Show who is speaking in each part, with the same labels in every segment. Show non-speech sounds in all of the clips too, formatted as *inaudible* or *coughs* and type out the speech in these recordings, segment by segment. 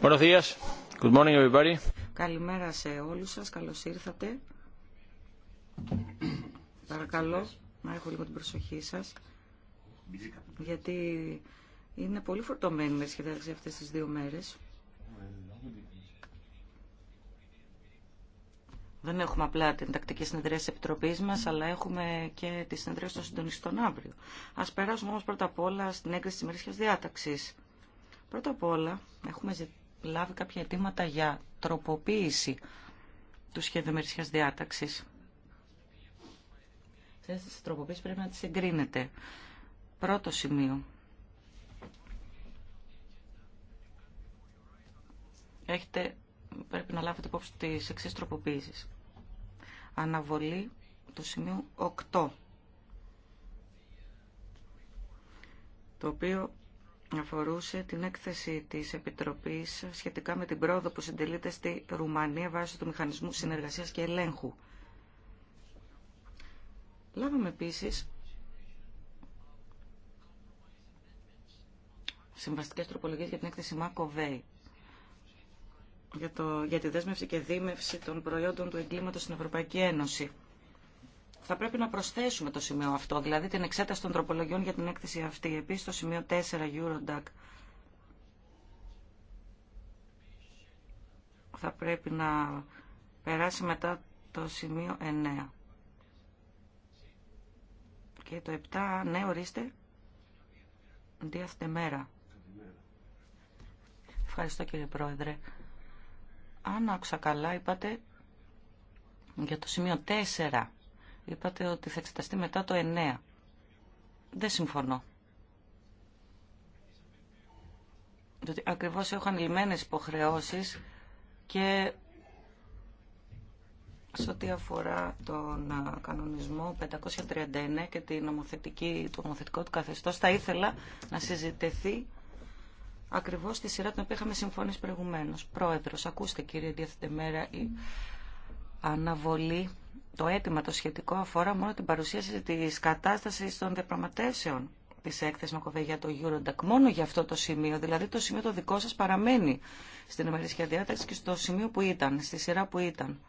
Speaker 1: Καλημέρα
Speaker 2: σε όλους σας. Καλώς ήρθατε. Παρακαλώ να έχω λίγο την προσοχή σας. Γιατί είναι πολύ φορτωμένη η σχεδιάζει αυτές τις δύο μέρες. Δεν έχουμε απλά την τακτική συνεδρία τη Επιτροπή μα, αλλά έχουμε και τη συνεδρία των συντονιστών αύριο. Α περάσουμε όμω πρώτα απ' όλα στην έγκριση τη ημερήσια διάταξη. Πρώτα απ' όλα έχουμε ζητήσει λάβει κάποια αιτήματα για τροποποίηση του σχέδιου μερισιάς διάταξης. Αυτές τις τροποποίησεις πρέπει να τις εγκρίνετε. Πρώτο σημείο. Έχετε, πρέπει να λάβετε υπόψη τις εξής τροποποίησεις. Αναβολή του σημείου 8. το οποίο αφορούσε την έκθεση της Επιτροπής σχετικά με την πρόοδο που συντελείται στη Ρουμανία βάσει του Μηχανισμού Συνεργασίας και Ελέγχου. Λάβαμε επίσης συμβαστικές τροπολογίες για την έκθεση ΜΑΚΟΒΕΙ για, για τη δέσμευση και δίμευση των προϊόντων του εγκλήματος στην Ευρωπαϊκή Ένωση θα πρέπει να προσθέσουμε το σημείο αυτό, δηλαδή την εξέταση των τροπολογιών για την έκθεση αυτή. Επίσης το σημείο 4 Eurodac θα πρέπει να περάσει μετά το σημείο 9. Και το 7, ναι, ορίστε. Διάστε μέρα. Ευχαριστώ κύριε Πρόεδρε. Αν άκουσα καλά είπατε για το σημείο 4 Είπατε ότι θα εξεταστεί μετά το 9. Δεν συμφωνώ. Διότι ακριβώς έχω λιμένες υποχρεώσεις και σε ό,τι αφορά τον κανονισμό 539 και την ομοθετική, το ομοθετικό του καθεστώς, θα ήθελα να συζητηθεί ακριβώς τη σειρά την οποία είχαμε συμφωνήσει προηγουμένως. Πρόεδρος, ακούστε κύριε Διαθετεμέρα, η αναβολή το αίτημα το σχετικό αφορά μόνο την παρουσίαση της κατάστασης των διαπραγματεύσεων της έκθεσης Μακοβέ για το Eurodac. Μόνο για αυτό το σημείο, δηλαδή το σημείο το δικό σας παραμένει στην ημερήσια διάταξη και στο σημείο που ήταν, στη σειρά που ήταν.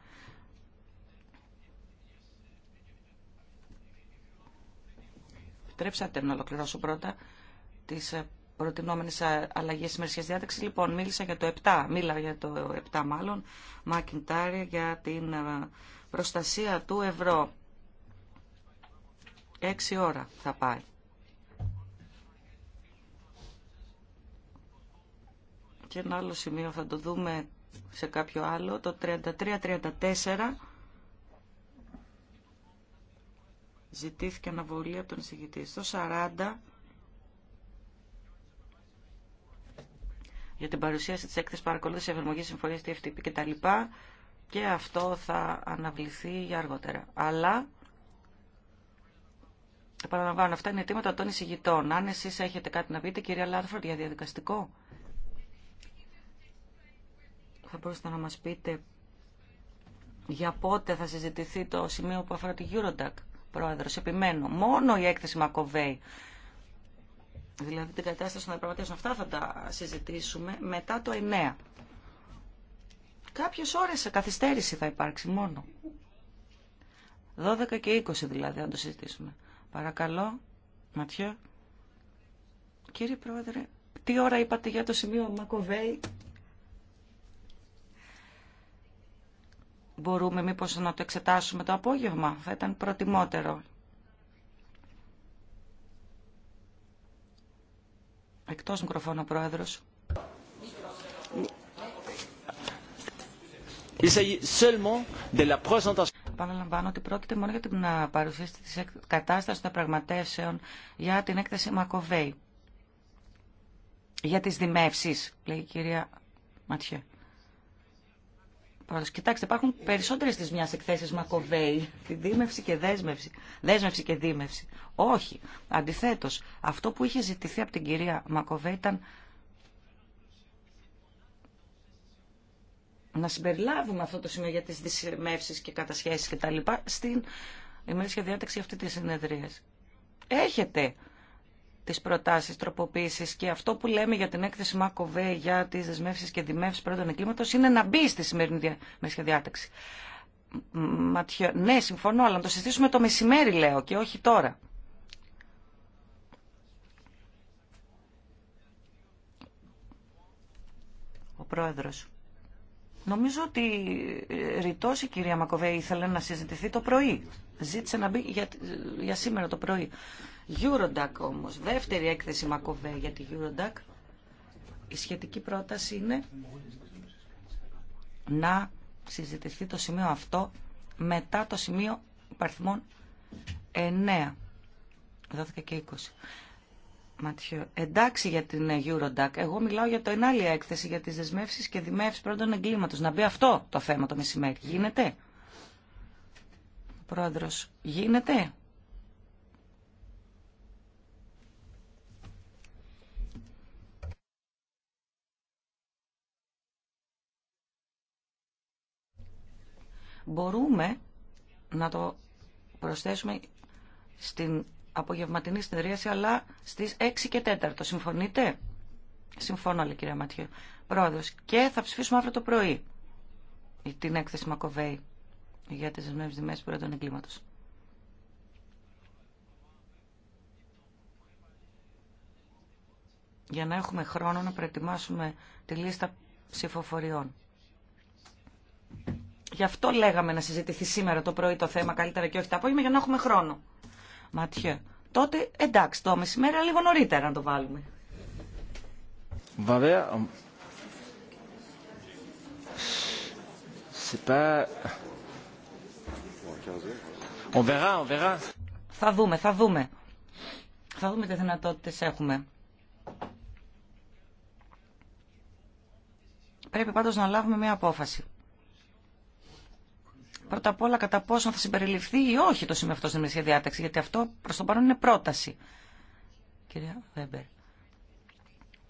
Speaker 2: Επιτρέψατε να ολοκληρώσω πρώτα τις προτινόμενες αλλαγές ημερήσια διάταξη. Λοιπόν, μίλησα για το 7, μίλα για το 7 μάλλον, Μακιντάρια για την προστασία του ευρώ. Έξι ώρα θα πάει. Και ένα άλλο σημείο θα το δούμε σε κάποιο άλλο, το 33-34 ζητήθηκε αναβολή από τον εισηγητή. Στο 40 για την παρουσίαση της έκθεσης παρακολούθησης εφαρμογής συμφωνίας TFTP κτλ και αυτό θα αναβληθεί για αργότερα. Αλλά, επαναλαμβάνω, αυτά είναι αιτήματα των εισηγητών. Αν εσείς έχετε κάτι να πείτε, κυρία Λάρφορντ, για διαδικαστικό, θα μπορούσατε να μας πείτε για πότε θα συζητηθεί το σημείο που αφορά τη Eurodac, πρόεδρος. Επιμένω, μόνο η έκθεση Μακοβέη δηλαδή την κατάσταση να διαπραγματεύσουν Αυτά θα τα συζητήσουμε μετά το 9. Κάποιες ώρες καθυστέρηση θα υπάρξει μόνο. 12 και 20 δηλαδή, αν το συζητήσουμε. Παρακαλώ, Ματιό. Κύριε Πρόεδρε, τι ώρα είπατε για το σημείο Μακοβέη. Μπορούμε μήπως να το εξετάσουμε το απόγευμα. Θα ήταν προτιμότερο. Εκτός μικροφώνου, Πρόεδρος. Παραλαμβάνω ότι πρόκειται μόνο για την παρουσίαση τη κατάσταση των πραγματεύσεων για την έκθεση Μακοβέη. Για τις δημεύσει, λέει η κυρία Ματιέ. Κοιτάξτε, υπάρχουν περισσότερες της μιας εκθέσει Μακοβέη. Τη δίμευση και δέσμευση. Δέσμευση και δίμευση. Όχι. Αντιθέτως, αυτό που είχε ζητηθεί από την κυρία Μακοβέη ήταν να συμπεριλάβουμε αυτό το σημείο για τις δυσμεύσεις και κατασχέσεις και τα λοιπά στην ημερήσια διάταξη αυτή της συνεδρίας. Έχετε τις προτάσεις τροποποίησης και αυτό που λέμε για την έκθεση ΜΑΚΟΒΕ για τις δεσμεύσεις και δημεύσεις πρώτων εγκλήματος είναι να μπει στη σημερινή ημερήσια διάταξη. Ματιο... Ναι, συμφωνώ, αλλά να το συζητήσουμε το μεσημέρι λέω και όχι τώρα. Ο πρόεδρος. Νομίζω ότι ε, ρητός η κυρία Μακοβέ ήθελε να συζητηθεί το πρωί. Ζήτησε να μπει για, σήμερα το πρωί. Eurodac όμως, δεύτερη έκθεση Μακοβέ για τη Eurodac. Η σχετική πρόταση είναι να συζητηθεί το σημείο αυτό μετά το σημείο παρθμών 9. 12 και 20. Ματιό. Εντάξει για την ε, Eurodac. Εγώ μιλάω για την άλλη έκθεση για τις δεσμεύσεις και δημεύσεις πρώτων εγκλήματος. Να μπει αυτό το θέμα το μεσημέρι. Γίνεται. Πρόεδρος, γίνεται. Μπορούμε να το προσθέσουμε στην απογευματινή συνεδρίαση, αλλά στι 6 και 4. Το συμφωνείτε? Συμφωνώ, λέει κυρία Ματιέ. Πρόεδρο. Και θα ψηφίσουμε αύριο το πρωί την έκθεση Μακοβέη για τις δεσμεύσεις δημές πρώτων εγκλήματος. Για να έχουμε χρόνο να προετοιμάσουμε τη λίστα ψηφοφοριών. Γι' αυτό λέγαμε να συζητηθεί σήμερα το πρωί το θέμα καλύτερα και όχι τα απόγευμα για να έχουμε χρόνο. Ματιέ. Τότε εντάξει, το μεσημέρι, λίγο νωρίτερα να το βάλουμε. Θα δούμε, θα δούμε. Θα δούμε τι δυνατότητε έχουμε. Πρέπει πάντως να λάβουμε μια απόφαση. Πρώτα απ' όλα κατά πόσο θα συμπεριληφθεί ή όχι το σημείο αυτό στην ημερήσια διάταξη, γιατί αυτό προς το παρόν είναι πρόταση. Κυρία Βέμπερ,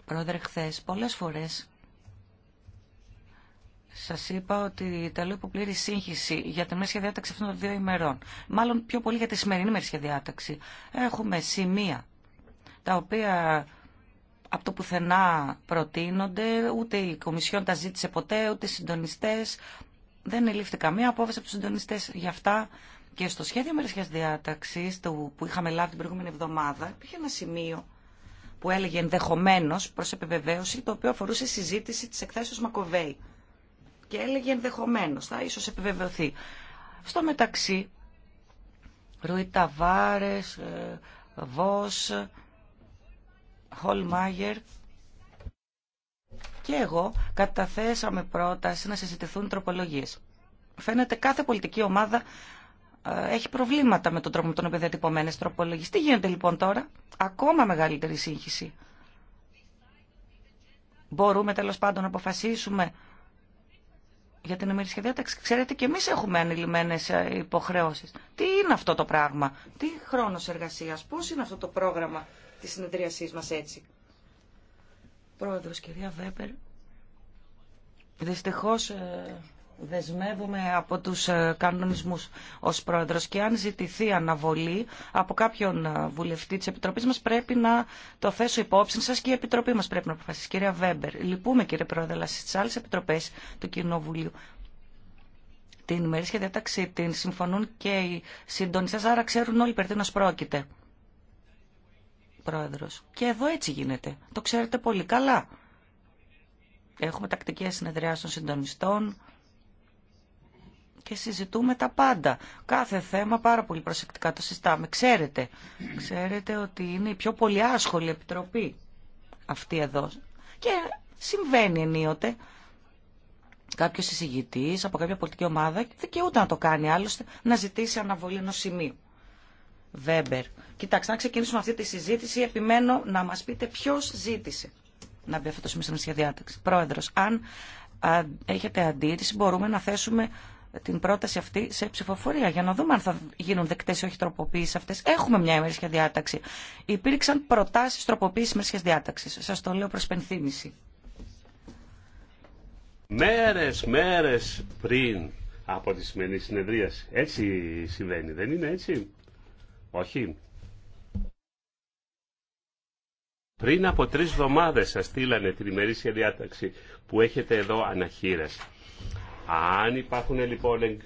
Speaker 2: πρόεδρε, χθε Πολλέ φορές σα είπα ότι τα λέω υποπλήρη σύγχυση για την ημερήσια διάταξη αυτών των δύο ημερών. Μάλλον πιο πολύ για τη σημερινή ημερήσια διάταξη. Έχουμε σημεία τα οποία από το πουθενά προτείνονται, ούτε η Κομισιόν τα ζήτησε ποτέ, ούτε οι συντονιστές, δεν ελήφθη καμία απόφαση από τους συντονιστές. Γι' αυτά και στο σχέδιο μερισιάς διάταξη που είχαμε λάβει την προηγούμενη εβδομάδα υπήρχε ένα σημείο που έλεγε ενδεχομένω προς επιβεβαίωση το οποίο αφορούσε συζήτηση τη εκθέσεως Μακοβέη. Και έλεγε ενδεχομένω, θα ίσως επιβεβαιωθεί. Στο μεταξύ, Ρουί Βάρε, ε, Βό, Χολμάγερ και εγώ καταθέσαμε πρόταση να συζητηθούν τροπολογίε. Φαίνεται κάθε πολιτική ομάδα ε, έχει προβλήματα με τον τρόπο με τον οποίο διατυπωμένε τροπολογίες. Τι γίνεται λοιπόν τώρα, ακόμα μεγαλύτερη σύγχυση. Μπορούμε τέλο πάντων να αποφασίσουμε για την ημερήσια Ξέρετε και εμείς έχουμε ανηλυμένε ε, υποχρεώσεις. Τι είναι αυτό το πράγμα, τι χρόνος εργασίας, πώς είναι αυτό το πρόγραμμα της συνεδρίασής μας έτσι. Πρόεδρος, κυρία Βέπερ, δυστυχώς ε, δεσμεύουμε από τους ε, κανονισμούς ως πρόεδρος και αν ζητηθεί αναβολή από κάποιον ε, βουλευτή της Επιτροπής μας πρέπει να το θέσω υπόψη σας και η Επιτροπή μας πρέπει να αποφασίσει. Κυρία Βέμπερ, λυπούμε κύριε πρόεδρε, αλλά στις άλλες επιτροπές του Κοινοβουλίου την ημερήσια διάταξη την συμφωνούν και οι συντονιστές, άρα ξέρουν όλοι περί πρόκειται. Πρόεδρος. Και εδώ έτσι γίνεται. Το ξέρετε πολύ καλά. Έχουμε τακτικές συνεδριάσεις των συντονιστών και συζητούμε τα πάντα. Κάθε θέμα πάρα πολύ προσεκτικά το συστάμε. Ξέρετε, ξέρετε ότι είναι η πιο πολύ άσχολη επιτροπή αυτή εδώ. Και συμβαίνει ενίοτε. Κάποιο εισηγητής από κάποια πολιτική ομάδα δικαιούται να το κάνει άλλωστε, να ζητήσει αναβολή ενό σημείου. Βέμπερ. Κοιτάξτε, να ξεκινήσουμε αυτή τη συζήτηση. Επιμένω να μα πείτε ποιο ζήτησε να μπει αυτό το σημείο στην διάταξη. Πρόεδρο, αν έχετε αντίρρηση, μπορούμε να θέσουμε την πρόταση αυτή σε ψηφοφορία για να δούμε αν θα γίνουν δεκτέ ή όχι τροποποίησει αυτέ. Έχουμε μια ημερήσια διάταξη. Υπήρξαν προτάσει τροποποίηση ημερήσια διάταξη. Σα το λέω προ πενθύμηση.
Speaker 3: Μέρε, μέρε πριν από τη σημερινή συνεδρίαση. Έτσι συμβαίνει, δεν είναι έτσι. Όχι. Πριν από τρεις εβδομάδες σας στείλανε την ημερήσια διάταξη που έχετε εδώ αναχείρες. Αν υπάρχουν λοιπόν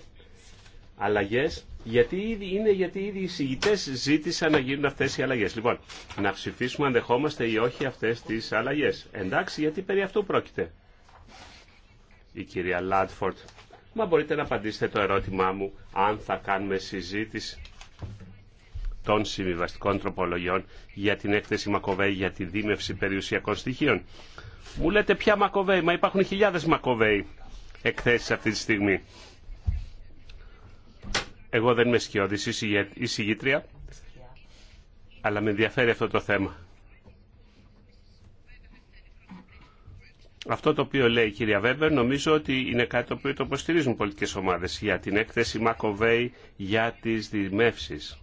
Speaker 3: αλλαγές, γιατί ήδη είναι γιατί ήδη οι συγητές ζήτησαν να γίνουν αυτές οι αλλαγές. Λοιπόν, να ψηφίσουμε αν δεχόμαστε ή όχι αυτές τις αλλαγές. Εντάξει, γιατί περί αυτού πρόκειται. Η κυρία Λάντφορτ. Μα μπορείτε να απαντήσετε το ερώτημά μου αν θα κάνουμε συζήτηση των συμβιβαστικών τροπολογιών για την έκθεση Μακοβέη για τη δίμευση περιουσιακών στοιχείων. Μου λέτε ποια Μακοβέη, μα υπάρχουν χιλιάδες Μακοβέη εκθέσεις αυτή τη στιγμή. Εγώ δεν είμαι σκιώδης κυρία αλλά με ενδιαφέρει αυτό το θέμα. Αυτό το οποίο λέει η κυρία Βέμπερ νομίζω ότι είναι κάτι το οποίο το υποστηρίζουν πολιτικές ομάδες για την έκθεση Μακοβέη για τις δημεύσεις.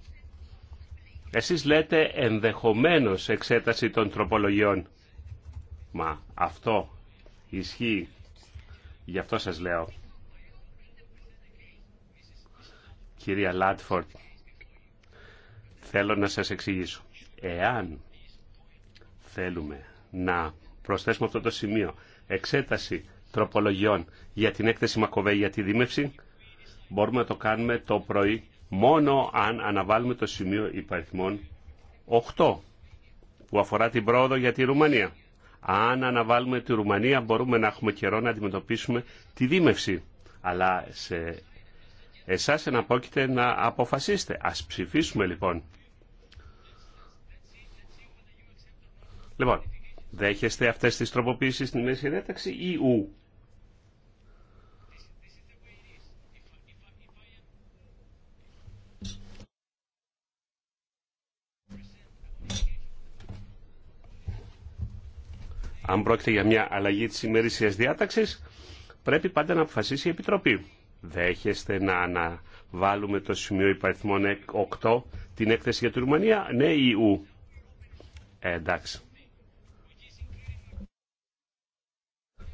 Speaker 3: Εσείς λέτε ενδεχομένως εξέταση των τροπολογιών. Μα αυτό ισχύει. Γι' αυτό σας λέω. Κυρία Λάτφορτ, θέλω να σας εξηγήσω. Εάν θέλουμε να προσθέσουμε αυτό το σημείο εξέταση τροπολογιών για την έκθεση Μακοβέ για τη δίμευση, μπορούμε να το κάνουμε το πρωί μόνο αν αναβάλουμε το σημείο υπαριθμών 8 που αφορά την πρόοδο για τη Ρουμανία. Αν αναβάλουμε τη Ρουμανία μπορούμε να έχουμε καιρό να αντιμετωπίσουμε τη δίμευση. Αλλά σε εσάς εναπόκειται να αποφασίσετε. Ας ψηφίσουμε λοιπόν. Λοιπόν, δέχεστε αυτές τις τροποποίησεις στην μέση ή ου. αν πρόκειται για μια αλλαγή της ημερήσιας διάταξης, πρέπει πάντα να αποφασίσει η Επιτροπή. Δέχεστε να αναβάλουμε το σημείο υπαριθμών 8, την έκθεση για τη Ρουμανία, ναι ή ου. Ε, εντάξει.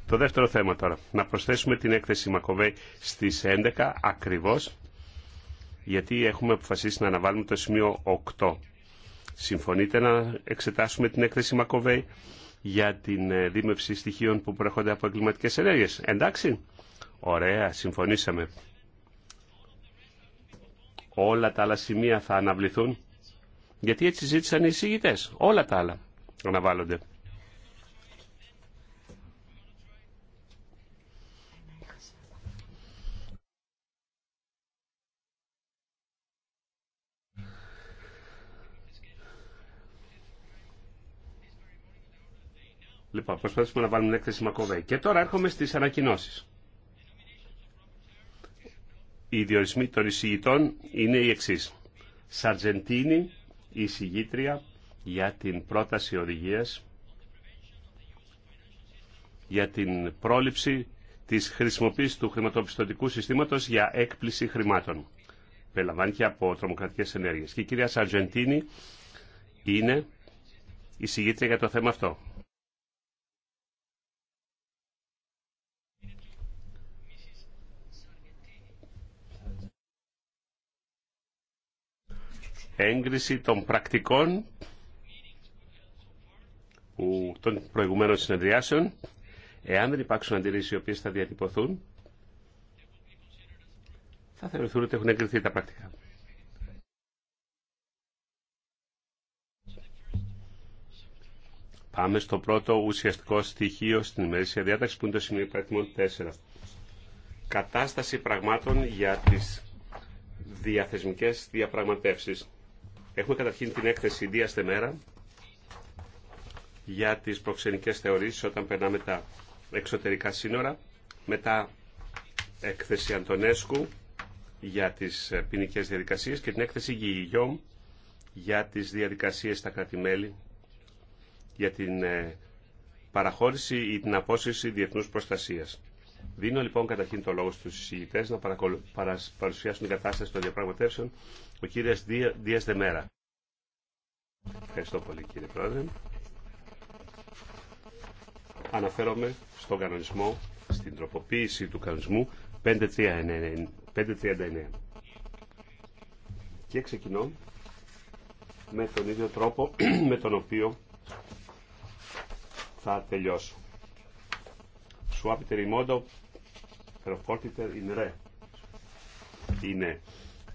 Speaker 3: Το δεύτερο θέμα τώρα. Να προσθέσουμε την έκθεση Μακοβέ στις 11 ακριβώς, γιατί έχουμε αποφασίσει να αναβάλουμε το σημείο 8. Συμφωνείτε να εξετάσουμε την έκθεση Μακοβέη για την ε, δίμευση στοιχείων που προέρχονται από εγκληματικέ ενέργειε. Εντάξει. Ωραία, συμφωνήσαμε. Όλα τα άλλα σημεία θα αναβληθούν. Γιατί έτσι ζήτησαν οι εισηγητέ. Όλα τα άλλα αναβάλλονται. Λοιπόν, προσπαθήσουμε να βάλουμε έκθεση Μακοβέη. Και τώρα έρχομαι στις ανακοινώσεις. Οι διορισμοί των εισηγητών είναι οι εξής. Σαρτζεντίνη, η εισηγήτρια για την πρόταση οδηγίας για την πρόληψη της χρησιμοποίησης του χρηματοπιστωτικού συστήματος για έκπληση χρημάτων. Περιλαμβάνει και από τρομοκρατικές ενέργειες. Και η κυρία Σαρτζεντίνη είναι εισηγήτρια για το θέμα αυτό. έγκριση των πρακτικών των προηγουμένων συνεδριάσεων. Εάν δεν υπάρξουν αντιρρήσει οι οποίες θα διατυπωθούν, θα θεωρηθούν ότι έχουν εγκριθεί τα πρακτικά. Πάμε στο πρώτο ουσιαστικό στοιχείο στην ημερήσια διάταξη που είναι το σημείο υπαριθμών 4. Κατάσταση πραγμάτων για τις διαθεσμικές διαπραγματεύσεις. Έχουμε καταρχήν την έκθεση δια Μέρα για τις προξενικές θεωρήσεις όταν περνάμε τα εξωτερικά σύνορα. Μετά έκθεση Αντωνέσκου για τις ε, ποινικέ διαδικασίες και την έκθεση Γιγιόμ για τις διαδικασίες στα κρατημέλη για την ε, παραχώρηση ή την απόσυρση διεθνούς προστασίας. Δίνω λοιπόν καταρχήν το λόγο στους συζητητές να παρουσιάσουν την κατάσταση των διαπραγματεύσεων ο κύριος Δίας Δεμέρα. Ευχαριστώ πολύ κύριε Πρόεδρε. Αναφέρομαι στον κανονισμό, στην τροποποίηση του κανονισμού 539. Και ξεκινώ με τον ίδιο τρόπο *clears throat* με τον οποίο θα τελειώσω. Σου απειτερημόντο, in Ρέ Είναι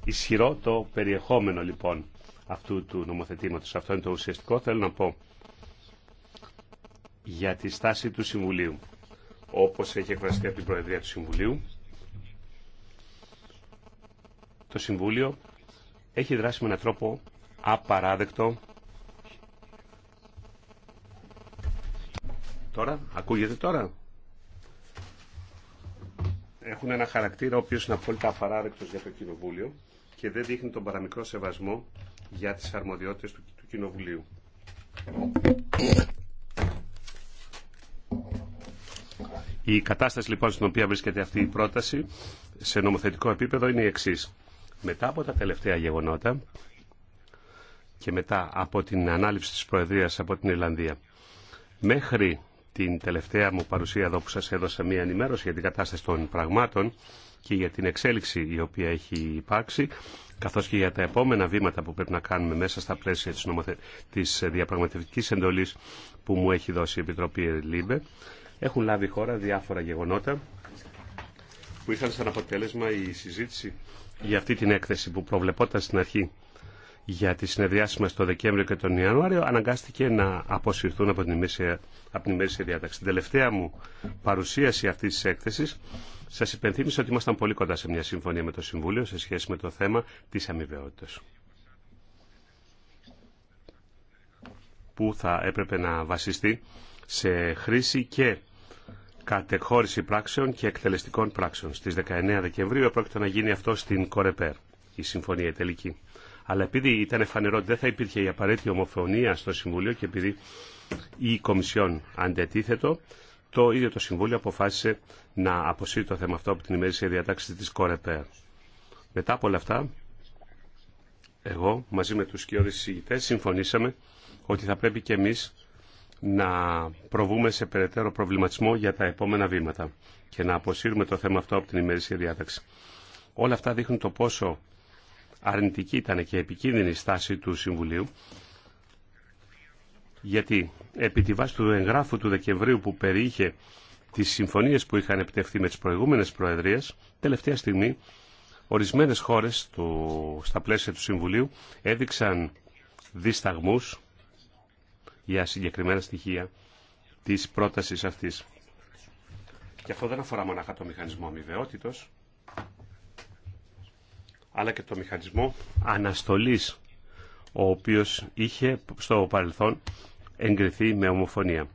Speaker 3: ισχυρό το περιεχόμενο λοιπόν αυτού του νομοθετήματος. Αυτό είναι το ουσιαστικό θέλω να πω για τη στάση του Συμβουλίου. Όπως έχει εκφραστεί από την Προεδρία του Συμβουλίου, το Συμβούλιο έχει δράσει με έναν τρόπο απαράδεκτο. Τώρα, ακούγεται τώρα. Έχουν ένα χαρακτήρα ο οποίος είναι απόλυτα απαράδεκτος για το Κοινοβούλιο και δεν δείχνει τον παραμικρό σεβασμό για τις αρμοδιότητες του, του Κοινοβουλίου. Η κατάσταση λοιπόν στην οποία βρίσκεται αυτή η πρόταση σε νομοθετικό επίπεδο είναι η εξής. Μετά από τα τελευταία γεγονότα και μετά από την ανάληψη της Προεδρίας από την Ιρλανδία μέχρι την τελευταία μου παρουσία εδώ που σας έδωσα μία ενημέρωση για την κατάσταση των πραγμάτων και για την εξέλιξη η οποία έχει υπάρξει, καθώς και για τα επόμενα βήματα που πρέπει να κάνουμε μέσα στα πλαίσια της, νομοθε... της διαπραγματευτικής εντολής που μου έχει δώσει η Επιτροπή ΛΥΜΠΕ. Έχουν λάβει χώρα διάφορα γεγονότα που είχαν σαν αποτέλεσμα η συζήτηση για αυτή την έκθεση που προβλεπόταν στην αρχή για τις συνεδριάσεις μας το Δεκέμβριο και τον Ιανουάριο αναγκάστηκε να αποσυρθούν από την ημέρηση διάταξη. Την τελευταία μου παρουσίαση αυτής της έκθεσης Σα υπενθύμισα ότι ήμασταν πολύ κοντά σε μια συμφωνία με το Συμβούλιο σε σχέση με το θέμα της αμοιβαιότητα. Που θα έπρεπε να βασιστεί σε χρήση και κατεχώρηση πράξεων και εκτελεστικών πράξεων. Στι 19 Δεκεμβρίου πρόκειται να γίνει αυτό στην Κορεπέρ, η συμφωνία η τελική. Αλλά επειδή ήταν φανερό ότι δεν θα υπήρχε η απαραίτητη ομοφωνία στο Συμβουλίο και επειδή η Κομισιόν αντετίθετο, το ίδιο το Συμβούλιο αποφάσισε να αποσύρει το θέμα αυτό από την ημερήσια διατάξη της Κορεπέρ. Μετά από όλα αυτά, εγώ μαζί με τους όλες συζητητές συμφωνήσαμε ότι θα πρέπει και εμείς να προβούμε σε περαιτέρω προβληματισμό για τα επόμενα βήματα και να αποσύρουμε το θέμα αυτό από την ημερήσια διάταξη. Όλα αυτά δείχνουν το πόσο αρνητική ήταν και επικίνδυνη η στάση του Συμβουλίου γιατί επί τη βάση του εγγράφου του Δεκεμβρίου που περιείχε τις συμφωνίες που είχαν επιτευχθεί με τις προηγούμενες προεδρίες, τελευταία στιγμή ορισμένες χώρες στα πλαίσια του Συμβουλίου έδειξαν δισταγμούς για συγκεκριμένα στοιχεία της πρότασης αυτής. Και αυτό δεν αφορά μόνο το μηχανισμό αμοιβαιότητος, αλλά και το μηχανισμό αναστολής, ο οποίος είχε στο παρελθόν εγκριθεί με ομοφωνία.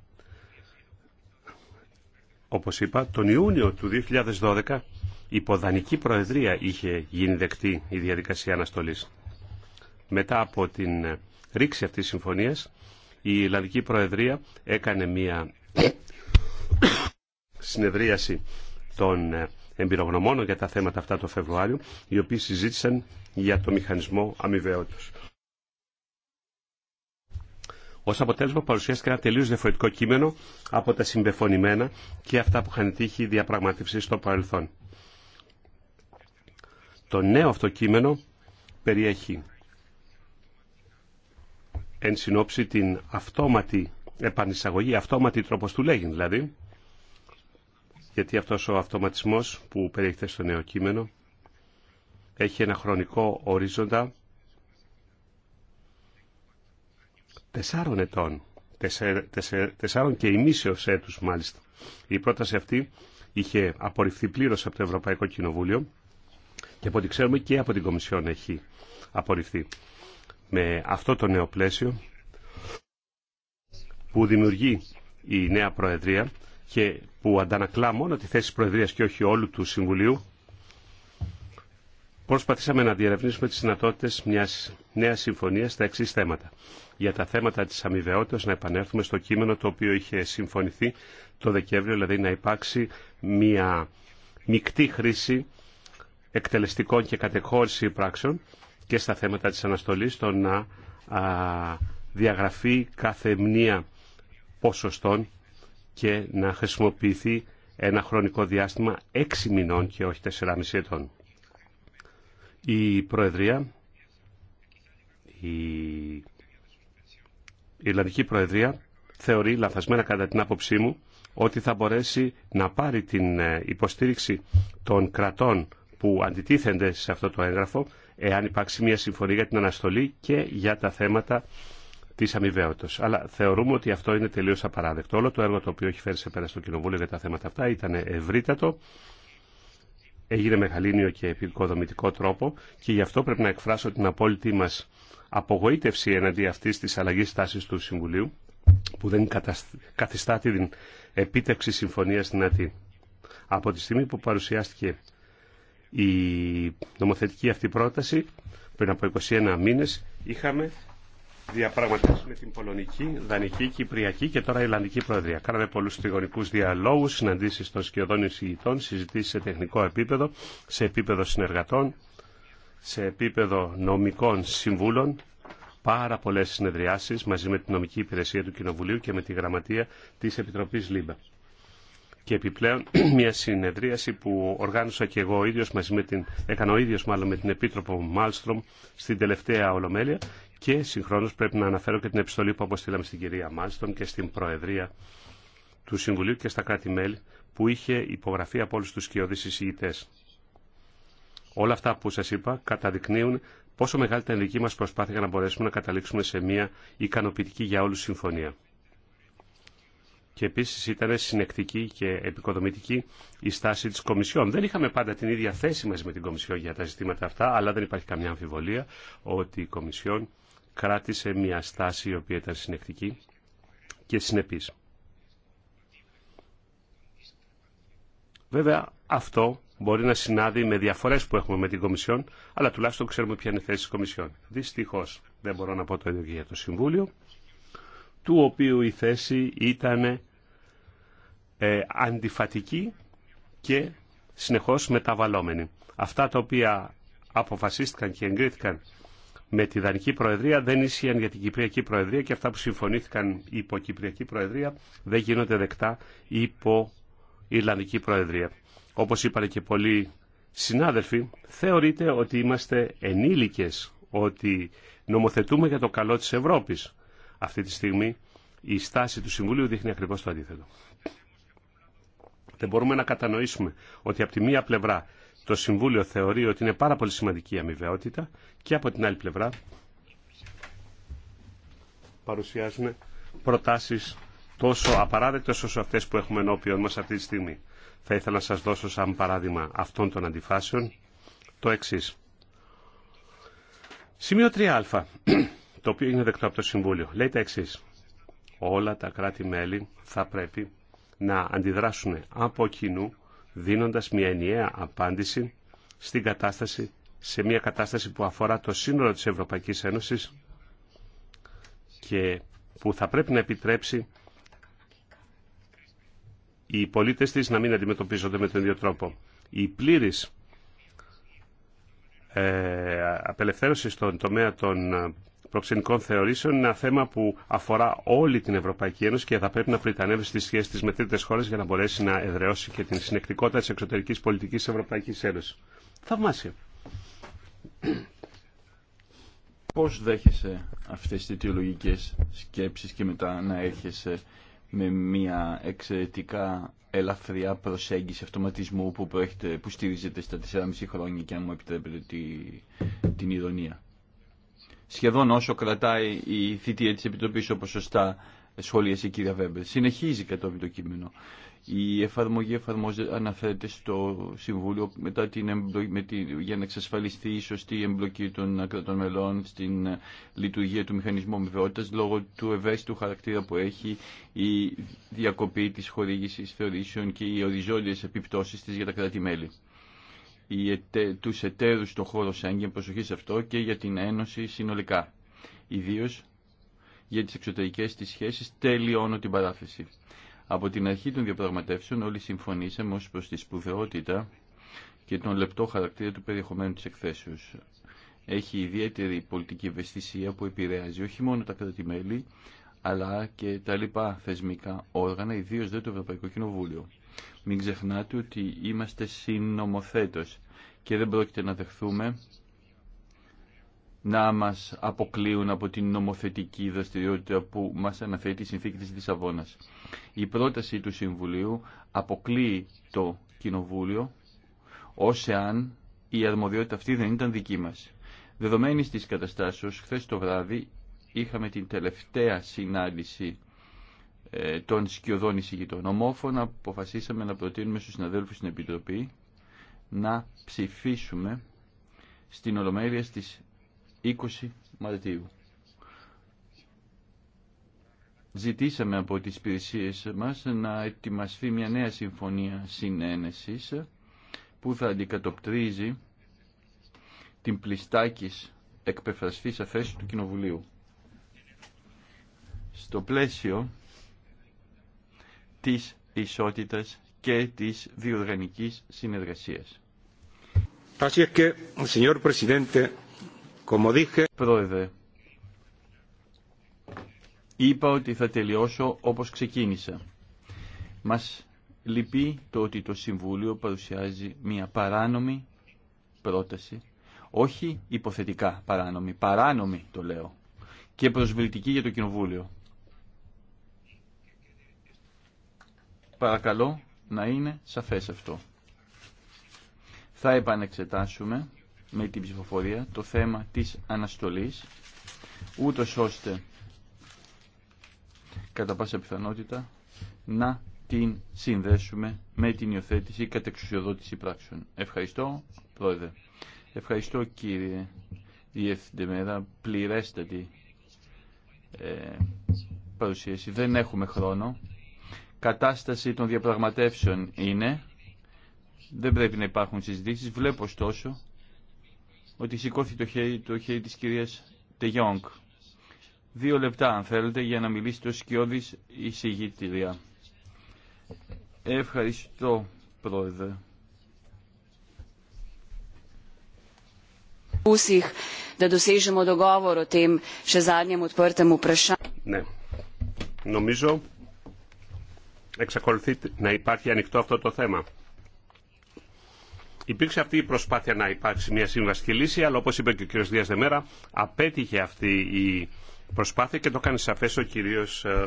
Speaker 3: Όπως είπα, τον Ιούνιο του 2012 η Ποδανική προεδρία είχε γίνει δεκτή η διαδικασία αναστολής. Μετά από την ρήξη αυτής της συμφωνίας, η Ιλλανδική Προεδρία έκανε μια συνεδρίαση των εμπειρογνωμόνων για τα θέματα αυτά το Φεβρουάριο, οι οποίοι συζήτησαν για το μηχανισμό αμοιβαιότητας. Ως αποτέλεσμα παρουσιάστηκε ένα τελείως διαφορετικό κείμενο από τα συμπεφωνημένα και αυτά που είχαν τύχει διαπραγματεύσει στο παρελθόν. Το νέο αυτό κείμενο περιέχει εν συνόψη την αυτόματη επανεισαγωγή, αυτόματη τρόπος του λέγει δηλαδή, γιατί αυτός ο αυτοματισμός που περιέχεται στο νέο κείμενο έχει ένα χρονικό ορίζοντα τεσσάρων ετών, τεσσερ, τεσσάρων και ημίσεως έτους μάλιστα. Η πρόταση αυτή είχε απορριφθεί πλήρως από το Ευρωπαϊκό Κοινοβούλιο και από ό,τι ξέρουμε και από την Κομισιόν έχει απορριφθεί. Με αυτό το νέο πλαίσιο που δημιουργεί η νέα Προεδρία και που αντανακλά μόνο τη θέση της Προεδρίας και όχι όλου του Συμβουλίου προσπαθήσαμε να διερευνήσουμε τις δυνατότητε μιας νέας συμφωνίας στα εξή θέματα. Για τα θέματα της αμοιβαιότητα, να επανέλθουμε στο κείμενο το οποίο είχε συμφωνηθεί το Δεκέμβριο, δηλαδή να υπάρξει μια μεικτή χρήση εκτελεστικών και κατεχώρηση πράξεων και στα θέματα της αναστολής το να διαγραφεί κάθε μνήα ποσοστών και να χρησιμοποιηθεί ένα χρονικό διάστημα 6 μηνών και όχι 4,5 ετών. Η Προεδρία, η Ιρλανδική Προεδρία θεωρεί λαθασμένα κατά την άποψή μου ότι θα μπορέσει να πάρει την ε, υποστήριξη των κρατών που αντιτίθενται σε αυτό το έγγραφο εάν υπάρξει μια συμφωνία για την αναστολή και για τα θέματα της αμοιβαίωτο. Αλλά θεωρούμε ότι αυτό είναι τελείως απαράδεκτο. Όλο το έργο το οποίο έχει φέρει σε πέρα στο Κοινοβούλιο για τα θέματα αυτά ήταν ευρύτατο έγινε με και επικοδομητικό τρόπο και γι' αυτό πρέπει να εκφράσω την απόλυτη μας απογοήτευση εναντί αυτής της αλλαγής τάσης του Συμβουλίου που δεν καθιστά την επίτευξη συμφωνίας δυνατή. Από τη στιγμή που παρουσιάστηκε η νομοθετική αυτή πρόταση πριν από 21 μήνες είχαμε Διαπραγματεύσουμε την Πολωνική, Δανική, Κυπριακή και τώρα ιλλανδική Προεδρία. Κάναμε πολλού τριγωνικού διαλόγου, συναντήσει των σκιωδών εισηγητών, συζητήσει σε τεχνικό επίπεδο, σε επίπεδο συνεργατών, σε επίπεδο νομικών συμβούλων. Πάρα πολλέ συνεδριάσει μαζί με την νομική υπηρεσία του Κοινοβουλίου και με τη γραμματεία τη Επιτροπή ΛΥΜΠΑ. Και επιπλέον *clears throat* μια συνεδρίαση που οργάνωσα και εγώ ίδιο μαζί με την. έκανα ο ίδιο μάλλον με την Επίτροπο Μάλστρομ στην τελευταία Ολομέλεια και συγχρόνω πρέπει να αναφέρω και την επιστολή που αποστήλαμε στην κυρία Μάλστον και στην Προεδρία του Συμβουλίου και στα κράτη-μέλη που είχε υπογραφεί από όλου του σκιώδει εισηγητές. Όλα αυτά που σα είπα καταδεικνύουν πόσο μεγάλη ήταν η δική μας προσπάθεια για να μπορέσουμε να καταλήξουμε σε μια ικανοποιητική για όλου συμφωνία. Και επίση ήταν συνεκτική και επικοδομητική η στάση τη Κομισιόν. Δεν είχαμε πάντα την ίδια θέση μαζί με την Κομισιόν για τα ζητήματα αυτά, αλλά δεν υπάρχει καμιά αμφιβολία ότι η Κομισιόν κράτησε μια στάση η οποία ήταν συνεκτική και συνεπής. Βέβαια αυτό μπορεί να συνάδει με διαφορές που έχουμε με την Κομισιόν, αλλά τουλάχιστον ξέρουμε ποια είναι η θέση της Κομισιόν. Δυστυχώς δεν μπορώ να πω το ίδιο και για το Συμβούλιο, του οποίου η θέση ήταν ε, αντιφατική και συνεχώς μεταβαλλόμενη. Αυτά τα οποία αποφασίστηκαν και εγκρίθηκαν με τη Δανική Προεδρία δεν ίσχυαν για την Κυπριακή Προεδρία και αυτά που συμφωνήθηκαν υπό Κυπριακή Προεδρία δεν γίνονται δεκτά υπό Ιρλανδική Προεδρία. Όπως είπαν και πολλοί συνάδελφοι, θεωρείται ότι είμαστε ενήλικες, ότι νομοθετούμε για το καλό της Ευρώπης. Αυτή τη στιγμή η στάση του Συμβουλίου δείχνει ακριβώς το αντίθετο. Δεν μπορούμε να κατανοήσουμε ότι από τη μία πλευρά το Συμβούλιο θεωρεί ότι είναι πάρα πολύ σημαντική η αμοιβαιότητα και από την άλλη πλευρά παρουσιάζουν προτάσεις τόσο απαράδεκτες όσο αυτές που έχουμε ενώπιον μας αυτή τη στιγμή. Θα ήθελα να σας δώσω σαν παράδειγμα αυτών των αντιφάσεων το εξής. Σημείο 3α, το οποίο είναι δεκτό από το Συμβούλιο, λέει τα εξή. Όλα τα κράτη-μέλη θα πρέπει να αντιδράσουν από κοινού δίνοντας μια ενιαία απάντηση στην κατάσταση, σε μια κατάσταση που αφορά το σύνολο της Ευρωπαϊκής Ένωσης και που θα πρέπει να επιτρέψει οι πολίτες της να μην αντιμετωπίζονται με τον ίδιο τρόπο. Η πλήρης ε, απελευθέρωση στον τομέα των προξενικών θεωρήσεων είναι ένα θέμα που αφορά όλη την Ευρωπαϊκή Ένωση και θα πρέπει να πριτανεύει στις σχέσεις της με τρίτες χώρες για να μπορέσει να εδραιώσει και την συνεκτικότητα της εξωτερικής πολιτικής της Ευρωπαϊκής Ένωσης. Θαυμάσια. Πώς δέχεσαι
Speaker 1: αυτές τις αιτιολογικές σκέψεις και μετά να έρχεσαι με μια εξαιρετικά ελαφριά προσέγγιση αυτοματισμού που, που στηρίζεται στα 4,5 χρόνια και αν μου επιτρέπετε τη, την ηρωνία σχεδόν όσο κρατάει η θητεία της Επιτροπής όπως σωστά σχολίασε η κυρία Βέμπερ. Συνεχίζει κατόπιν το κείμενο. Η εφαρμογή εφαρμόζεται, αναφέρεται στο Συμβούλιο μετά την με για να εξασφαλιστεί η σωστή εμπλοκή των κρατών μελών στην λειτουργία του μηχανισμού αμοιβαιότητας λόγω του ευαίσθητου χαρακτήρα που έχει η διακοπή της χορήγησης θεωρήσεων και οι οριζόντιες επιπτώσεις της για τα κράτη-μέλη του εταίρου στον χώρο Σέγγεν, προσοχή σε αυτό, και για την Ένωση συνολικά. Ιδίω για τις εξωτερικές τη σχέσεις τελειώνω την παράθεση. Από την αρχή των διαπραγματεύσεων όλοι συμφωνήσαμε ω προ τη σπουδαιότητα και τον λεπτό χαρακτήρα του περιεχομένου τη εκθέσεω. Έχει ιδιαίτερη πολιτική ευαισθησία που επηρεάζει όχι μόνο τα κράτη-μέλη, αλλά και τα λοιπά θεσμικά όργανα, ιδίω δε το Ευρωπαϊκό Κοινοβούλιο. Μην ξεχνάτε ότι είμαστε συνομοθέτος και δεν πρόκειται να δεχθούμε να μας αποκλείουν από την νομοθετική δραστηριότητα που μας αναφέρει η συνθήκη της Λισαβόνας. Η πρόταση του Συμβουλίου αποκλείει το Κοινοβούλιο ως εάν η αρμοδιότητα αυτή δεν ήταν δική μας. Δεδομένης της καταστάσεως, χθε το βράδυ είχαμε την τελευταία συνάντηση ε, των σκιωδών εισηγητών. Ομόφωνα αποφασίσαμε να προτείνουμε στους συναδέλφους στην Επιτροπή να ψηφίσουμε στην Ολομέλεια στις 20 Μαρτίου. Ζητήσαμε από τις υπηρεσίε μας να ετοιμαστεί μια νέα συμφωνία συνένεσης που θα αντικατοπτρίζει την πλιστάκης εκπεφρασφής αφέση του Κοινοβουλίου. Στο πλαίσιο της ισότητας και της διοργανικής συνεργασίας. Πρόεδρε, είπα ότι θα τελειώσω όπως ξεκίνησα. Μας λυπεί το ότι το Συμβούλιο παρουσιάζει μια παράνομη πρόταση, όχι υποθετικά παράνομη, παράνομη το λέω, και προσβλητική για το Κοινοβούλιο. Παρακαλώ να είναι σαφές αυτό. Θα επανεξετάσουμε με την ψηφοφορία το θέμα της αναστολής, ούτω ώστε κατά πάσα πιθανότητα να την συνδέσουμε με την υιοθέτηση εξουσιοδότηση πράξεων. Ευχαριστώ, Πρόεδρε. Ευχαριστώ, κύριε Διευθυντεμέρα. Πληρέστατη ε, παρουσίαση. Δεν έχουμε χρόνο κατάσταση των διαπραγματεύσεων είναι. Δεν πρέπει να υπάρχουν συζητήσεις. Βλέπω ωστόσο ότι σηκώθηκε το χέρι, το χέρι της κυρίας Τεγιόγκ. Δύο λεπτά αν θέλετε για να μιλήσει το Σκιώδης εισηγήτηρια. Ευχαριστώ πρόεδρε.
Speaker 3: Ναι. Νομίζω εξακολουθεί να υπάρχει ανοιχτό αυτό το θέμα. Υπήρξε αυτή η προσπάθεια να υπάρξει μια σύμβαστη λύση, αλλά όπως είπε και ο κ. Δίας Δεμέρα, απέτυχε αυτή η προσπάθεια και το κάνει σαφές ο κ. Ε,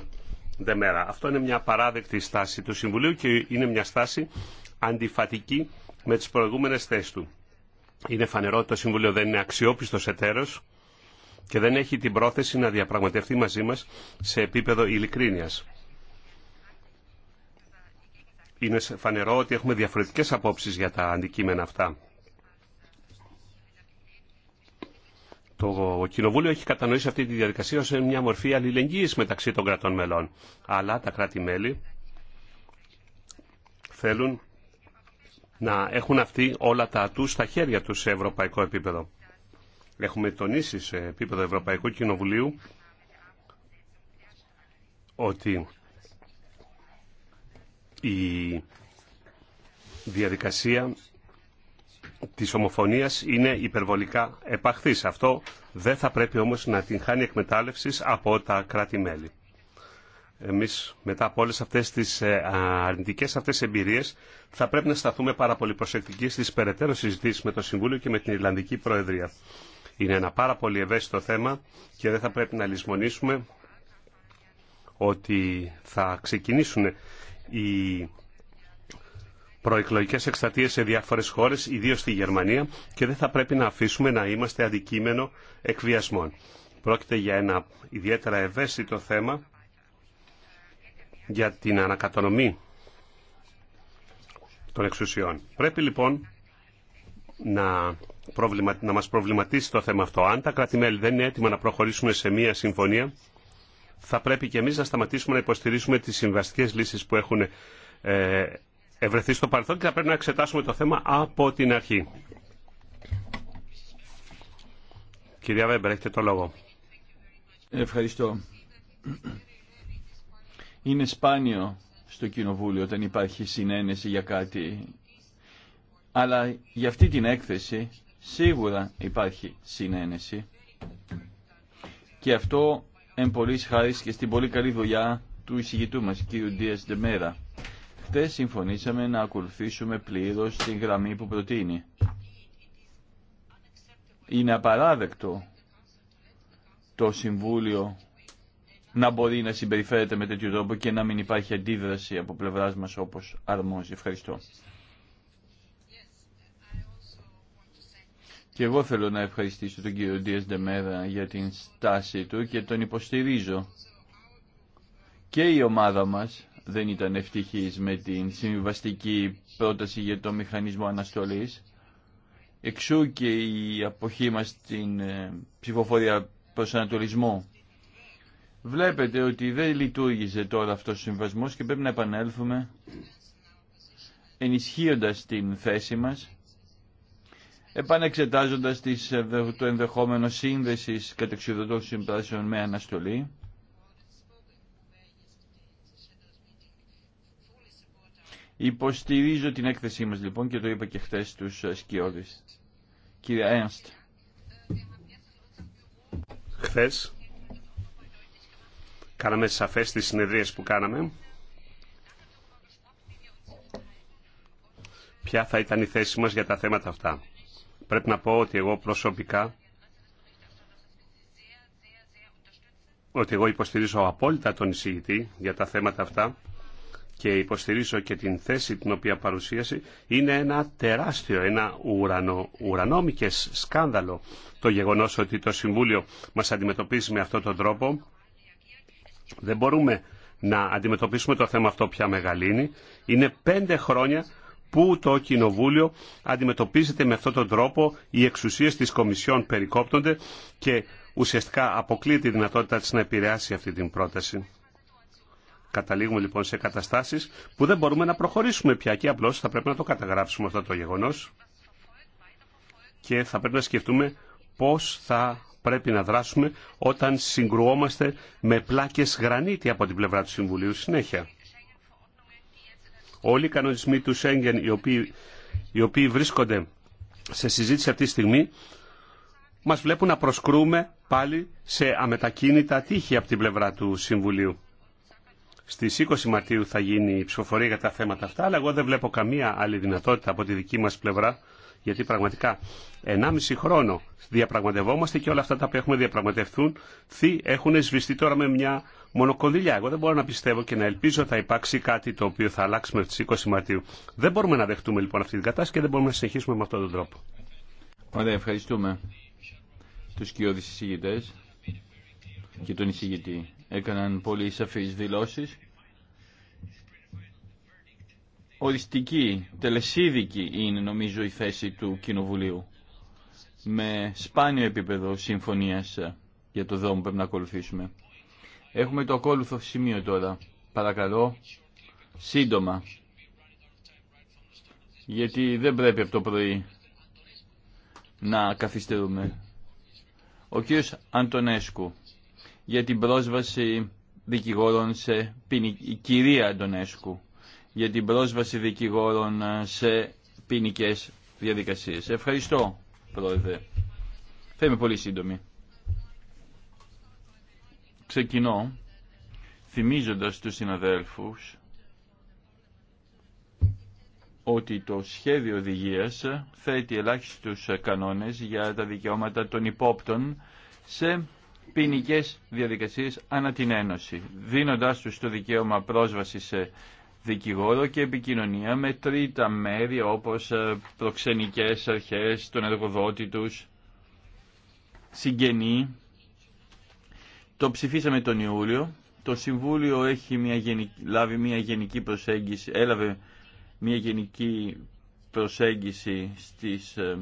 Speaker 3: Δεμέρα. Αυτό είναι μια παράδεκτη στάση του Συμβουλίου και είναι μια στάση αντιφατική με τις προηγούμενες θέσεις του. Είναι φανερό ότι το Συμβουλίο δεν είναι αξιόπιστο εταίρο και δεν έχει την πρόθεση να διαπραγματευτεί μαζί μα σε επίπεδο ειλικρίνειας είναι φανερό ότι έχουμε διαφορετικές απόψεις για τα αντικείμενα αυτά. Το Κοινοβούλιο έχει κατανοήσει αυτή τη διαδικασία ως μια μορφή αλληλεγγύης μεταξύ των κρατών μελών. Αλλά τα κράτη-μέλη θέλουν να έχουν αυτοί όλα τα ατού στα χέρια τους σε ευρωπαϊκό επίπεδο. Έχουμε τονίσει σε επίπεδο Ευρωπαϊκού Κοινοβουλίου ότι η διαδικασία της ομοφωνίας είναι υπερβολικά επαχθής. Αυτό δεν θα πρέπει όμως να την χάνει εκμετάλλευση από τα κράτη-μέλη. Εμείς μετά από όλες αυτές τις ε, αρνητικές αυτές εμπειρίες θα πρέπει να σταθούμε πάρα πολύ προσεκτικοί στις περαιτέρω συζητήσεις με το Συμβούλιο και με την Ιρλανδική Προεδρία. Είναι ένα πάρα πολύ ευαίσθητο θέμα και δεν θα πρέπει να λησμονήσουμε ότι θα ξεκινήσουν οι προεκλογικέ εκστατείε σε διάφορε χώρε, ιδίω στη Γερμανία, και δεν θα πρέπει να αφήσουμε να είμαστε αντικείμενο εκβιασμών. Πρόκειται για ένα ιδιαίτερα ευαίσθητο θέμα για την ανακατονομή των εξουσιών. Πρέπει λοιπόν να, προβλημα... να μας προβληματίσει το θέμα αυτό. Αν τα κράτη-μέλη δεν είναι έτοιμα να προχωρήσουμε σε μία συμφωνία, θα πρέπει και εμείς να σταματήσουμε να υποστηρίσουμε τις συμβαστικές λύσεις που έχουν ε, ευρεθεί στο παρελθόν και θα πρέπει να εξετάσουμε το θέμα από την αρχή. Κυρία Βέμπερ, έχετε το λόγο.
Speaker 1: Ευχαριστώ. Είναι σπάνιο στο Κοινοβούλιο όταν υπάρχει συνένεση για κάτι, αλλά για αυτή την έκθεση σίγουρα υπάρχει συνένεση και αυτό εν πολλής χάρη και στην πολύ καλή δουλειά του εισηγητού μας, κ. Ντίας Ντεμέρα. Χτες συμφωνήσαμε να ακολουθήσουμε πλήρως την γραμμή που προτείνει. Είναι απαράδεκτο το Συμβούλιο να μπορεί να συμπεριφέρεται με τέτοιο τρόπο και να μην υπάρχει αντίδραση από πλευράς μας όπως αρμόζει. Ευχαριστώ. Και εγώ θέλω να ευχαριστήσω τον κύριο Ντίας Ντεμέρα για την στάση του και τον υποστηρίζω. Και η ομάδα μας δεν ήταν ευτυχής με την συμβιβαστική πρόταση για το μηχανισμό αναστολής. Εξού και η αποχή μας στην ε, ψηφοφορία προσανατολισμού. Βλέπετε ότι δεν λειτουργήσε τώρα αυτός ο συμβασμός και πρέπει να επανέλθουμε ενισχύοντας την θέση μας επανεξετάζοντας τις, ε, το ενδεχόμενο σύνδεσης κατεξιδωτών συμπράσεων με αναστολή. Υποστηρίζω την έκθεσή μας λοιπόν και το είπα και χθες στους ε, σκιώδεις.
Speaker 3: Κύριε Ένστ. Χθες κάναμε σαφές τις συνεδρίες που κάναμε ποια θα ήταν η θέση μας για τα θέματα αυτά πρέπει να πω ότι εγώ προσωπικά ότι εγώ υποστηρίζω απόλυτα τον εισηγητή για τα θέματα αυτά και υποστηρίζω και την θέση την οποία παρουσίασε, είναι ένα τεράστιο, ένα ουρανο, ουρανόμικες σκάνδαλο το γεγονός ότι το Συμβούλιο μας αντιμετωπίζει με αυτόν τον τρόπο. Δεν μπορούμε να αντιμετωπίσουμε το θέμα αυτό πια μεγαλύνει. Είναι πέντε χρόνια που το Κοινοβούλιο αντιμετωπίζεται με αυτόν τον τρόπο, οι εξουσίες της Κομισιόν περικόπτονται και ουσιαστικά αποκλείει τη δυνατότητα της να επηρεάσει αυτή την πρόταση. Καταλήγουμε λοιπόν σε καταστάσεις που δεν μπορούμε να προχωρήσουμε πια και απλώς θα πρέπει να το καταγράψουμε αυτό το γεγονός και θα πρέπει να σκεφτούμε πώς θα πρέπει να δράσουμε όταν συγκρουόμαστε με πλάκες γρανίτη από την πλευρά του Συμβουλίου συνέχεια. Όλοι οι κανονισμοί του Σέγγεν οι οποίοι, οι οποίοι βρίσκονται σε συζήτηση αυτή τη στιγμή μας βλέπουν να προσκρούμε πάλι σε αμετακίνητα τείχη από την πλευρά του Συμβουλίου. Στις 20 Μαρτίου θα γίνει η ψηφοφορία για τα θέματα αυτά, αλλά εγώ δεν βλέπω καμία άλλη δυνατότητα από τη δική μας πλευρά, γιατί πραγματικά 1,5 χρόνο διαπραγματευόμαστε και όλα αυτά τα που έχουμε διαπραγματευτούν έχουν σβηστεί τώρα με μια μονοκονδυλιά. Εγώ δεν μπορώ να πιστεύω και να ελπίζω ότι θα υπάρξει κάτι το οποίο θα αλλάξει με τι 20 Μαρτίου. Δεν μπορούμε να δεχτούμε λοιπόν αυτή την κατάσταση και δεν μπορούμε να συνεχίσουμε με αυτόν τον τρόπο. Ωραία, ευχαριστούμε του κοιόδη εισηγητέ
Speaker 1: και τον εισηγητή. Έκαναν πολύ σαφεί δηλώσει. Οριστική, τελεσίδικη είναι νομίζω η θέση του Κοινοβουλίου με σπάνιο επίπεδο συμφωνίας για το δρόμο που πρέπει να ακολουθήσουμε. Έχουμε το ακόλουθο σημείο τώρα. Παρακαλώ, σύντομα. Γιατί δεν πρέπει από το πρωί να καθυστερούμε. Ο κύριος Αντωνέσκου για την πρόσβαση δικηγόρων σε ποινική... Η κυρία Αντωνέσκου για την πρόσβαση δικηγόρων σε ποινικέ διαδικασίες. Ευχαριστώ, Πρόεδρε. Θα είμαι πολύ σύντομη. Ξεκινώ θυμίζοντας τους συναδέλφους ότι το σχέδιο οδηγίας θέτει ελάχιστους κανόνες για τα δικαιώματα των υπόπτων σε ποινικέ διαδικασίες ανά την Ένωση, δίνοντάς τους το δικαίωμα πρόσβαση σε δικηγόρο και επικοινωνία με τρίτα μέρη όπως ε, προξενικές αρχές, τον εργοδότη τους, συγγενή το ψηφίσαμε τον Ιούλιο. Το Συμβούλιο έχει μια γενική, λάβει μια γενική προσέγγιση, έλαβε μια γενική προσέγγιση στις, ε,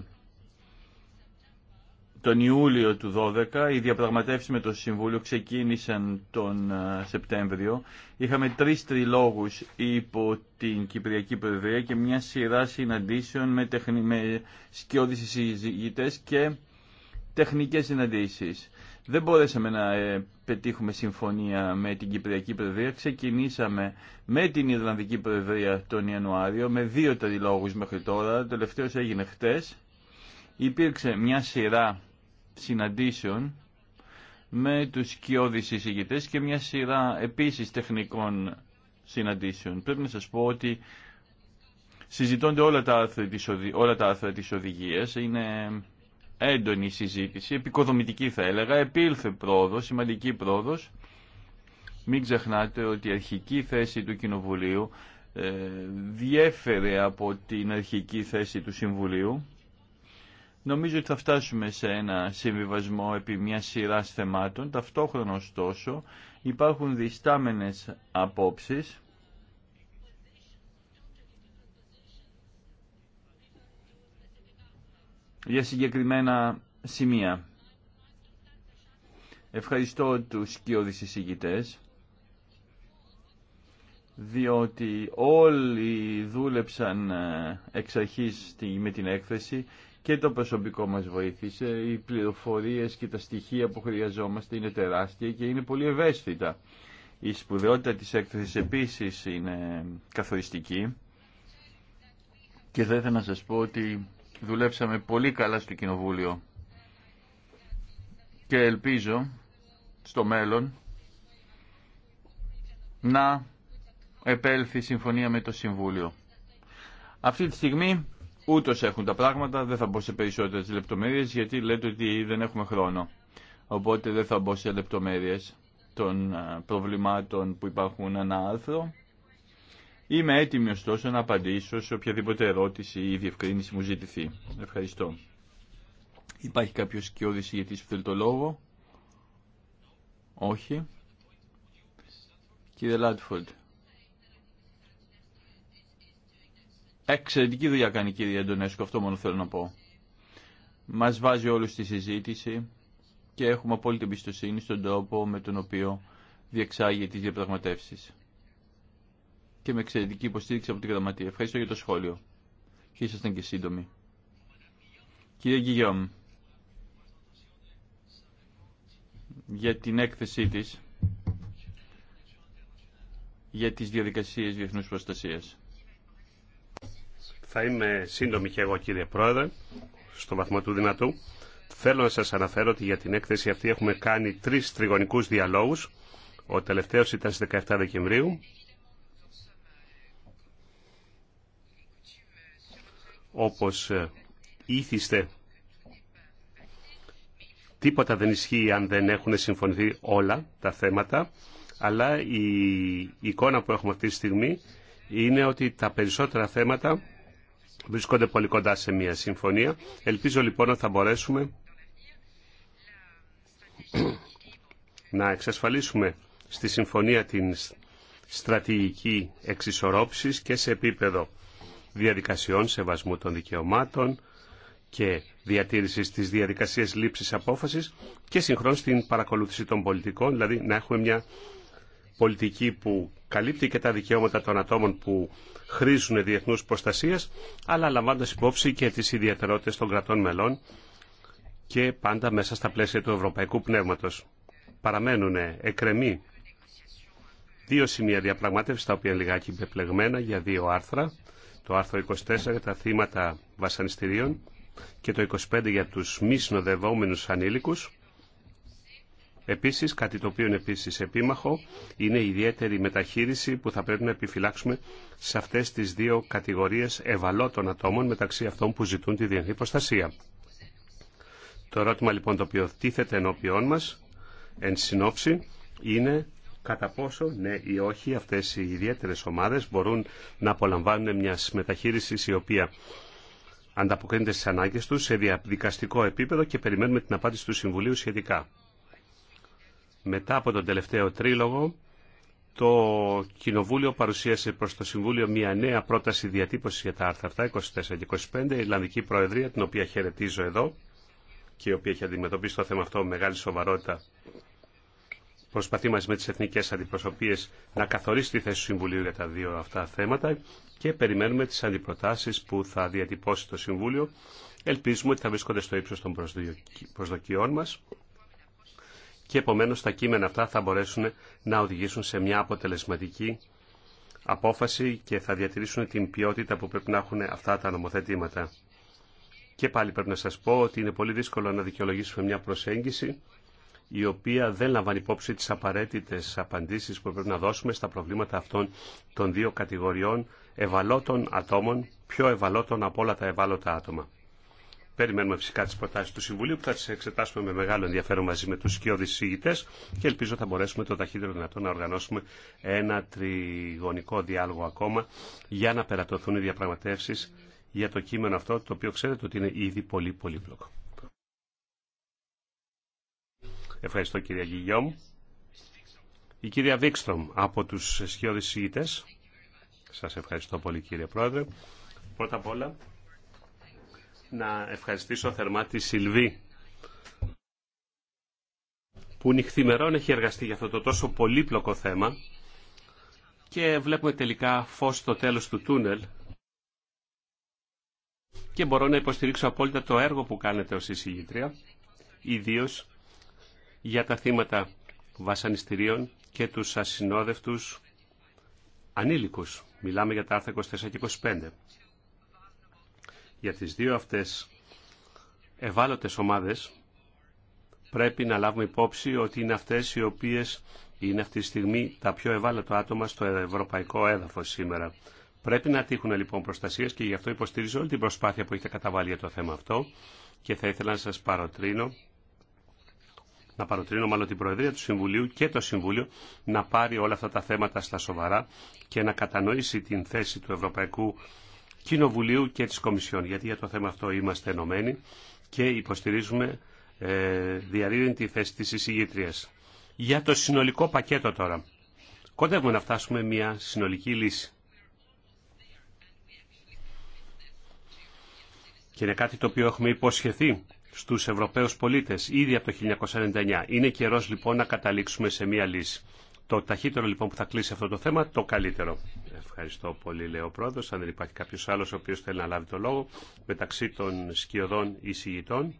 Speaker 1: τον Ιούλιο του 12. Οι διαπραγματεύσεις με το Συμβούλιο ξεκίνησαν τον ε, Σεπτέμβριο. Είχαμε τρεις τριλόγους υπό την Κυπριακή Προεδρία και μια σειρά συναντήσεων με, τεχνη, με συζητητές και τεχνικές συναντήσεις. Δεν μπορέσαμε να ε, πετύχουμε συμφωνία με την Κυπριακή Προεδρία. Ξεκινήσαμε με την Ιρλανδική Προεδρία τον Ιανουάριο με δύο τριλόγους μέχρι τώρα. Το τελευταίο έγινε χτες. Υπήρξε μια σειρά συναντήσεων με τους σκιώδεις συζητητέ και μια σειρά επίση τεχνικών συναντήσεων. Πρέπει να σας πω ότι συζητώνται όλα τα άρθρα τη οδη... όλα Είναι έντονη συζήτηση, επικοδομητική θα έλεγα, επήλθε πρόοδο, σημαντική πρόοδο. Μην ξεχνάτε ότι η αρχική θέση του Κοινοβουλίου ε, διέφερε από την αρχική θέση του Συμβουλίου. Νομίζω ότι θα φτάσουμε σε ένα συμβιβασμό επί μια σειρά θεμάτων. Ταυτόχρονα ωστόσο υπάρχουν διστάμενες απόψεις για συγκεκριμένα σημεία. Ευχαριστώ τους σκιώδη εισηγητές, διότι όλοι δούλεψαν ε, εξ αρχής με την έκθεση και το προσωπικό μας βοήθησε. Οι πληροφορίες και τα στοιχεία που χρειαζόμαστε είναι τεράστια και είναι πολύ ευαίσθητα. Η σπουδαιότητα της έκθεσης επίσης είναι καθοριστική και θα ήθελα να σας πω ότι Δουλέψαμε πολύ καλά στο Κοινοβούλιο και ελπίζω στο μέλλον να επέλθει συμφωνία με το Συμβούλιο. Αυτή τη στιγμή ούτως έχουν τα πράγματα, δεν θα μπω σε περισσότερες λεπτομέρειες γιατί λέτε ότι δεν έχουμε χρόνο. Οπότε δεν θα μπω σε λεπτομέρειες των ε, προβλημάτων που υπάρχουν ανά άρθρο. Είμαι έτοιμη ωστόσο να απαντήσω σε οποιαδήποτε ερώτηση ή διευκρίνηση μου ζητηθεί. Ευχαριστώ. Υπάρχει κάποιος ο γιατί που θέλει το λόγο. Όχι. Κύριε Λάτφορντ. Εξαιρετική δουλειά κάνει κύριε Αντωνέσκο, αυτό μόνο θέλω να πω. Μας βάζει όλους στη συζήτηση και έχουμε απόλυτη εμπιστοσύνη στον τρόπο με τον οποίο διεξάγει τις διαπραγματεύσεις και με εξαιρετική υποστήριξη από την Γραμματεία. Ευχαριστώ για το σχόλιο. Και ήσασταν και σύντομοι. Κύριε Γκυγιόμ, για την
Speaker 3: έκθεσή της για τις διαδικασίες διεθνούς προστασίας. Θα είμαι σύντομη και εγώ κύριε Πρόεδρε, στο βαθμό του δυνατού. Θέλω να σας αναφέρω ότι για την έκθεση αυτή έχουμε κάνει τρεις τριγωνικούς διαλόγους. Ο τελευταίος ήταν στις 17 Δεκεμβρίου όπως ε, ήθιστε τίποτα δεν ισχύει αν δεν έχουν συμφωνηθεί όλα τα θέματα αλλά η εικόνα που έχουμε αυτή τη στιγμή είναι ότι τα περισσότερα θέματα βρίσκονται πολύ κοντά σε μια συμφωνία. Ελπίζω λοιπόν ότι θα μπορέσουμε να εξασφαλίσουμε στη συμφωνία την στρατηγική εξισορρόπησης και σε επίπεδο διαδικασιών σεβασμού των δικαιωμάτων και διατήρησης της διαδικασίας λήψης απόφασης και συγχρόνως την παρακολούθηση των πολιτικών, δηλαδή να έχουμε μια πολιτική που καλύπτει και τα δικαιώματα των ατόμων που χρήζουν διεθνούς προστασίας, αλλά λαμβάνοντας υπόψη και τις ιδιαιτερότητες των κρατών μελών και πάντα μέσα στα πλαίσια του ευρωπαϊκού πνεύματος. Παραμένουν εκρεμή δύο σημεία διαπραγμάτευσης, τα οποία λιγάκι μπεπλεγμένα για δύο άρθρα το άρθρο 24 για τα θύματα βασανιστήριων και το 25 για τους μη συνοδευόμενους ανήλικους. Επίσης, κάτι το οποίο είναι επίσης επίμαχο, είναι η ιδιαίτερη μεταχείριση που θα πρέπει να επιφυλάξουμε σε αυτές τις δύο κατηγορίες ευαλώτων ατόμων μεταξύ αυτών που ζητούν τη διεθνή προστασία. Το ερώτημα λοιπόν το οποίο τίθεται ενώπιόν μας, εν συνόψη, είναι κατά πόσο ναι ή όχι αυτές οι ιδιαίτερες ομάδες μπορούν να απολαμβάνουν μια μεταχείριση η οποία ανταποκρίνεται στις ανάγκες τους σε διαδικαστικό επίπεδο και περιμένουμε την απάντηση του Συμβουλίου σχετικά. Μετά από τον τελευταίο τρίλογο, το Κοινοβούλιο παρουσίασε προς το Συμβούλιο μια νέα πρόταση διατύπωσης για τα άρθρα αυτά, 24 και 25, η Ιρλανδική Προεδρία, την οποία χαιρετίζω εδώ και η οποία έχει αντιμετωπίσει το θέμα αυτό με μεγάλη σοβαρότητα προσπαθεί μαζί με τις εθνικές αντιπροσωπείες να καθορίσει τη θέση του Συμβουλίου για τα δύο αυτά θέματα και περιμένουμε τις αντιπροτάσεις που θα διατυπώσει το Συμβούλιο. Ελπίζουμε ότι θα βρίσκονται στο ύψος των προσδοκιών μας και επομένως τα κείμενα αυτά θα μπορέσουν να οδηγήσουν σε μια αποτελεσματική απόφαση και θα διατηρήσουν την ποιότητα που πρέπει να έχουν αυτά τα νομοθετήματα. Και πάλι πρέπει να σας πω ότι είναι πολύ δύσκολο να δικαιολογήσουμε μια προσέγγιση η οποία δεν λαμβάνει υπόψη τις απαραίτητες απαντήσεις που πρέπει να δώσουμε στα προβλήματα αυτών των δύο κατηγοριών ευαλώτων ατόμων, πιο ευαλώτων από όλα τα ευάλωτα άτομα. Περιμένουμε φυσικά τις προτάσεις του Συμβουλίου που θα τις εξετάσουμε με μεγάλο ενδιαφέρον μαζί με τους σκιώδεις συζήτητες και ελπίζω θα μπορέσουμε το ταχύτερο δυνατό να οργανώσουμε ένα τριγωνικό διάλογο ακόμα για να περατωθούν οι διαπραγματεύσεις για το κείμενο αυτό το οποίο ξέρετε ότι είναι ήδη πολύ πολύπλοκο. Ευχαριστώ κυρία Γιγιόμ. Η κυρία Βίξτρομ από τους σκιώδεις συγητές. Σας ευχαριστώ πολύ κύριε Πρόεδρε. Πρώτα απ' όλα να ευχαριστήσω θερμά τη Σιλβή που νυχθημερών έχει εργαστεί για αυτό το τόσο πολύπλοκο θέμα και βλέπουμε τελικά φως στο τέλος του τούνελ και μπορώ να υποστηρίξω απόλυτα το έργο που κάνετε ως εισηγήτρια ιδίως για τα θύματα βασανιστήριων και τους ασυνόδευτους ανήλικους. Μιλάμε για τα άρθρα 24 και 25. Για τις δύο αυτές ευάλωτες ομάδες πρέπει να λάβουμε υπόψη ότι είναι αυτές οι οποίες είναι αυτή τη στιγμή τα πιο ευάλωτα άτομα στο ευρωπαϊκό έδαφος σήμερα. Πρέπει να τύχουν λοιπόν προστασία και γι' αυτό υποστηρίζω όλη την προσπάθεια που έχετε καταβάλει για το θέμα αυτό και θα ήθελα να σας παροτρύνω να παροτρύνω μάλλον την Προεδρία του Συμβουλίου και το Συμβούλιο να πάρει όλα αυτά τα θέματα στα σοβαρά και να κατανοήσει την θέση του Ευρωπαϊκού Κοινοβουλίου και της Κομισιόν. Γιατί για το θέμα αυτό είμαστε ενωμένοι και υποστηρίζουμε ε, διαρρήνει τη θέση της εισηγήτριας. Για το συνολικό πακέτο τώρα. Κοντεύουμε να φτάσουμε μια συνολική λύση. Και είναι κάτι το οποίο έχουμε υποσχεθεί στους Ευρωπαίους πολίτες ήδη από το 1999. Είναι καιρός λοιπόν να καταλήξουμε σε μία λύση. Το ταχύτερο λοιπόν που θα κλείσει αυτό το θέμα, το καλύτερο. Ευχαριστώ πολύ, λέει ο πρόεδρος. Αν δεν υπάρχει κάποιος άλλος ο οποίος θέλει να λάβει το λόγο, μεταξύ των σκιωδών εισηγητών,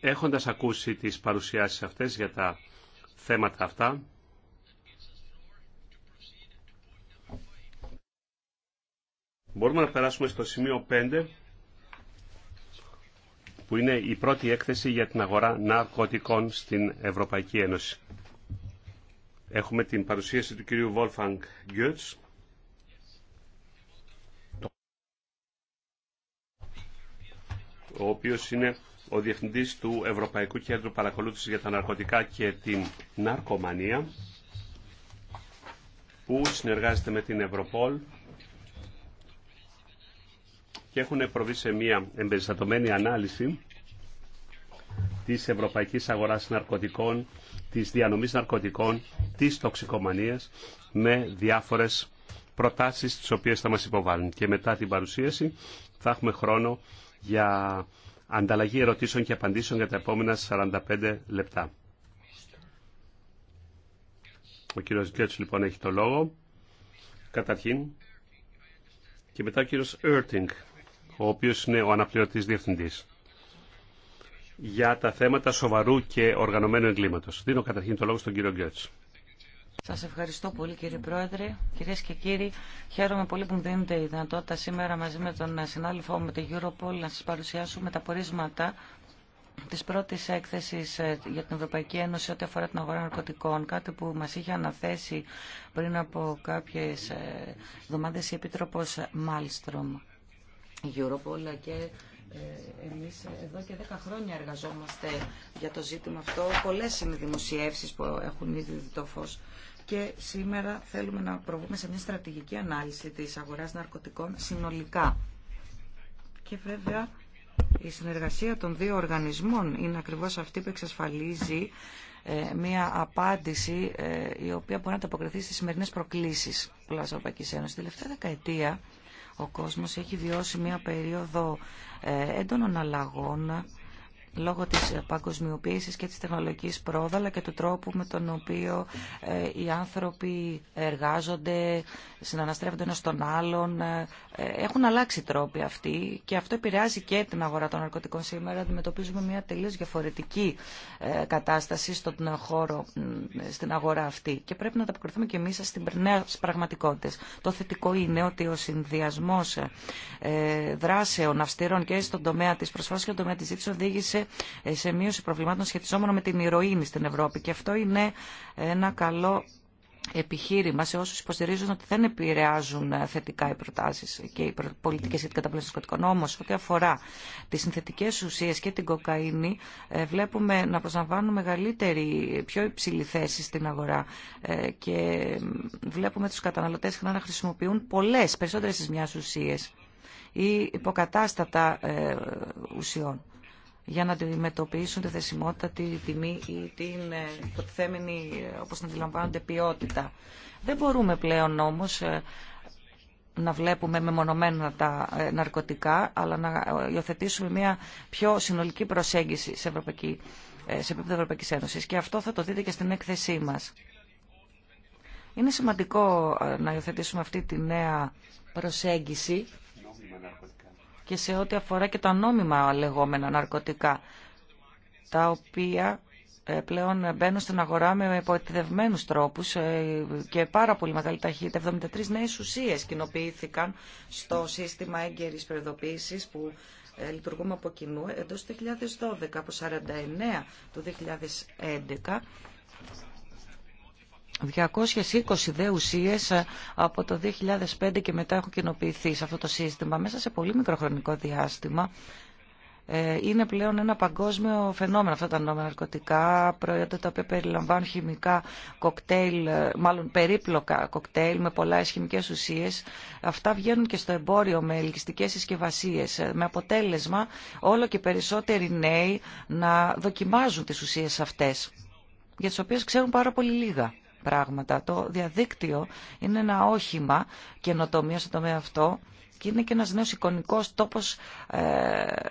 Speaker 3: έχοντας ακούσει τις παρουσιάσεις αυτές για τα θέματα αυτά, μπορούμε να περάσουμε στο σημείο 5 που είναι η πρώτη έκθεση για την αγορά ναρκωτικών στην Ευρωπαϊκή Ένωση. Έχουμε την παρουσίαση του κυρίου Wolfgang Goetz. ο οποίος είναι ο Διευθυντής του Ευρωπαϊκού Κέντρου Παρακολούθησης για τα Ναρκωτικά και την Ναρκομανία, που συνεργάζεται με την Ευρωπόλ και έχουν προβεί σε μια εμπεριστατωμένη ανάλυση της ευρωπαϊκής αγοράς ναρκωτικών, της διανομής ναρκωτικών, της τοξικομανίας με διάφορες προτάσεις τις οποίες θα μας υποβάλουν. Και μετά την παρουσίαση θα έχουμε χρόνο για ανταλλαγή ερωτήσεων και απαντήσεων για τα επόμενα 45 λεπτά. Ο κύριος Γκέτς λοιπόν έχει το λόγο. Καταρχήν και μετά ο κύριος Ερτινγκ ο οποίος είναι ο αναπληρωτής διευθυντής για τα θέματα σοβαρού και οργανωμένου εγκλήματος. Δίνω καταρχήν το λόγο στον κύριο Γκέτς.
Speaker 2: Σας ευχαριστώ πολύ κύριε Πρόεδρε, κυρίες και κύριοι. Χαίρομαι πολύ που μου δίνετε η δυνατότητα σήμερα μαζί με τον συνάδελφό μου την Europol να σας παρουσιάσουμε τα πορίσματα της πρώτης έκθεσης ε, για την Ευρωπαϊκή Ένωση ό,τι αφορά την αγορά ναρκωτικών, κάτι που μας είχε αναθέσει πριν από κάποιες ε, εβδομάδες η Επίτροπος Μάλστρομ. Europol και ε, εμείς εδώ και 10 χρόνια εργαζόμαστε για το ζήτημα αυτό. Πολλές είναι οι δημοσιεύσεις που έχουν ήδη δει το φως. Και σήμερα θέλουμε να προβούμε σε μια στρατηγική ανάλυση της αγοράς ναρκωτικών συνολικά. Και βέβαια η συνεργασία των δύο οργανισμών είναι ακριβώς αυτή που εξασφαλίζει ε, μια απάντηση ε, η οποία μπορεί να ανταποκριθεί στις σημερινές προκλήσεις του Ευρωπαϊκής Ένωσης. Τελευταία δεκαετία ο κόσμος έχει βιώσει μια περίοδο ε, έντονων αλλαγών λόγω της παγκοσμιοποίησης και της τεχνολογικής πρόοδου αλλά και του τρόπου με τον οποίο ε, οι άνθρωποι εργάζονται, συναναστρέφονται ένας στον άλλον. Ε, έχουν αλλάξει τρόποι αυτοί και αυτό επηρεάζει και την αγορά των ναρκωτικών σήμερα. Αντιμετωπίζουμε μια τελείως διαφορετική ε, κατάσταση στον χώρο, στην αγορά αυτή και πρέπει να τα ανταποκριθούμε και εμείς στις νέες πραγματικότητες. Το θετικό είναι ότι ο συνδυασμός δράσεων αυστηρών και στον τομέα της προσφάσεως και στον τομέα της ζήτησης οδήγησε σε μείωση προβλημάτων σχετιζόμενο με την ηρωίνη στην Ευρώπη. Και αυτό είναι ένα καλό επιχείρημα σε όσους υποστηρίζουν ότι δεν επηρεάζουν θετικά οι προτάσεις και οι πολιτικές για την καταπλήρωση σκοτικών. Όμως, ό,τι αφορά τις συνθετικές ουσίες και την κοκαίνη, ε, βλέπουμε να προσλαμβάνουν μεγαλύτερη, πιο υψηλή θέση στην αγορά ε, και βλέπουμε τους καταναλωτές να χρησιμοποιούν πολλές, περισσότερες της μιας ουσίες ή υποκατάστατα ε, ουσιών για να αντιμετωπίσουν τη θεσιμότητα, τη τιμή ή την υποτιθέμενη, ε, ε, όπως να αντιλαμβάνονται, ποιότητα. Δεν μπορούμε πλέον όμως ε, να βλέπουμε μεμονωμένα τα ναρκωτικά, αλλά να υιοθετήσουμε μια πιο συνολική προσέγγιση σε, Ευρωπαϊκή, σε επίπεδο Ευρωπαϊκής Ένωσης. Και αυτό θα το δείτε και στην έκθεσή μας. Είναι σημαντικό να υιοθετήσουμε αυτή τη νέα προσέγγιση και σε ό,τι αφορά και τα νόμιμα λεγόμενα ναρκωτικά, τα οποία ε, πλέον μπαίνουν στην αγορά με υποτιδευμένους τρόπους ε, και πάρα πολύ μεγάλη ταχύτητα. 73 νέες ουσίες κοινοποιήθηκαν στο σύστημα έγκαιρης προειδοποίησης που ε, λειτουργούμε από κοινού εντός του 2012, από 49 του 2011 220 δε ουσίες από το 2005 και μετά έχουν κοινοποιηθεί σε αυτό το σύστημα. Μέσα σε πολύ μικροχρονικό διάστημα ε, είναι πλέον ένα παγκόσμιο φαινόμενο αυτά τα νόμενα ναρκωτικά, προϊόντα τα οποία περιλαμβάνουν χημικά κοκτέιλ, ε, μάλλον περίπλοκα κοκτέιλ με πολλά χημικέ ουσίες. Αυτά βγαίνουν και στο εμπόριο με ελκυστικές συσκευασίε, ε, με αποτέλεσμα όλο και περισσότεροι νέοι να δοκιμάζουν τις ουσίες αυτές, για τις οποίες ξέρουν πάρα πολύ λίγα πράγματα. Το διαδίκτυο είναι ένα όχημα καινοτομία στο τομέα αυτό και είναι και ένας νέος εικονικός τόπος ε,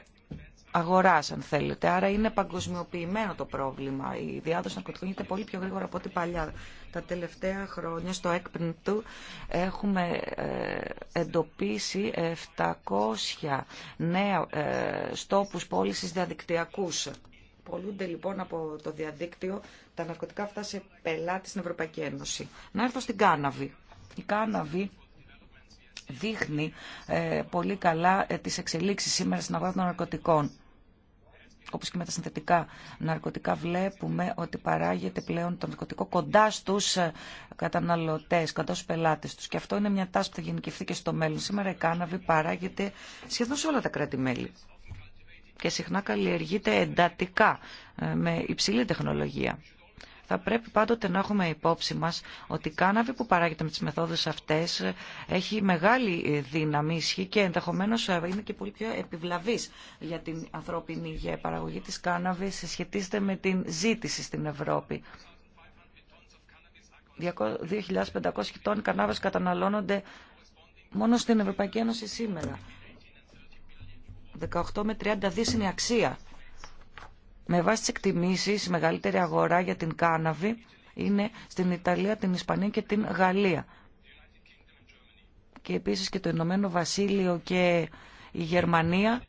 Speaker 2: αγοράς, αν θέλετε. Άρα είναι παγκοσμιοποιημένο το πρόβλημα. Η διάδοση ναρκωτικών γίνεται πολύ πιο γρήγορα από ό,τι παλιά. Τα τελευταία χρόνια στο έκπλην του έχουμε ε, εντοπίσει 700 νέα ε, στόπους πώλησης διαδικτυακούς Πολλούνται λοιπόν από το διαδίκτυο τα ναρκωτικά αυτά σε πελάτη στην Ευρωπαϊκή Ένωση. Να έρθω στην κάναβη. Η κάναβη δείχνει ε, πολύ καλά ε, τις εξελίξεις σήμερα στην αγορά των ναρκωτικών. Όπως και με τα συνθετικά ναρκωτικά βλέπουμε ότι παράγεται πλέον το ναρκωτικό κοντά στους ε, καταναλωτές, κοντά στους πελάτες τους. Και αυτό είναι μια τάση που θα γενικευθεί και στο μέλλον. Σήμερα η κάναβη παράγεται σχεδόν σε όλα τα κράτη-μέλη και συχνά καλλιεργείται εντατικά ε, με υψηλή τεχνολογία. Θα πρέπει πάντοτε να έχουμε υπόψη μας ότι η κάναβη που παράγεται με τις μεθόδους αυτές ε, έχει μεγάλη ε, δύναμη, ισχύ και ενδεχομένως είναι και πολύ πιο επιβλαβής για την ανθρώπινη υγεία. Η παραγωγή της κάναβης σχετίζεται με την ζήτηση στην Ευρώπη. 2.500 τόνοι κανάβες καταναλώνονται μόνο στην Ευρωπαϊκή Ένωση σήμερα. 18 με 30 δις είναι η αξία. Με βάση τις εκτιμήσεις, η μεγαλύτερη αγορά για την κάναβη είναι στην Ιταλία, την Ισπανία και την Γαλλία. Και επίσης και το Ηνωμένο Βασίλειο και η Γερμανία.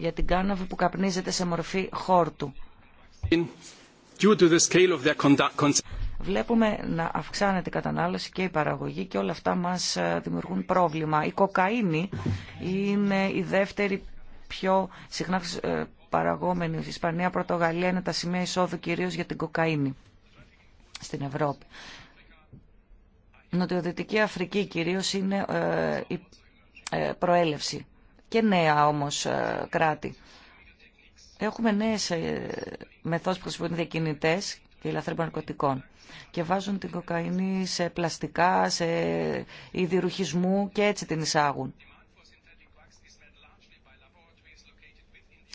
Speaker 2: για την κάναβη που καπνίζεται σε μορφή χόρτου βλέπουμε να αυξάνεται η κατανάλωση και η παραγωγή και όλα αυτά μας ε, δημιουργούν πρόβλημα. Η κοκαίνη είναι η δεύτερη πιο συχνά ε, παραγόμενη. Η Ισπανία, Πρωτογαλία είναι τα σημεία εισόδου κυρίως για την κοκαίνη στην Ευρώπη. Νοτιοδυτική Αφρική κυρίως είναι ε, η προέλευση και νέα όμως κράτη. Έχουμε νέες μεθόδους που χρησιμοποιούν διακινητές και λαθρέμπων ναρκωτικών και βάζουν την κοκαίνη σε πλαστικά, σε ιδιρουχισμού και έτσι την εισάγουν.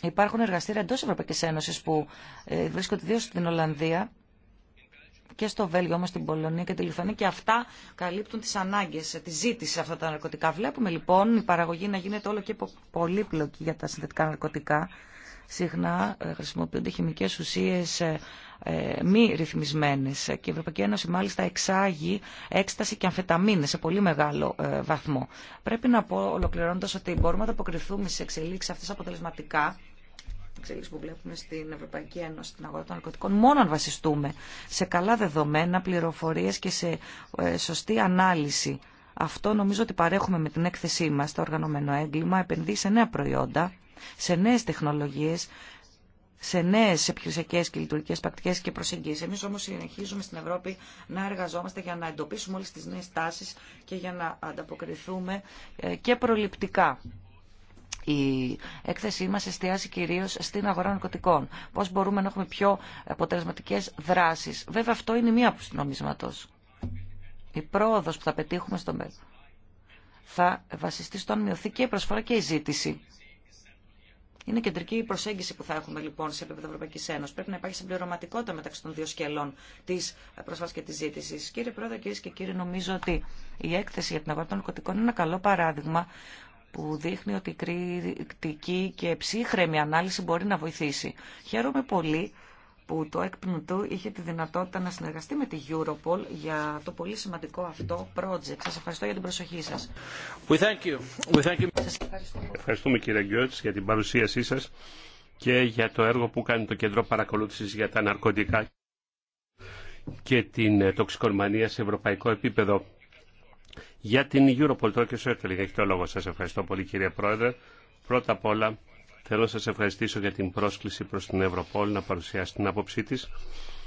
Speaker 2: Υπάρχουν εργαστήρια εντός Ευρωπαϊκής Ένωσης που ε, βρίσκονται δύο στην Ολλανδία και στο Βέλγιο, όμως στην Πολωνία και τη Λιθουανία και αυτά καλύπτουν τις ανάγκες, τη ζήτηση αυτά τα ναρκωτικά. Βλέπουμε λοιπόν η παραγωγή να γίνεται όλο και πολύπλοκη για τα συνθετικά ναρκωτικά. Συχνά ε, χρησιμοποιούνται χημικές ουσίες ε, μη ρυθμισμένες και η Ευρωπαϊκή Ένωση μάλιστα εξάγει έκσταση και αμφεταμίνες σε πολύ μεγάλο ε, βαθμό. Πρέπει να πω ολοκληρώνοντας ότι μπορούμε να αποκριθούμε σε εξελίξεις αυτές αποτελεσματικά εξελίξει που βλέπουμε στην Ευρωπαϊκή Ένωση, στην αγορά των ναρκωτικών, μόνο αν βασιστούμε σε καλά δεδομένα, πληροφορίες και σε ε, σωστή ανάλυση. Αυτό νομίζω ότι παρέχουμε με την έκθεσή μας το οργανωμένο έγκλημα, επενδύει σε νέα προϊόντα, σε νέε τεχνολογίε, σε νέε επιχειρησιακέ και λειτουργικέ πρακτικέ και προσεγγίσεις. Εμεί όμω συνεχίζουμε στην Ευρώπη να εργαζόμαστε για να εντοπίσουμε όλε τι νέε τάσει και για να ανταποκριθούμε ε, και προληπτικά. Η έκθεσή μα εστιάζει κυρίω στην αγορά ναρκωτικών. Πώ μπορούμε να έχουμε πιο αποτελεσματικές δράσει. Βέβαια αυτό είναι μία από του νομίσματο. Η πρόοδο που θα πετύχουμε στο μέλλον θα βασιστεί στο αν μειωθεί και η προσφορά και η ζήτηση. Είναι κεντρική η προσέγγιση που θα έχουμε λοιπόν σε επίπεδο Ευρωπαϊκή Ένωση. Πρέπει να υπάρχει συμπληρωματικότητα μεταξύ των δύο σκελών τη προσφάση και τη ζήτηση. Κύριε Πρόεδρε, κυρίε και κύριοι, νομίζω ότι η έκθεση για την αγορά των νοικοτικών είναι ένα καλό παράδειγμα που δείχνει ότι η κριτική και ψύχρεμη ανάλυση μπορεί να βοηθήσει. Χαίρομαι πολύ που το έκπνου του είχε τη δυνατότητα να συνεργαστεί με τη Europol για το πολύ σημαντικό αυτό project. Σας ευχαριστώ για την προσοχή σας.
Speaker 3: We thank you. We thank you. Σας ευχαριστούμε. Ευχαριστούμε κύριε Γκιώτς για την παρουσίασή σας και για το έργο που κάνει το Κέντρο Παρακολούθησης για τα Ναρκωτικά και την ε, τοξικορμανία σε ευρωπαϊκό επίπεδο. Για την Europol, τώρα και σου έχει το λόγο. Σας ευχαριστώ πολύ κύριε Πρόεδρε. Πρώτα απ' όλα Θέλω να σας ευχαριστήσω για την πρόσκληση προς την Ευρωπόλη να παρουσιάσει την άποψή της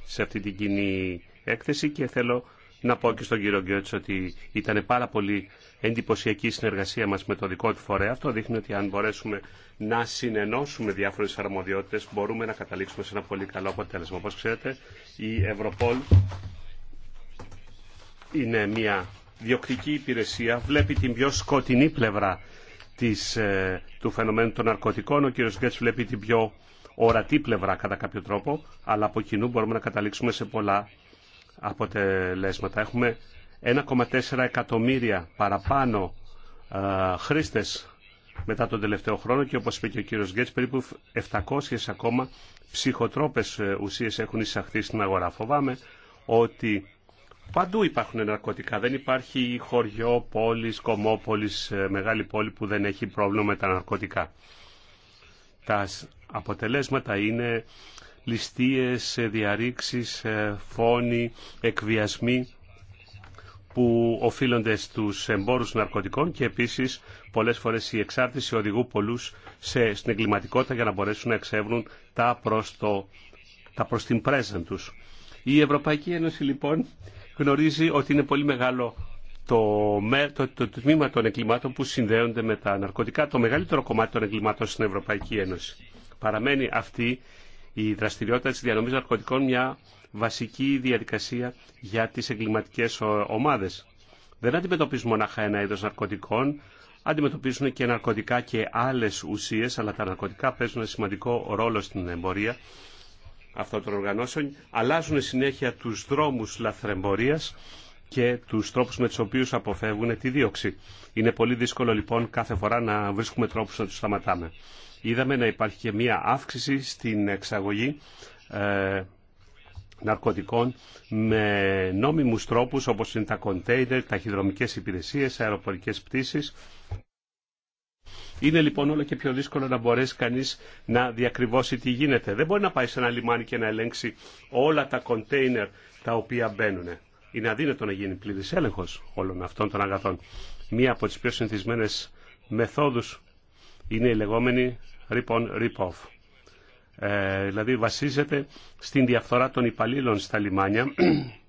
Speaker 3: σε αυτή την κοινή έκθεση και θέλω να πω και στον κύριο Γκέτς ότι ήταν πάρα πολύ εντυπωσιακή η συνεργασία μας με το δικό του φορέα. Αυτό δείχνει ότι αν μπορέσουμε να συνενώσουμε διάφορες αρμοδιότητες μπορούμε να καταλήξουμε σε ένα πολύ καλό αποτέλεσμα. Όπως ξέρετε η Ευρωπόλ είναι μια διοκτική υπηρεσία, βλέπει την πιο σκοτεινή πλευρά ε, του φαινομένου των ναρκωτικών. Ο κύριος Γκέτς βλέπει την πιο ορατή πλευρά κατά κάποιο τρόπο, αλλά από κοινού μπορούμε να καταλήξουμε σε πολλά αποτελέσματα. Έχουμε 1,4 εκατομμύρια παραπάνω ε, χρήστες μετά τον τελευταίο χρόνο και όπως είπε και ο κύριος Γκέτς περίπου 700 ακόμα ψυχοτρόπες ε, ουσίες έχουν εισαχθεί στην αγορά. Φοβάμαι ότι Παντού υπάρχουν ναρκωτικά. Δεν υπάρχει χωριό, πόλη, κομμόπολη, ε, μεγάλη πόλη που δεν έχει πρόβλημα με τα ναρκωτικά. Τα αποτελέσματα είναι ληστείες, ε, διαρρήξεις, ε, φόνοι, εκβιασμοί που οφείλονται στους εμπόρους ναρκωτικών και επίσης πολλές φορές η εξάρτηση οδηγού πολλούς σε, στην εγκληματικότητα για να μπορέσουν να εξεύρουν τα προς, τα προς την πρέζαν τους. Η Ευρωπαϊκή Ένωση λοιπόν γνωρίζει ότι είναι πολύ μεγάλο το, το, το, το τμήμα των εγκλημάτων που συνδέονται με τα ναρκωτικά, το μεγαλύτερο κομμάτι των εγκλημάτων στην Ευρωπαϊκή Ένωση. Παραμένει αυτή η δραστηριότητα της διανομής ναρκωτικών μια βασική διαδικασία για τις εγκληματικές ομάδες. Δεν αντιμετωπίζουν μονάχα ένα είδος ναρκωτικών, αντιμετωπίζουν και ναρκωτικά και άλλες ουσίες, αλλά τα ναρκωτικά παίζουν σημαντικό ρόλο στην εμπορία αυτών των οργανώσεων αλλάζουν συνέχεια τους δρόμους λαθρεμπορίας και τους τρόπους με τους οποίους αποφεύγουν τη δίωξη. Είναι πολύ δύσκολο λοιπόν κάθε φορά να βρίσκουμε τρόπους να τους σταματάμε. Είδαμε να υπάρχει και μία αύξηση στην εξαγωγή ε, ναρκωτικών με νόμιμους τρόπους όπως είναι τα κοντέινερ, ταχυδρομικές υπηρεσίες, αεροπορικές πτήσεις είναι λοιπόν όλο και πιο δύσκολο να μπορέσει κανεί να διακριβώσει τι γίνεται. Δεν μπορεί να πάει σε ένα λιμάνι και να ελέγξει όλα τα κοντέινερ τα οποία μπαίνουν. Είναι αδύνατο να γίνει πλήρη έλεγχο όλων αυτών των αγαθών. Μία από τι πιο συνηθισμένε μεθόδου είναι η λεγομενη on λοιπόν rip-off. Ε, δηλαδή βασίζεται στην διαφθορά των υπαλλήλων στα λιμάνια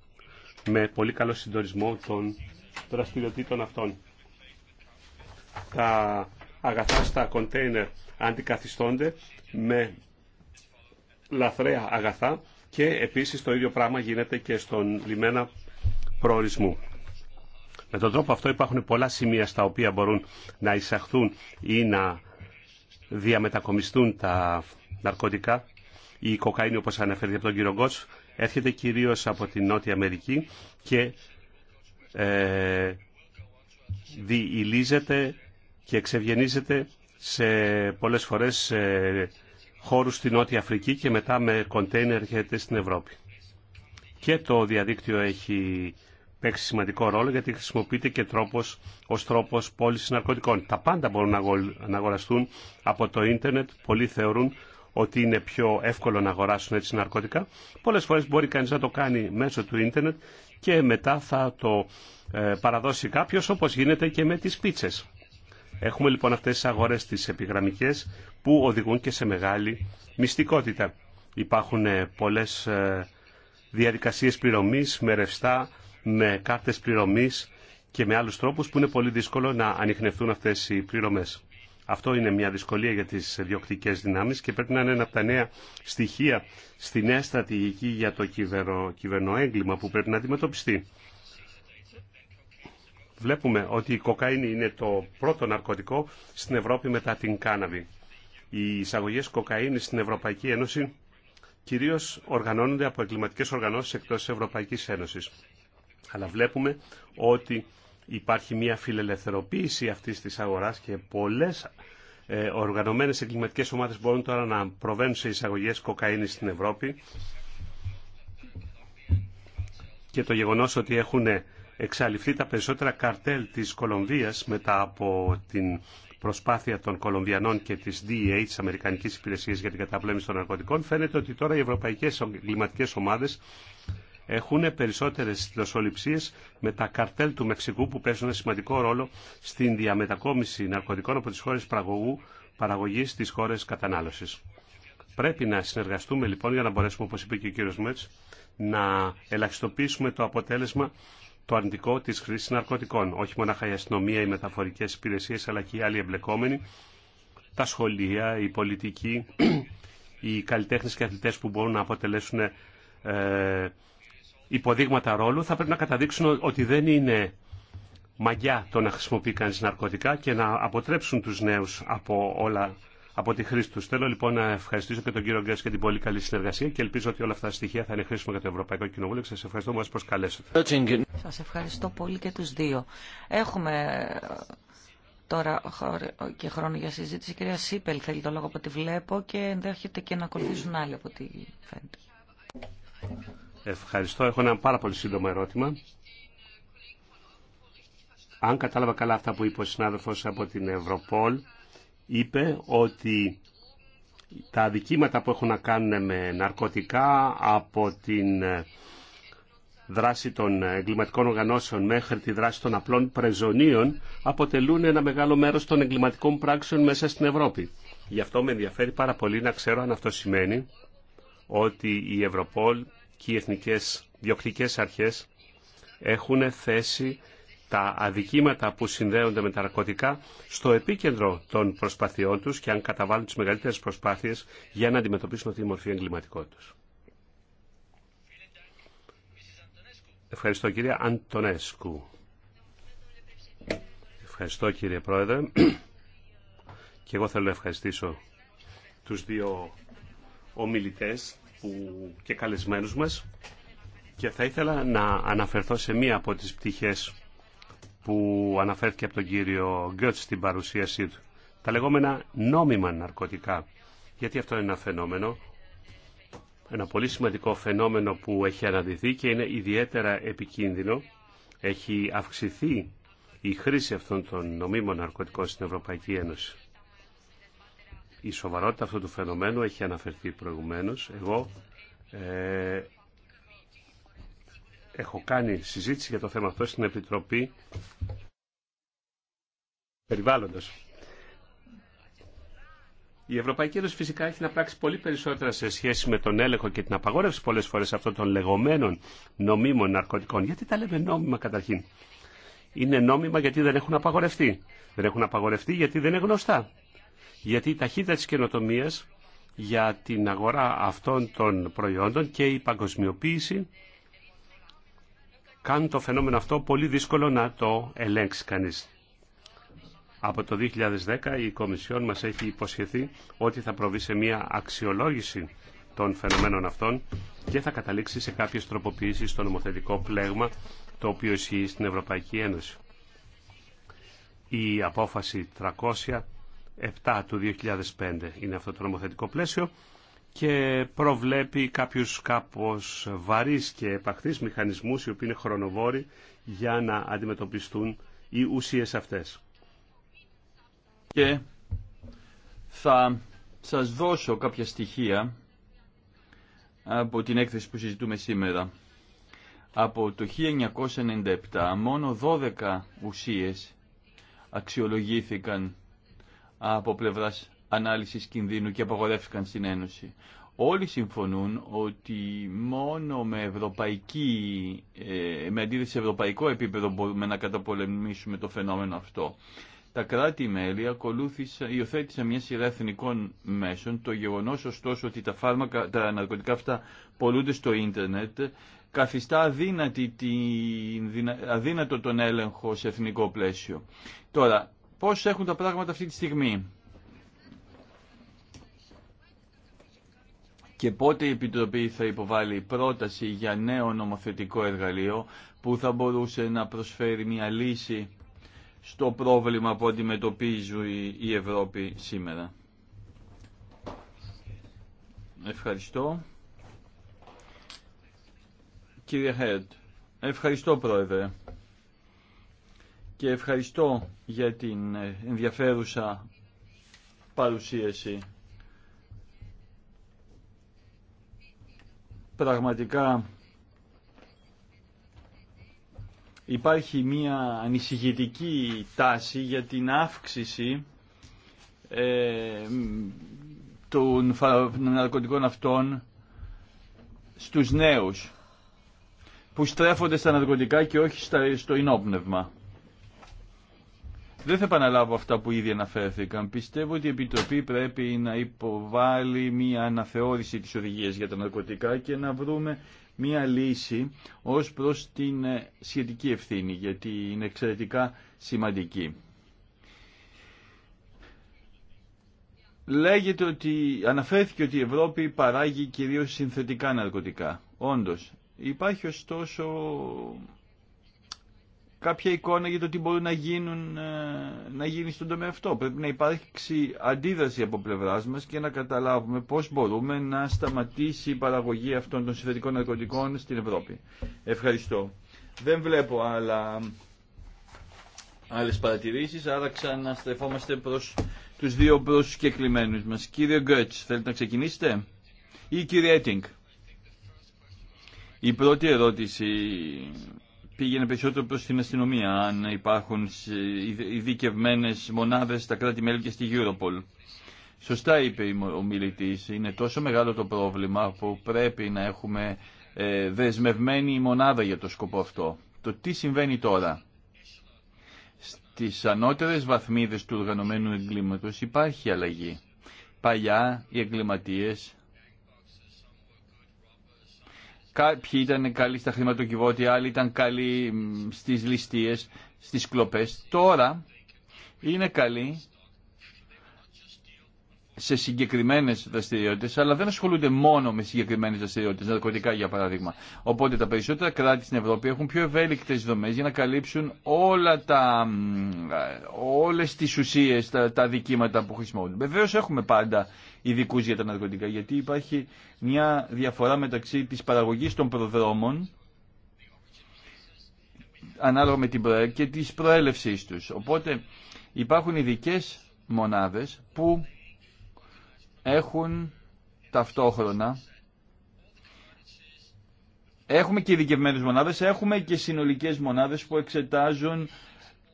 Speaker 3: *clears throat* με πολύ καλό συντορισμό των δραστηριοτήτων αυτών. Τα αγαθά στα κοντέινερ αντικαθιστώνται με λαθρέα αγαθά και επίσης το ίδιο πράγμα γίνεται και στον λιμένα προορισμού. Με τον τρόπο αυτό υπάρχουν πολλά σημεία στα οποία μπορούν να εισαχθούν ή να διαμετακομιστούν τα ναρκωτικά. Η κοκαίνη όπως αναφέρθηκε από τον κύριο Γκότς έρχεται κυρίως από την Νότια Αμερική και ε, διηλίζεται και εξευγενίζεται σε πολλές φορές σε χώρους στην Νότια Αφρική και μετά με κοντέινερ έρχεται στην Ευρώπη. Και το διαδίκτυο έχει παίξει σημαντικό ρόλο γιατί χρησιμοποιείται και τρόπος, ως τρόπος πώλησης ναρκωτικών. Τα πάντα μπορούν να αγοραστούν από το ίντερνετ. Πολλοί θεωρούν ότι είναι πιο εύκολο να αγοράσουν έτσι ναρκωτικά. Πολλές φορές μπορεί κανείς να το κάνει μέσω του ίντερνετ και μετά θα το ε, παραδώσει κάποιος όπως γίνεται και με τις πίτσες. Έχουμε λοιπόν αυτές τις αγορές τις επιγραμμικές που οδηγούν και σε μεγάλη μυστικότητα. Υπάρχουν ε, πολλές ε, διαδικασίες πληρωμής με ρευστά, με κάρτες πληρωμής και με άλλους τρόπους που είναι πολύ δύσκολο να ανοιχνευτούν αυτές οι πληρωμές. Αυτό είναι μια δυσκολία για τις διοκτικές δυνάμεις και πρέπει να είναι ένα από τα νέα στοιχεία στη νέα στρατηγική για το κυβερνοέγκλημα που πρέπει να αντιμετωπιστεί. Βλέπουμε ότι η κοκαίνη είναι το πρώτο ναρκωτικό στην Ευρώπη μετά την κάναβη. Οι εισαγωγέ κοκαίνης στην Ευρωπαϊκή Ένωση κυρίω οργανώνονται από εγκληματικέ οργανώσει εκτό τη Ευρωπαϊκή Ένωση. Αλλά βλέπουμε ότι υπάρχει μια φιλελευθερωποίηση αυτή τη αγορά και πολλέ ε, οργανωμένε εγκληματικέ ομάδε μπορούν τώρα να προβαίνουν σε εισαγωγέ κοκαίνη στην Ευρώπη. Και το γεγονό ότι έχουν ε, εξαλειφθεί τα περισσότερα καρτέλ της Κολομβίας μετά από την προσπάθεια των Κολομβιανών και της DEA, της Αμερικανικής Υπηρεσίας για την Καταπλέμηση των Ναρκωτικών, φαίνεται ότι τώρα οι ευρωπαϊκές εγκληματικές ομάδες έχουν περισσότερες δοσοληψίες με τα καρτέλ του Μεξικού που παίζουν ένα σημαντικό ρόλο στην διαμετακόμιση ναρκωτικών από τις χώρες παραγωγού, παραγωγής στις χώρες κατανάλωσης. Πρέπει να συνεργαστούμε λοιπόν για να μπορέσουμε, όπως είπε και ο κύριος Μέτς, να ελαχιστοποιήσουμε το αποτέλεσμα το αρνητικό της χρήση ναρκωτικών. Όχι μόνο η αστυνομία, οι μεταφορικέ υπηρεσίε, αλλά και οι άλλοι εμπλεκόμενοι, τα σχολεία, οι πολιτικοί, οι καλλιτέχνε και αθλητές που μπορούν να αποτελέσουν ε, υποδείγματα ρόλου, θα πρέπει να καταδείξουν ότι δεν είναι μαγιά το να χρησιμοποιεί κανεί ναρκωτικά και να αποτρέψουν του νέου από όλα από τη χρήση του. Θέλω λοιπόν να ευχαριστήσω και τον κύριο Γκρέσ και την πολύ καλή συνεργασία και ελπίζω ότι όλα αυτά τα στοιχεία θα είναι χρήσιμα για το Ευρωπαϊκό Κοινοβούλιο. Σα ευχαριστώ που μα προσκαλέσατε.
Speaker 2: Σα ευχαριστώ πολύ και του δύο. Έχουμε ε, τώρα και χρόνο για συζήτηση. Η κυρία Σίπελ θέλει το λόγο από ό,τι βλέπω και ενδέχεται και να ακολουθήσουν άλλοι από ό,τι
Speaker 3: φαίνεται. Ευχαριστώ. Έχω ένα πάρα πολύ σύντομο ερώτημα. Αν κατάλαβα καλά αυτά που είπε ο συνάδελφος από την Ευρωπόλ, είπε ότι τα αδικήματα που έχουν να κάνουν με ναρκωτικά από την ε, δράση των εγκληματικών οργανώσεων μέχρι τη δράση των απλών πρεζονίων αποτελούν ένα μεγάλο μέρος των εγκληματικών πράξεων μέσα στην Ευρώπη. Γι' αυτό με ενδιαφέρει πάρα πολύ να ξέρω αν αυτό σημαίνει ότι η Ευρωπόλ και οι εθνικές διοκτικές αρχές έχουν θέσει τα αδικήματα που συνδέονται με τα ναρκωτικά στο επίκεντρο των προσπαθειών τους και αν καταβάλουν τις μεγαλύτερες προσπάθειες για να αντιμετωπίσουν τη μορφή εγκληματικότητας. Ευχαριστώ κύριε Αντωνέσκου. Ευχαριστώ κύριε Πρόεδρε. Και εγώ θέλω να ευχαριστήσω τους δύο ομιλητές και καλεσμένους μας και θα ήθελα να αναφερθώ σε μία από τις πτυχές που αναφέρθηκε από τον κύριο Γκέτς στην παρουσίασή του. Τα λεγόμενα νόμιμα ναρκωτικά. Γιατί αυτό είναι ένα φαινόμενο, ένα πολύ σημαντικό φαινόμενο που έχει αναδειθεί και είναι ιδιαίτερα επικίνδυνο. Έχει αυξηθεί η χρήση αυτών των νομίμων ναρκωτικών στην Ευρωπαϊκή Ένωση. Η σοβαρότητα αυτού του φαινομένου έχει αναφερθεί προηγουμένως. Εγώ ε, έχω κάνει συζήτηση για το θέμα αυτό στην Επιτροπή Περιβάλλοντος. Η Ευρωπαϊκή Ένωση φυσικά έχει να πράξει πολύ περισσότερα σε σχέση με τον έλεγχο και την απαγόρευση πολλές φορές αυτών των λεγόμενων νομίμων ναρκωτικών. Γιατί τα λέμε νόμιμα καταρχήν. Είναι νόμιμα γιατί δεν έχουν απαγορευτεί. Δεν έχουν απαγορευτεί γιατί δεν είναι γνωστά. Γιατί η ταχύτητα της καινοτομίας για την αγορά αυτών των προϊόντων και η παγκοσμιοποίηση κάνουν το φαινόμενο αυτό πολύ δύσκολο να το ελέγξει κανείς. Από το 2010 η Κομισιόν μας έχει υποσχεθεί ότι θα προβεί σε μια αξιολόγηση των φαινομένων αυτών και θα καταλήξει σε κάποιες τροποποιήσεις στο νομοθετικό πλέγμα το οποίο ισχύει στην Ευρωπαϊκή Ένωση. Η απόφαση 307 του 2005 είναι αυτό το νομοθετικό πλαίσιο και προβλέπει κάποιους κάπως βαρύς και επαχθείς μηχανισμούς οι οποίοι είναι χρονοβόροι για να αντιμετωπιστούν οι ουσίες αυτές. Και θα σας δώσω κάποια στοιχεία
Speaker 1: από την έκθεση που συζητούμε σήμερα. Από το 1997 μόνο 12 ουσίες αξιολογήθηκαν από πλευράς ανάλυσης κινδύνου και απαγορεύτηκαν στην Ένωση. Όλοι συμφωνούν ότι μόνο με, ευρωπαϊκή, ε, με αντίθεση σε ευρωπαϊκό επίπεδο μπορούμε να καταπολεμήσουμε το φαινόμενο αυτό. Τα κράτη-μέλη υιοθέτησαν μια σειρά εθνικών μέσων. Το γεγονός ωστόσο ότι τα, φάρμακα, τα ναρκωτικά αυτά πολλούνται στο ίντερνετ καθιστά αδύνατη, αδύνατο τον έλεγχο σε εθνικό πλαίσιο. Τώρα, πώς έχουν τα πράγματα αυτή τη στιγμή. και πότε η Επιτροπή θα υποβάλει πρόταση για νέο νομοθετικό εργαλείο που θα μπορούσε να προσφέρει μια λύση στο πρόβλημα που αντιμετωπίζει η Ευρώπη σήμερα. Ευχαριστώ. Κύριε Χέρτ, ευχαριστώ Πρόεδρε και ευχαριστώ για την ενδιαφέρουσα παρουσίαση πραγματικά υπάρχει μία ανησυχητική τάση για την αύξηση ε, των ναρκωτικών αυτών στους νέους που στρέφονται στα ναρκωτικά και όχι στο ενόπνευμα. Δεν θα επαναλάβω αυτά που ήδη αναφέρθηκαν. Πιστεύω ότι η Επιτροπή πρέπει να υποβάλει μια αναθεώρηση της οδηγίας για τα ναρκωτικά και να βρούμε μια λύση ως προς την ε, σχετική ευθύνη, γιατί είναι εξαιρετικά σημαντική. Λέγεται ότι, αναφέρθηκε ότι η Ευρώπη παράγει κυρίως συνθετικά ναρκωτικά. Όντως, υπάρχει ωστόσο κάποια εικόνα για το τι μπορεί να, γίνουν, ε, να γίνει στον τομέα αυτό. Πρέπει να υπάρξει αντίδραση από πλευρά μα και να καταλάβουμε πώ μπορούμε να σταματήσει η παραγωγή αυτών των συμφερικών ναρκωτικών στην Ευρώπη. Ευχαριστώ. Δεν βλέπω άλλα, άλλες παρατηρήσεις, άρα ξαναστρεφόμαστε προ του δύο προσκεκλημένου μα. Κύριε Γκέτ, θέλετε να ξεκινήσετε ή κύριε Έτινγκ. Η η η πρωτη ερώτηση πήγαινε περισσότερο προ την αστυνομία, αν υπάρχουν ειδικευμένε μονάδες στα κράτη-μέλη και στη Europol. Σωστά είπε ο μιλητή, είναι τόσο μεγάλο το πρόβλημα που πρέπει να έχουμε ε, δεσμευμένη μονάδα για το σκοπό αυτό. Το τι συμβαίνει τώρα. Στις ανώτερε βαθμίδες του οργανωμένου εγκλήματος υπάρχει αλλαγή. Παλιά οι εγκληματίε. Κάποιοι ήταν καλοί στα χρηματοκιβώτια, άλλοι ήταν καλοί στις ληστείες, στις κλοπές. Τώρα είναι καλοί σε συγκεκριμένε δραστηριότητε, αλλά δεν ασχολούνται μόνο με συγκεκριμένε δραστηριότητε, ναρκωτικά για παράδειγμα. Οπότε τα περισσότερα κράτη στην Ευρώπη έχουν πιο ευέλικτε δομέ για να καλύψουν όλα τα, όλες τις ουσίες, τα, τα δικήματα που χρησιμοποιούνται. Βεβαίω έχουμε πάντα ειδικού για τα ναρκωτικά, γιατί υπάρχει μια διαφορά μεταξύ της παραγωγής των προδρόμων ανάλογα με την προέλευση και τους. Οπότε υπάρχουν ειδικέ μονάδες που έχουν ταυτόχρονα Έχουμε και ειδικευμένες μονάδες, έχουμε και συνολικές μονάδες που εξετάζουν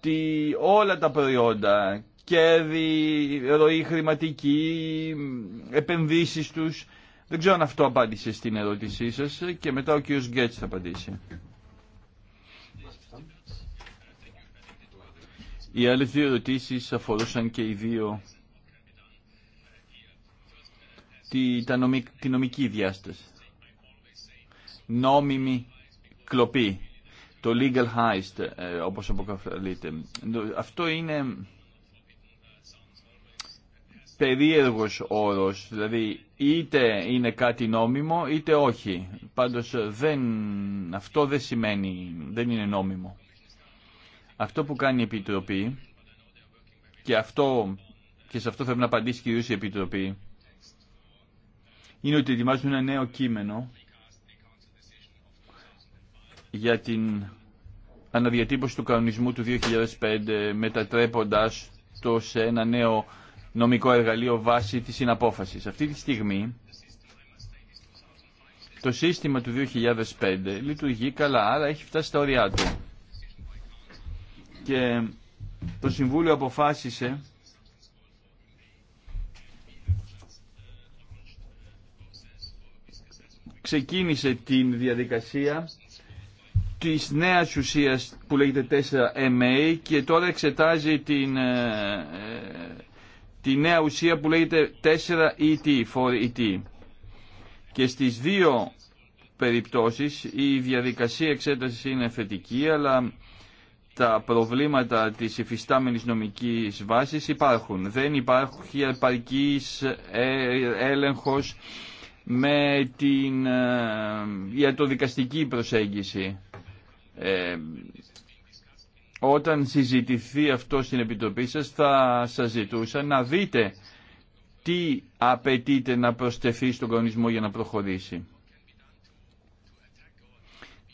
Speaker 1: τη, όλα τα προϊόντα κέρδη, ροή χρηματική, επενδύσεις τους. Δεν ξέρω αν αυτό απάντησε στην ερώτησή σας και μετά ο κ. Γκέτς θα απαντήσει. Οι άλλες δύο ερωτήσεις αφορούσαν και οι δύο τη, τα νομική διάσταση. Νόμιμη κλοπή. Το legal heist, ε, όπως αποκαλείται. Αυτό είναι περίεργος όρος, δηλαδή είτε είναι κάτι νόμιμο είτε όχι. Πάντως δεν, αυτό δεν σημαίνει, δεν είναι νόμιμο. Αυτό που κάνει η Επιτροπή και, αυτό, και σε αυτό θα πρέπει να απαντήσει κυρίως η Επιτροπή είναι ότι ετοιμάζουν ένα νέο κείμενο για την αναδιατύπωση του κανονισμού του 2005 μετατρέποντας το σε ένα νέο νομικό εργαλείο βάσει της συναπόφασης. Αυτή τη στιγμή το σύστημα του 2005 λειτουργεί καλά, άρα έχει φτάσει στα ωριά του. Και το Συμβούλιο αποφάσισε ξεκίνησε την διαδικασία της νέας ουσίας που λέγεται 4MA και τώρα εξετάζει την ε, ε, τη νέα ουσία που λέγεται 4ET, 4ET. Και στις δύο περιπτώσεις η διαδικασία εξέτασης είναι θετική, αλλά τα προβλήματα της υφιστάμενης νομικής βάσης υπάρχουν. Δεν υπάρχει επαρκής ε, έλεγχος με την ε, δικαστική προσέγγιση. Ε, όταν συζητηθεί αυτό στην Επιτροπή σας θα σας ζητούσα να δείτε τι απαιτείται να προστεθεί στον κανονισμό για να προχωρήσει.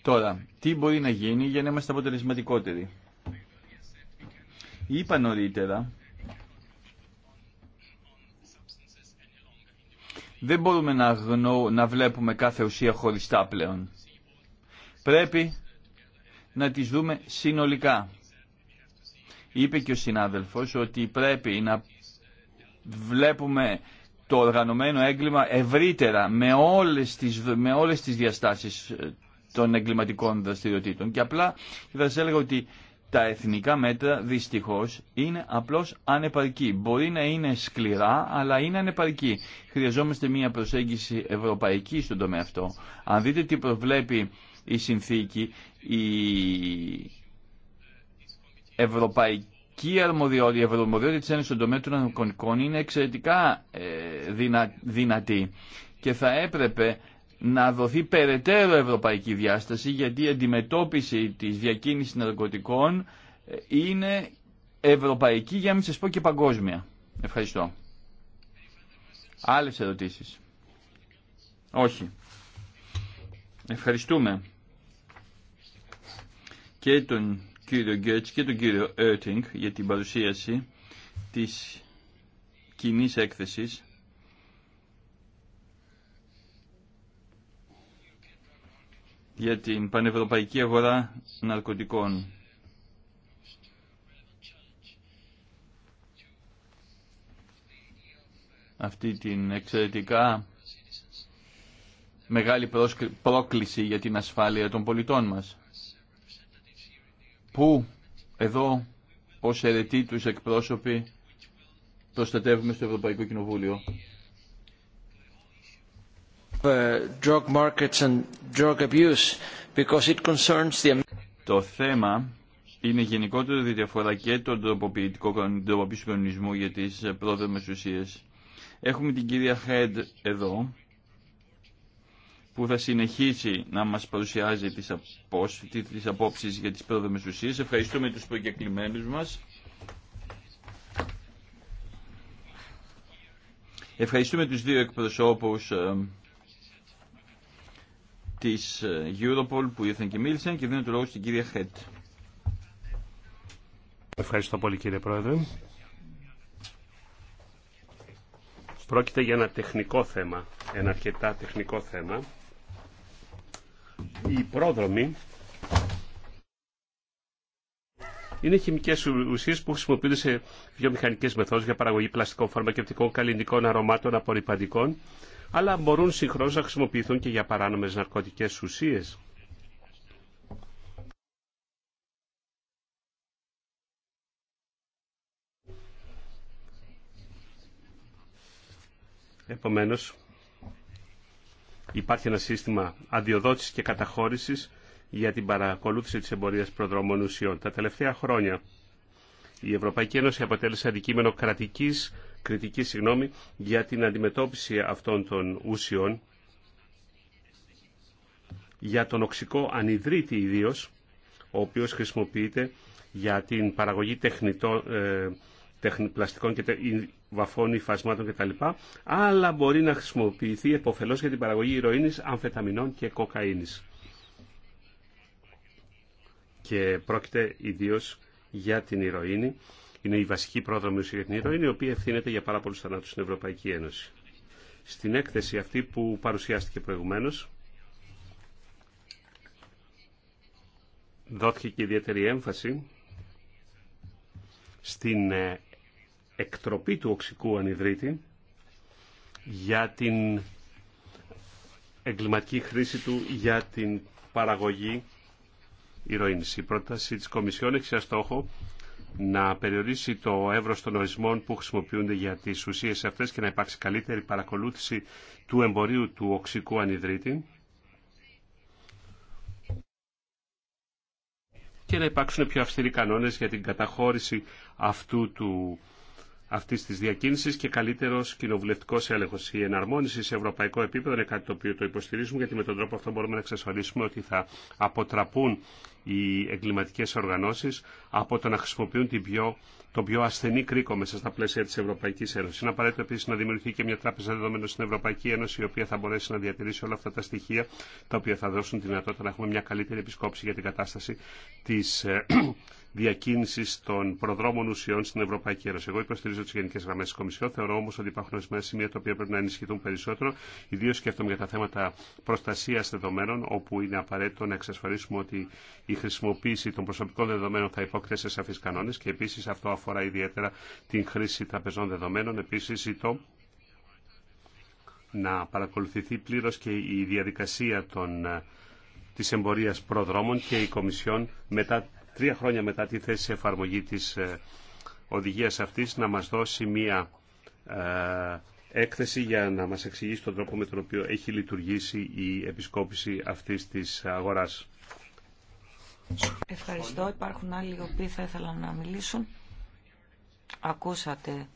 Speaker 1: Τώρα, τι μπορεί να γίνει για να είμαστε αποτελεσματικότεροι. Είπα νωρίτερα, δεν μπορούμε να, γνω, να βλέπουμε κάθε ουσία χωριστά πλέον. Πρέπει να τις δούμε συνολικά. Είπε και ο συνάδελφος ότι πρέπει να βλέπουμε το οργανωμένο έγκλημα ευρύτερα με όλες τις, με όλες τις διαστάσεις ε, των εγκληματικών δραστηριοτήτων. Και απλά θα σας έλεγα ότι τα εθνικά μέτρα δυστυχώς είναι απλώς ανεπαρκή. Μπορεί να είναι σκληρά, αλλά είναι ανεπαρκή. Χρειαζόμαστε μια προσέγγιση ευρωπαϊκή στον τομέα αυτό. Αν δείτε τι προβλέπει η συνθήκη η ευρωπαϊκή αρμοδιότητα, η αρμοδιότητα της Ένωσης στον τομέα των είναι εξαιρετικά ε, δυνατή και θα έπρεπε να δοθεί περαιτέρω ευρωπαϊκή διάσταση γιατί η αντιμετώπιση της διακίνησης ναρκωτικών ε, είναι ευρωπαϊκή για να μην σας πω και παγκόσμια. Ευχαριστώ. Άλλες ερωτήσεις. Όχι. Ευχαριστούμε και τον κύριο Γκέτς και τον κύριο Έρτινγκ για την παρουσίαση της κοινή έκθεσης για την πανευρωπαϊκή αγορά ναρκωτικών. Αυτή την εξαιρετικά μεγάλη πρόκληση για την ασφάλεια των πολιτών μας. Που εδώ ως αιρετοί τους εκπρόσωποι προστατεύουμε στο Ευρωπαϊκό Κοινοβούλιο. Ε, Το θέμα είναι γενικότερο διότι διαφορά και τον τροποποιητικό κανονισμό για τις ε, πρόδρομες ουσίες. Έχουμε την κυρία Χέντ εδώ, που θα συνεχίσει να μας παρουσιάζει τις, απόσ... τις απόψεις για τις πρόδομες ουσίες. Ευχαριστούμε τους προκεκλημένους μας. Ευχαριστούμε τους δύο εκπροσώπους ε, της ε, Europol που ήρθαν και μίλησαν και δίνω το λόγο
Speaker 3: στην κυρία Χέτ. Ευχαριστώ πολύ κύριε Πρόεδρε. Πρόκειται για ένα τεχνικό θέμα, ένα αρκετά τεχνικό θέμα οι πρόδρομοι είναι χημικέ ουσίε που χρησιμοποιούνται σε βιομηχανικέ μεθόδου για παραγωγή πλαστικών, φαρμακευτικών, καλλινικών αρωμάτων, απορριπαντικών, αλλά μπορούν συγχρόνω να χρησιμοποιηθούν και για παράνομε ναρκωτικέ ουσίε. Επομένως, υπάρχει ένα σύστημα αδειοδότησης και καταχώρησης για την παρακολούθηση της εμπορίας προδρόμων ουσιών. Τα τελευταία χρόνια η Ευρωπαϊκή Ένωση αποτέλεσε αντικείμενο κρατικής κριτικής συγγνώμη, για την αντιμετώπιση αυτών των ουσιών, για τον οξικό ανιδρύτη ιδίω, ο οποίος χρησιμοποιείται για την παραγωγή τεχνητών ε, πλαστικών και τε, βαφών υφασμάτων κτλ. Αλλά μπορεί να χρησιμοποιηθεί επωφελώς για την παραγωγή ηρωίνης, αμφεταμινών και κοκαίνης. Και πρόκειται ιδίως για την ηρωίνη. Είναι η βασική πρόδρομη για την ηρωίνη, η οποία ευθύνεται για πάρα πολλού θανάτου στην Ευρωπαϊκή Ένωση. Στην έκθεση αυτή που παρουσιάστηκε προηγουμένω, δόθηκε και ιδιαίτερη έμφαση στην ε, εκτροπή του οξικού ανιδρύτη για την εγκληματική χρήση του για την παραγωγή ηρωίνης. Η πρόταση της Κομισιόν έχει σαν στόχο να περιορίσει το εύρος των ορισμών που χρησιμοποιούνται για τις ουσίες αυτές και να υπάρξει καλύτερη παρακολούθηση του εμπορίου του οξικού ανιδρύτη και να υπάρξουν πιο αυστηροί κανόνες για την καταχώρηση αυτού του αυτή τη διακίνηση και καλύτερο κοινοβουλευτικό έλεγχο. Η εναρμόνιση σε ευρωπαϊκό επίπεδο είναι κάτι το οποίο το υποστηρίζουμε, γιατί με τον τρόπο αυτό μπορούμε να εξασφαλίσουμε ότι θα αποτραπούν οι εγκληματικέ οργανώσει από το να χρησιμοποιούν την πιο, τον πιο ασθενή κρίκο μέσα στα πλαίσια τη Ευρωπαϊκή Ένωση. Είναι απαραίτητο επίση να δημιουργηθεί και μια τράπεζα δεδομένων στην Ευρωπαϊκή Ένωση, η οποία θα μπορέσει να διατηρήσει όλα αυτά τα στοιχεία, τα οποία θα δώσουν τη δυνατότητα να έχουμε μια καλύτερη επισκόψη για την κατάσταση τη ε, διακίνηση των προδρόμων ουσιών στην Ευρωπαϊκή Ένωση. Εγώ υποστηρίζω τι γενικέ γραμμέ τη Κομισιόν. Θεωρώ όμω ότι υπάρχουν ορισμένα σημεία τα οποία πρέπει να ενισχυθούν περισσότερο. Ιδίω σκέφτομαι για τα θέματα προστασία δεδομένων, όπου είναι απαραίτητο να εξασφαλίσουμε ότι η χρησιμοποίηση των προσωπικών δεδομένων θα υπόκειται σε σαφεί κανόνε και επίση αυτό αφορά ιδιαίτερα την χρήση τραπεζών δεδομένων. Επίση, ζητώ να παρακολουθηθεί πλήρως και η διαδικασία των, ε, της εμπορίας προδρόμων και η Κομισιόν μετά τρία χρόνια μετά τη θέση εφαρμογή της ε, οδηγίας αυτής να μας δώσει μία ε, έκθεση για να μας εξηγήσει τον τρόπο με τον οποίο έχει λειτουργήσει η επισκόπηση αυτής της αγοράς.
Speaker 2: Ευχαριστώ. Υπάρχουν άλλοι οι οποίοι θα ήθελαν να μιλήσουν. Ακούσατε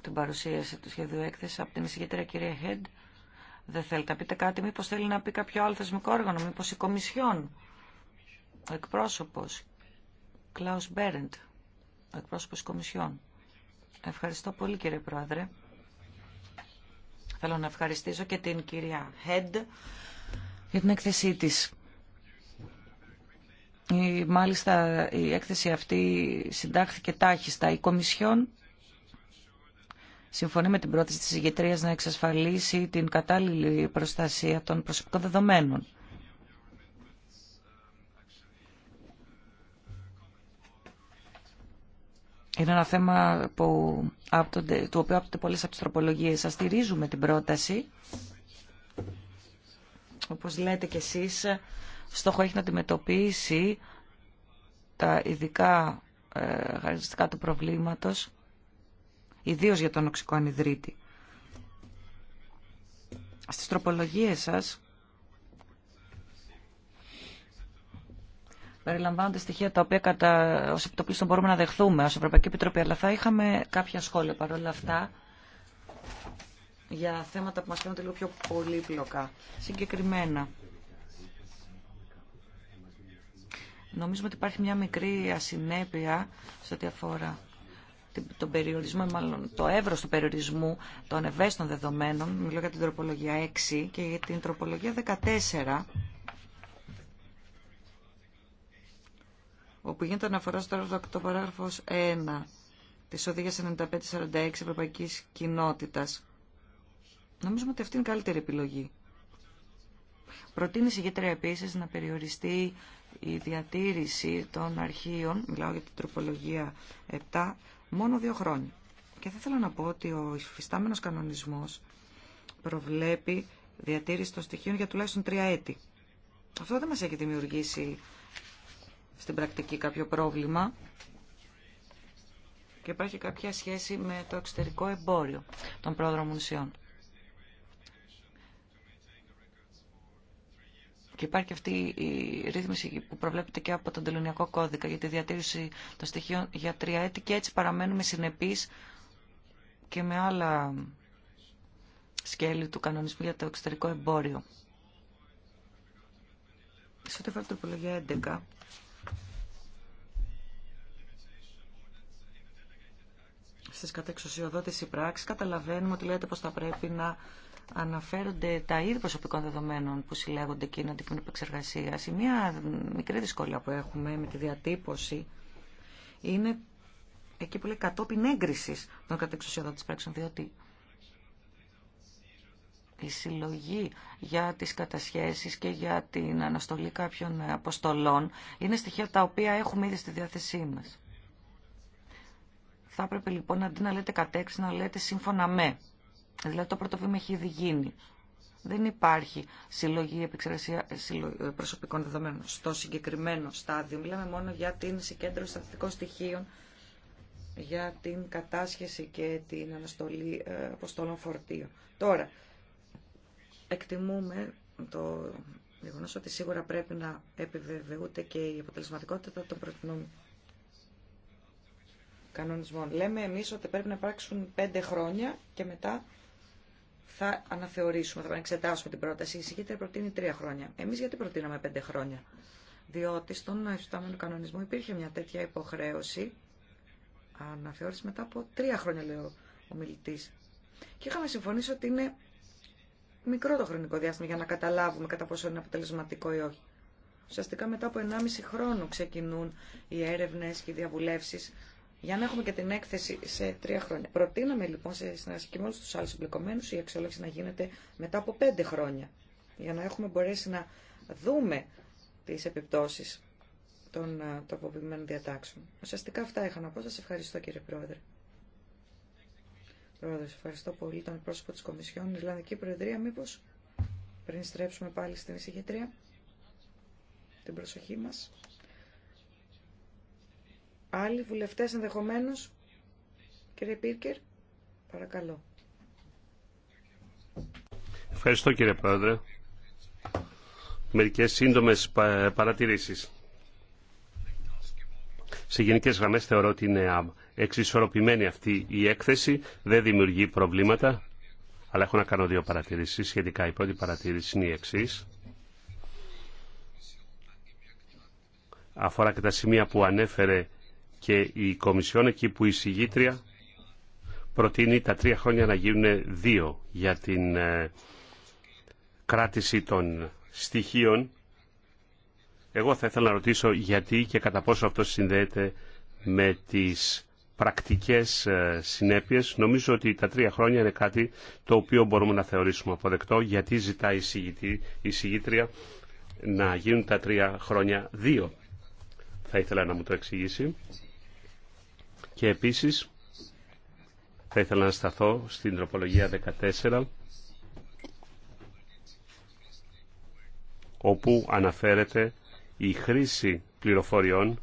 Speaker 2: την παρουσίαση του σχεδίου έκθεση από την εισηγήτρια κυρία Χέντ. Δεν θέλετε να πείτε κάτι, μήπως θέλει να πει κάποιο άλλο θεσμικό όργανο, μήπως η Κομισιόν. Ο εκπρόσωπος Κλάους Μπέρεντ, ο εκπρόσωπος Κομισιόν. Ευχαριστώ πολύ κύριε Πρόεδρε. Θέλω να ευχαριστήσω και την κυρία Χέντ για την έκθεσή της. Η, μάλιστα η έκθεση αυτή συντάχθηκε τάχιστα. Η Κομισιόν συμφωνεί με την πρόταση της ηγετρίας να εξασφαλίσει την κατάλληλη προστασία των προσωπικών δεδομένων. Είναι ένα θέμα που, του οποίου άπτονται πολλές από τις τροπολογίες. Σας στηρίζουμε την πρόταση. Όπως λέτε κι εσείς, στόχο έχει να αντιμετωπίσει τα ειδικά ε, χαρακτηριστικά του προβλήματος, ιδίως για τον οξικό ανιδρύτη. Στις τροπολογίες σας περιλαμβάνονται στοιχεία τα οποία κατά ω επιτοπλίστων μπορούμε να δεχθούμε ω Ευρωπαϊκή Επιτροπή, αλλά θα είχαμε κάποια σχόλια παρόλα αυτά για θέματα που μας φαίνονται λίγο πιο πολύπλοκα, συγκεκριμένα. Νομίζω ότι υπάρχει μια μικρή ασυνέπεια σε ό,τι αφορά τον περιορισμό, μάλλον το εύρος του περιορισμού των ευαίσθητων δεδομένων, μιλώ για την τροπολογία 6 και για την τροπολογία 14, όπου γίνεται αναφορά στο άρθρο 8 παράγραφο 1 τη Οδηγία 9546 Ευρωπαϊκή Κοινότητα. Νομίζουμε ότι αυτή είναι η καλύτερη επιλογή. Προτείνει η επίση επίσης να περιοριστεί η διατήρηση των αρχείων, μιλάω για την τροπολογία 7, μόνο δύο χρόνια. Και θα ήθελα να πω ότι ο υφιστάμενος κανονισμός προβλέπει διατήρηση των στοιχείων για τουλάχιστον τρία έτη. Αυτό δεν μας έχει δημιουργήσει στην πρακτική κάποιο πρόβλημα και υπάρχει κάποια σχέση με το εξωτερικό εμπόριο των πρόδρομων ουσιών. Και υπάρχει αυτή η ρύθμιση που προβλέπεται και από τον τελωνιακό κώδικα για τη διατήρηση των στοιχείων για τρία έτη και έτσι παραμένουμε συνεπείς και με άλλα σκέλη του κανονισμού για το εξωτερικό εμπόριο. Σε ό,τι αφορά 11, στις κατεξουσιοδότηση πράξη, καταλαβαίνουμε ότι λέτε πως θα πρέπει να αναφέρονται τα είδη προσωπικών δεδομένων που συλλέγονται και είναι αντικείμενο επεξεργασία. Η μία μικρή δυσκολία που έχουμε με τη διατύπωση είναι εκεί που λέει κατόπιν έγκριση των κατεξουσιοδότη πράξεων, διότι η συλλογή για τις κατασχέσεις και για την αναστολή κάποιων αποστολών είναι στοιχεία τα οποία έχουμε ήδη στη διάθεσή μας. Θα έπρεπε λοιπόν αντί να λέτε κατέξι να λέτε σύμφωνα με. Δηλαδή το πρώτο βήμα έχει ήδη γίνει. Δεν υπάρχει συλλογή επεξεργασία ε, προσωπικών δεδομένων στο συγκεκριμένο στάδιο. Μιλάμε μόνο για την συγκέντρωση στατιστικών στοιχείων, για την κατάσχεση και την αναστολή ε, αποστόλων φορτίων. Τώρα, εκτιμούμε το γεγονό ότι σίγουρα πρέπει να επιβεβαιούται και η αποτελεσματικότητα των προτινόμενων κανονισμών. Λέμε εμείς ότι πρέπει να υπάρξουν πέντε χρόνια και μετά θα αναθεωρήσουμε, θα εξετάσουμε την πρόταση. Η συγκεκριμένη προτείνει τρία χρόνια. Εμείς γιατί προτείναμε πέντε χρόνια. Διότι στον εφιστάμενο κανονισμό υπήρχε μια τέτοια υποχρέωση αναθεώρηση μετά από τρία χρόνια, λέει ο, ο μιλητής. Και είχαμε συμφωνήσει ότι είναι μικρό το χρονικό διάστημα για να καταλάβουμε κατά πόσο είναι αποτελεσματικό ή όχι. Ουσιαστικά μετά από 1,5 χρόνο ξεκινούν οι έρευνε και οι διαβουλεύσεις για να έχουμε και την έκθεση σε τρία χρόνια. Προτείναμε λοιπόν σε συνεργασία με όλου του άλλου εμπλεκομένου η αξιολόγηση να γίνεται μετά από πέντε χρόνια. Για να έχουμε μπορέσει να δούμε τι επιπτώσει των ε, τροποποιημένων διατάξεων. Ουσιαστικά αυτά είχα να πω. Σα ευχαριστώ κύριε Πρόεδρε. Πρόεδρε, ευχαριστώ πολύ τον πρόσωπο τη Κομισιόν, Ισλανδική Προεδρία. Μήπω πριν στρέψουμε πάλι στην εισηγητρία, την προσοχή μας. Άλλοι βουλευτές ενδεχομένως. Κύριε Πίρκερ, παρακαλώ.
Speaker 3: Ευχαριστώ κύριε Πρόεδρε. Μερικές σύντομες παρατηρήσεις. Σε γενικές γραμμές θεωρώ ότι είναι εξισορροπημένη αυτή η έκθεση, δεν δημιουργεί προβλήματα, αλλά έχω να κάνω δύο παρατηρήσεις σχετικά. Η πρώτη παρατήρηση είναι η εξή. Αφορά και τα σημεία που ανέφερε και η Κομισιόν εκεί που η συγγήτρια προτείνει τα τρία χρόνια να γίνουν δύο για την ε, κράτηση των στοιχείων. Εγώ θα ήθελα να ρωτήσω γιατί και κατά πόσο αυτό συνδέεται με τις πρακτικές ε, συνέπειες. Νομίζω ότι τα τρία χρόνια είναι κάτι το οποίο μπορούμε να θεωρήσουμε αποδεκτό γιατί ζητάει η συγγήτρια να γίνουν τα τρία χρόνια δύο. Θα ήθελα να μου το εξηγήσει. Και επίσης θα ήθελα να σταθώ στην τροπολογία 14 όπου αναφέρεται η χρήση πληροφοριών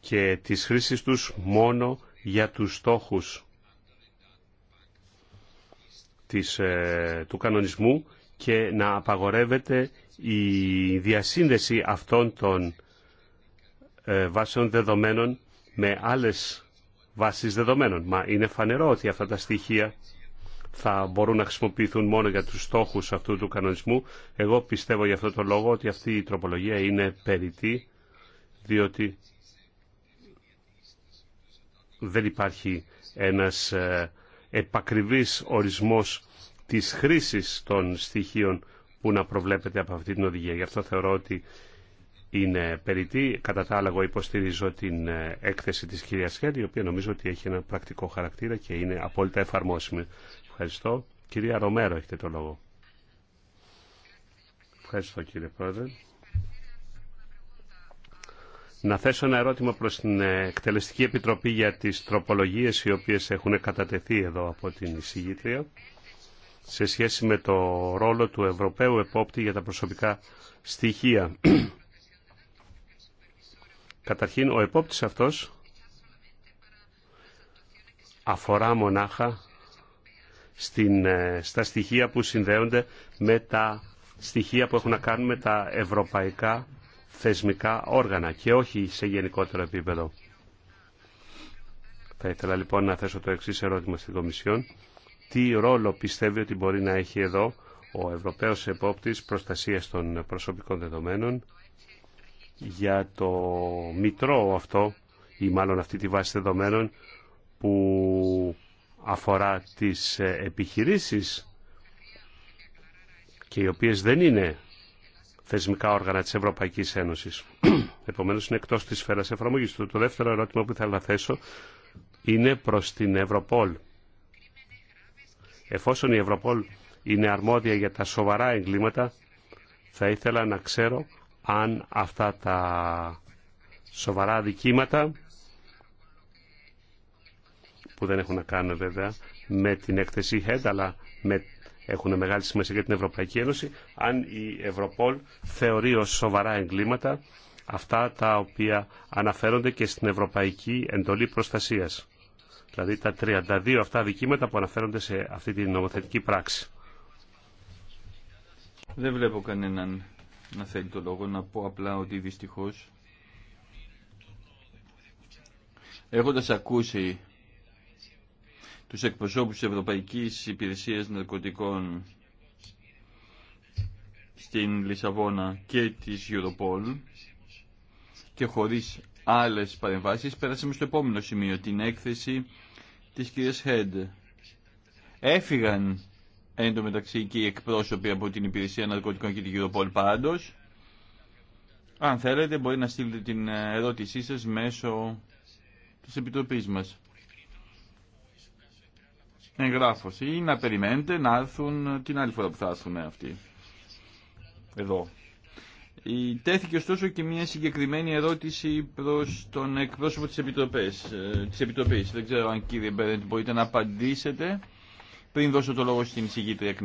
Speaker 3: και της χρήσης τους μόνο για τους στόχους της, ε, του κανονισμού και να απαγορεύεται η διασύνδεση αυτών των ε, βάσεων δεδομένων με άλλες βάσεις δεδομένων. Μα είναι φανερό ότι αυτά τα στοιχεία θα μπορούν να χρησιμοποιηθούν μόνο για τους στόχους αυτού του κανονισμού. Εγώ πιστεύω για αυτό το λόγο ότι αυτή η τροπολογία είναι περιττή, διότι δεν υπάρχει ένας ε, επακριβής ορισμός της χρήσης των στοιχείων που να προβλέπεται από αυτή την οδηγία. Γι' αυτό θεωρώ ότι είναι περιττή. Κατά τα άλλα, εγώ υποστηρίζω την ε, έκθεση της κυρίας Χέλη, η οποία νομίζω ότι έχει ένα πρακτικό χαρακτήρα και είναι απόλυτα εφαρμόσιμη. Ευχαριστώ. Κυρία Ρομέρο, έχετε το λόγο. Ευχαριστώ, κύριε Πρόεδρε. Να θέσω ένα ερώτημα προς την ε, Εκτελεστική Επιτροπή για τις τροπολογίες οι οποίες έχουν κατατεθεί εδώ από την εισηγήτρια σε σχέση με το ρόλο του Ευρωπαίου Επόπτη για τα προσωπικά στοιχεία. Καταρχήν ο επόπτης αυτός αφορά μονάχα στην, ε, στα στοιχεία που συνδέονται με τα στοιχεία που έχουν να κάνουν με τα ευρωπαϊκά θεσμικά όργανα και όχι σε γενικότερο επίπεδο. Θα ήθελα λοιπόν να θέσω το εξής ερώτημα στην Κομισιόν. Τι ρόλο πιστεύει ότι μπορεί να έχει εδώ ο Ευρωπαίος Επόπτης Προστασίας των Προσωπικών Δεδομένων για το μητρό αυτό ή μάλλον αυτή τη βάση δεδομένων που αφορά τις ε, επιχειρήσεις και οι οποίες δεν είναι θεσμικά όργανα της Ευρωπαϊκής Ένωσης. *clears throat* Επομένως είναι εκτός της σφαίρας εφαρμογής Το δεύτερο ερώτημα που ήθελα να θέσω είναι προς την Ευρωπόλ. Εφόσον η Ευρωπόλ είναι αρμόδια για τα σοβαρά εγκλήματα, θα ήθελα να ξέρω αν αυτά τα σοβαρά δικήματα που δεν έχουν να κάνουν βέβαια με την έκθεση HED αλλά με, έχουν μεγάλη σημασία για την Ευρωπαϊκή Ένωση αν η Ευρωπόλ θεωρεί ως σοβαρά εγκλήματα αυτά τα οποία αναφέρονται και στην Ευρωπαϊκή Εντολή Προστασίας. Δηλαδή τα 32 αυτά δικήματα που αναφέρονται σε αυτή την νομοθετική πράξη.
Speaker 1: Δεν βλέπω κανέναν να θέλει το λόγο να πω απλά ότι δυστυχώς έχοντας ακούσει τους εκπροσώπους της Ευρωπαϊκής Υπηρεσίας Ναρκωτικών στην Λισαβόνα και της Europol και χωρίς άλλες παρεμβάσεις πέρασαμε στο επόμενο σημείο την έκθεση της κυρίας Χέντ. Έφυγαν εν τω μεταξύ και οι εκπρόσωποι από την Υπηρεσία Ναρκωτικών και την Europol πάντω. Αν θέλετε μπορεί να στείλετε την ερώτησή σας μέσω της Επιτροπής μας. Εγγράφος ή να περιμένετε να έρθουν την άλλη φορά που θα έρθουν αυτοί. Εδώ. Τέθηκε ωστόσο και μια συγκεκριμένη ερώτηση προς τον εκπρόσωπο της ε, επιτροπή. Δεν ξέρω αν κύριε Μπέρεντ μπορείτε να απαντήσετε πριν δώσω το λόγο στην εισηγήτρια εκ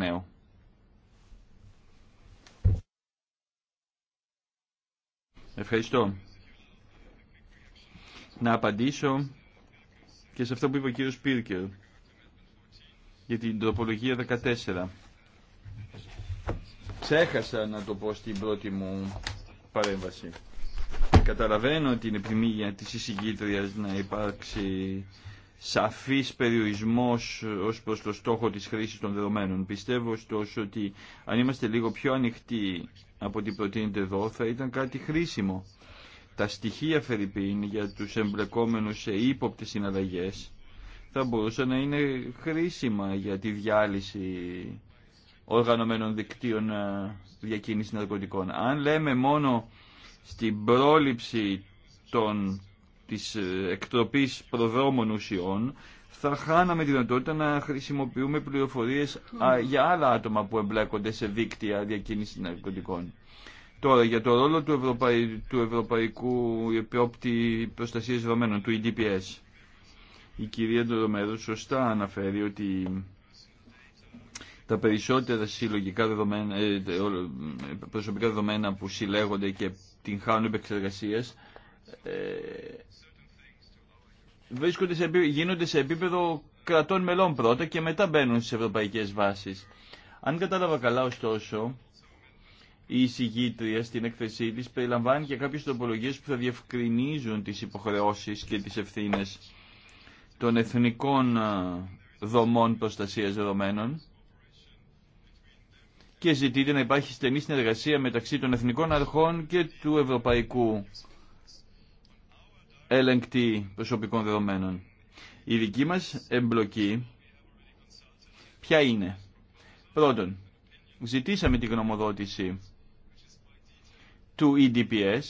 Speaker 1: Ευχαριστώ. Να απαντήσω και σε αυτό που είπε ο κύριος Πίρκερ για την τροπολογία 14. Ξέχασα να το πω στην πρώτη μου παρέμβαση. Καταλαβαίνω την επιμήγεια της εισηγήτριας να υπάρξει σαφής περιορισμός ως προς το στόχο της χρήσης των δεδομένων. Πιστεύω ωστόσο ότι αν είμαστε λίγο πιο ανοιχτοί από ό,τι προτείνεται εδώ θα ήταν κάτι χρήσιμο. Τα στοιχεία Φερρυπίν για τους εμπλεκόμενους σε ύποπτες συναλλαγές θα μπορούσαν να είναι χρήσιμα για τη διάλυση οργανωμένων δικτύων ε, διακίνησης ναρκωτικών. Αν λέμε μόνο στην πρόληψη των της ε, εκτροπής προδρόμων ουσιών θα χάναμε τη δυνατότητα να χρησιμοποιούμε πληροφορίες για άλλα άτομα που εμπλέκονται σε δίκτυα διακίνησης ναρκωτικών. Τώρα, για το ρόλο του, του Ευρωπαϊκού Επιόπτη Προστασίας Δεδομένων, του EDPS, η κυρία Ντορομέρο σωστά αναφέρει ότι τα περισσότερα συλλογικά δεδομένα, ε, ε, προσωπικά δεδομένα που συλλέγονται και την χάνουν επεξεργασίας ε, βρίσκονται σε, γίνονται σε επίπεδο κρατών μελών πρώτα και μετά μπαίνουν στις ευρωπαϊκές βάσεις. Αν κατάλαβα καλά ωστόσο, η εισηγήτρια στην έκθεσή της περιλαμβάνει και κάποιες τοπολογίες που θα διευκρινίζουν τις υποχρεώσεις και τις ευθύνες των εθνικών ε, δομών προστασίας δεδομένων και ζητείται να υπάρχει στενή συνεργασία μεταξύ των εθνικών αρχών και του Ευρωπαϊκού έλεγκτη προσωπικών δεδομένων. Η δική μας εμπλοκή ποια είναι. Πρώτον, ζητήσαμε την γνωμοδότηση του EDPS,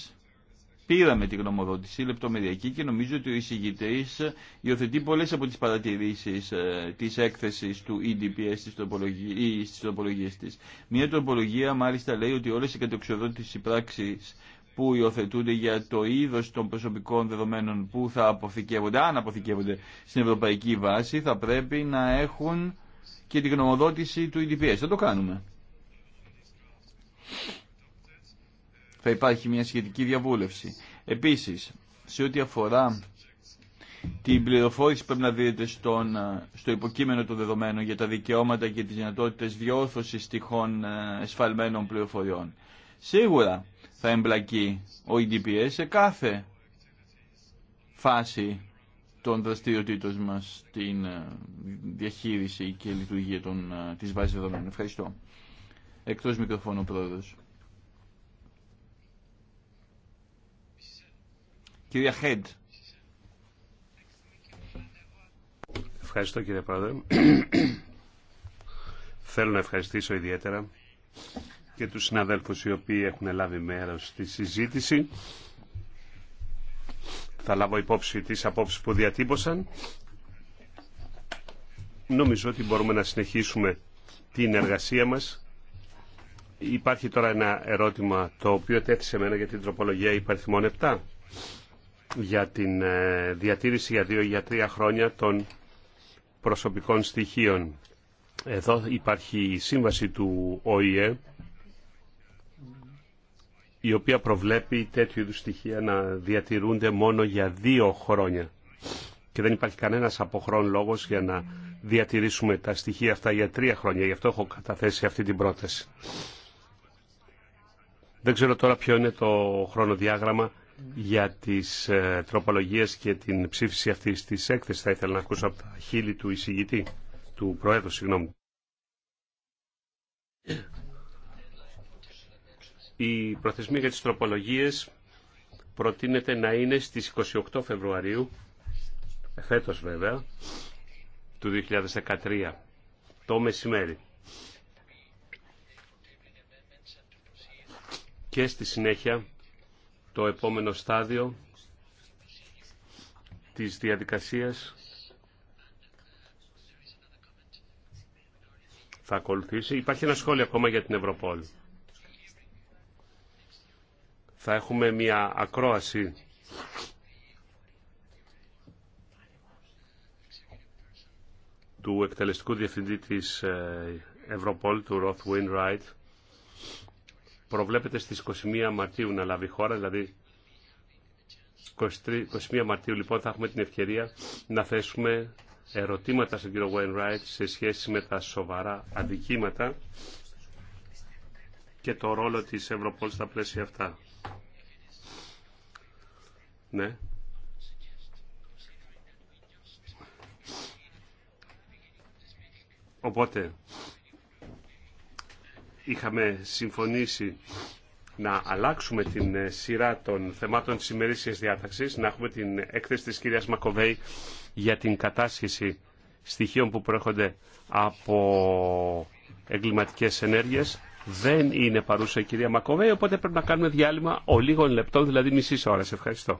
Speaker 1: πήραμε την γνωμοδότηση λεπτομεριακή και νομίζω ότι ο εισηγητής υιοθετεί πολλές από τις παρατηρήσεις ε, της έκθεσης του EDPS στις, τροπολογίες, στις τροπολογίες της. Μία τροπολογία μάλιστα λέει ότι όλες οι κατεξοδότησεις πράξεις που υιοθετούνται για το είδο των προσωπικών δεδομένων που θα αποθηκεύονται, αν αποθηκεύονται στην ευρωπαϊκή βάση, θα πρέπει να έχουν και την γνωμοδότηση του EDPS. Θα το κάνουμε. Θα υπάρχει μια σχετική διαβούλευση. Επίσης, σε ό,τι αφορά την πληροφόρηση που πρέπει να δίνεται στον, στο υποκείμενο των δεδομένων για τα δικαιώματα και τις δυνατότητες διόρθωσης τυχών ε, εσφαλμένων πληροφοριών. Σίγουρα θα εμπλακεί ο EDPS σε κάθε φάση των δραστηριοτήτων μας στην ε, διαχείριση και λειτουργία των, ε, της βάσης δεδομένων. Ευχαριστώ. Εκτός μικροφώνου πρόεδρος.
Speaker 3: Κυρία Χέντ. Ευχαριστώ κύριε Πρόεδρε. *coughs* Θέλω να ευχαριστήσω ιδιαίτερα και τους συναδέλφους οι οποίοι έχουν λάβει μέρος στη συζήτηση. Θα λάβω υπόψη τις απόψεις που διατύπωσαν. Νομίζω ότι μπορούμε να συνεχίσουμε την εργασία μας. Υπάρχει τώρα ένα ερώτημα το οποίο τέθησε μένα για την τροπολογία υπαριθμών 7 για την ε, διατήρηση για δύο για τρία χρόνια των προσωπικών στοιχείων. Εδώ υπάρχει η σύμβαση του ΟΗΕ η οποία προβλέπει τέτοιου είδου στοιχεία να διατηρούνται μόνο για δύο χρόνια. Και δεν υπάρχει κανένας αποχρόν λόγος για να διατηρήσουμε τα στοιχεία αυτά για τρία χρόνια. Γι' αυτό έχω καταθέσει αυτή την πρόταση. Δεν ξέρω τώρα ποιο είναι το χρονοδιάγραμμα για τις ε, τροπολογίες και την ψήφιση αυτής της έκθεσης. Θα ήθελα να ακούσω από τα χείλη του εισηγητή, του Προέδρου, συγγνώμη η προθεσμοί για τις τροπολογίες προτείνεται να είναι στις 28 Φεβρουαρίου, φέτος βέβαια, του 2013, το μεσημέρι. Και στη συνέχεια το επόμενο στάδιο της διαδικασίας θα ακολουθήσει. Υπάρχει ένα σχόλιο ακόμα για την Ευρωπόλη θα έχουμε μια ακρόαση του εκτελεστικού διευθυντή της ε, Ευρωπόλ, του Roth Ράιτ. προβλέπεται στις 21 Μαρτίου να λάβει χώρα, δηλαδή 23, 21 Μαρτίου λοιπόν θα έχουμε την ευκαιρία να θέσουμε ερωτήματα στον κύριο Ράιτ σε σχέση με τα σοβαρά αντικείμενα και το ρόλο της Ευρωπόλ στα πλαίσια αυτά. Ναι. Οπότε είχαμε συμφωνήσει να αλλάξουμε την ε, σειρά των θεμάτων της ημερήσιας διάταξης, να έχουμε την έκθεση της κυρίας Μακοβέη για την κατάσχεση στοιχείων που προέρχονται από εγκληματικές ενέργειες δεν είναι παρούσα η κυρία Μακοβέη, οπότε πρέπει να κάνουμε διάλειμμα ο λίγων λεπτών, δηλαδή μισή ώρα. Ευχαριστώ.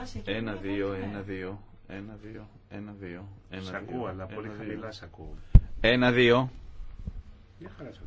Speaker 3: Ναι. Ένα, δύο, ένα, δύο,
Speaker 1: ένα, δύο, ένα, δύο. Σ' ακούω, αλλά πολύ χαμηλά σ' ακούω. Ένα, δύο.
Speaker 3: Μια χαρά σ'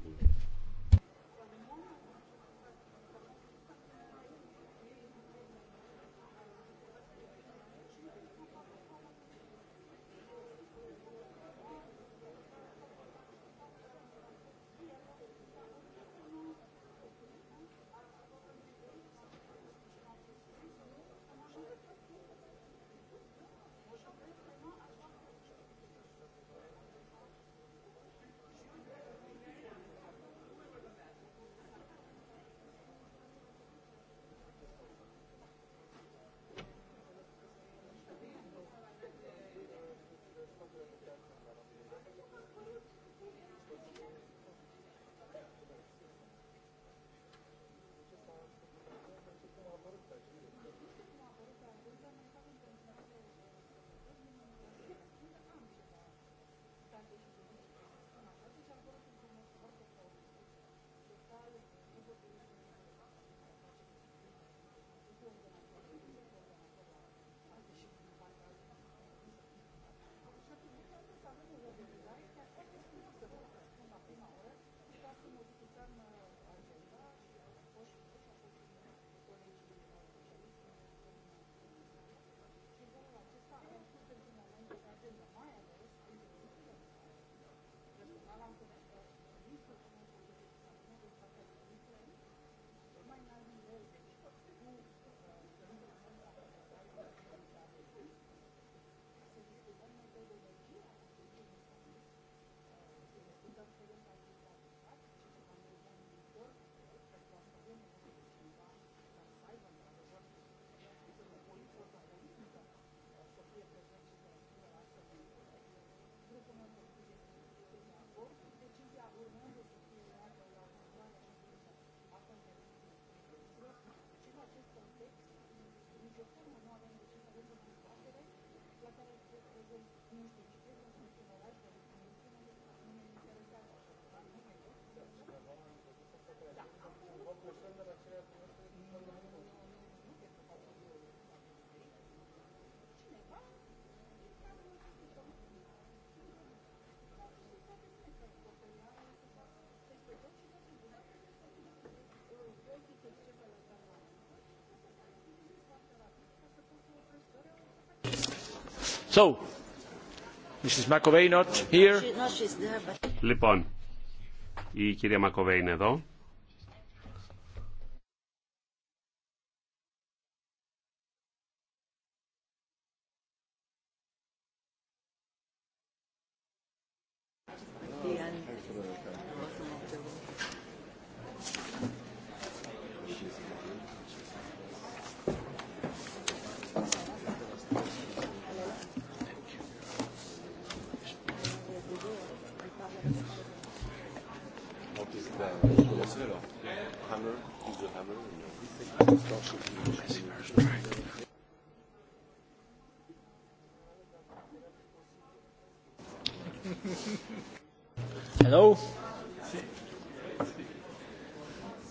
Speaker 3: So, Mrs. McAvey not here. Λοιπόν, η κυρία Μακοβέη είναι εδώ.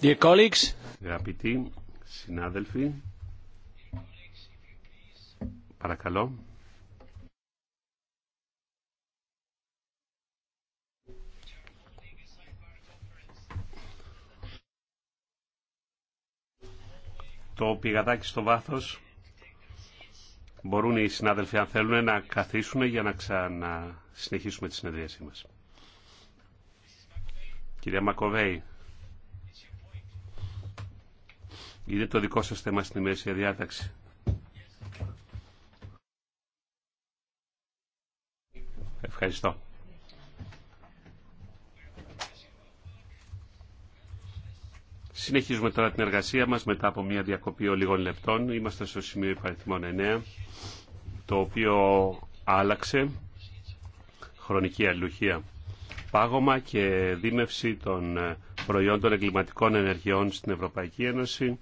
Speaker 3: Dear Αγαπητοί συνάδελφοι, παρακαλώ. Το πηγαδάκι στο βάθος μπορούν οι συνάδελφοι αν θέλουν να καθίσουν για να ξανασυνεχίσουμε τη συνεδρίασή μας. Κυρία Μακοβέη, Είναι το δικό σας θέμα στην ημερήσια διάταξη. Ευχαριστώ. Συνεχίζουμε τώρα την εργασία μας μετά από μια διακοπή λίγων λεπτών. Είμαστε στο σημείο υπαριθμών 9, το οποίο άλλαξε χρονική αλληλουχία. Πάγωμα και δίμευση των ε, προϊόντων εγκληματικών ενεργειών στην Ευρωπαϊκή Ένωση.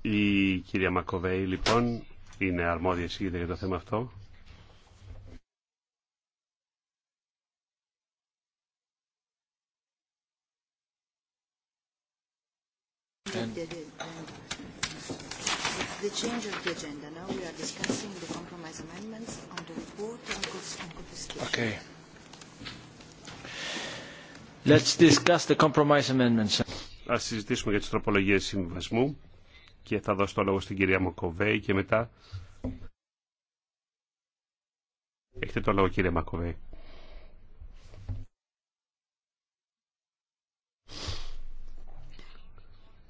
Speaker 3: Η κυρία Μακοβέη λοιπόν είναι αρμόδια εισηγήτρια για το θέμα αυτό.
Speaker 2: the change of the agenda. Now we are discussing the compromise amendments on the report on confiscation. Okay.
Speaker 3: Let's Ας συζητήσουμε για τις τροπολογίες συμβασμού και θα δώσω το λόγο στην κυρία Μακοβέη και μετά... Έχετε το λόγο κύριε Μακοβέη.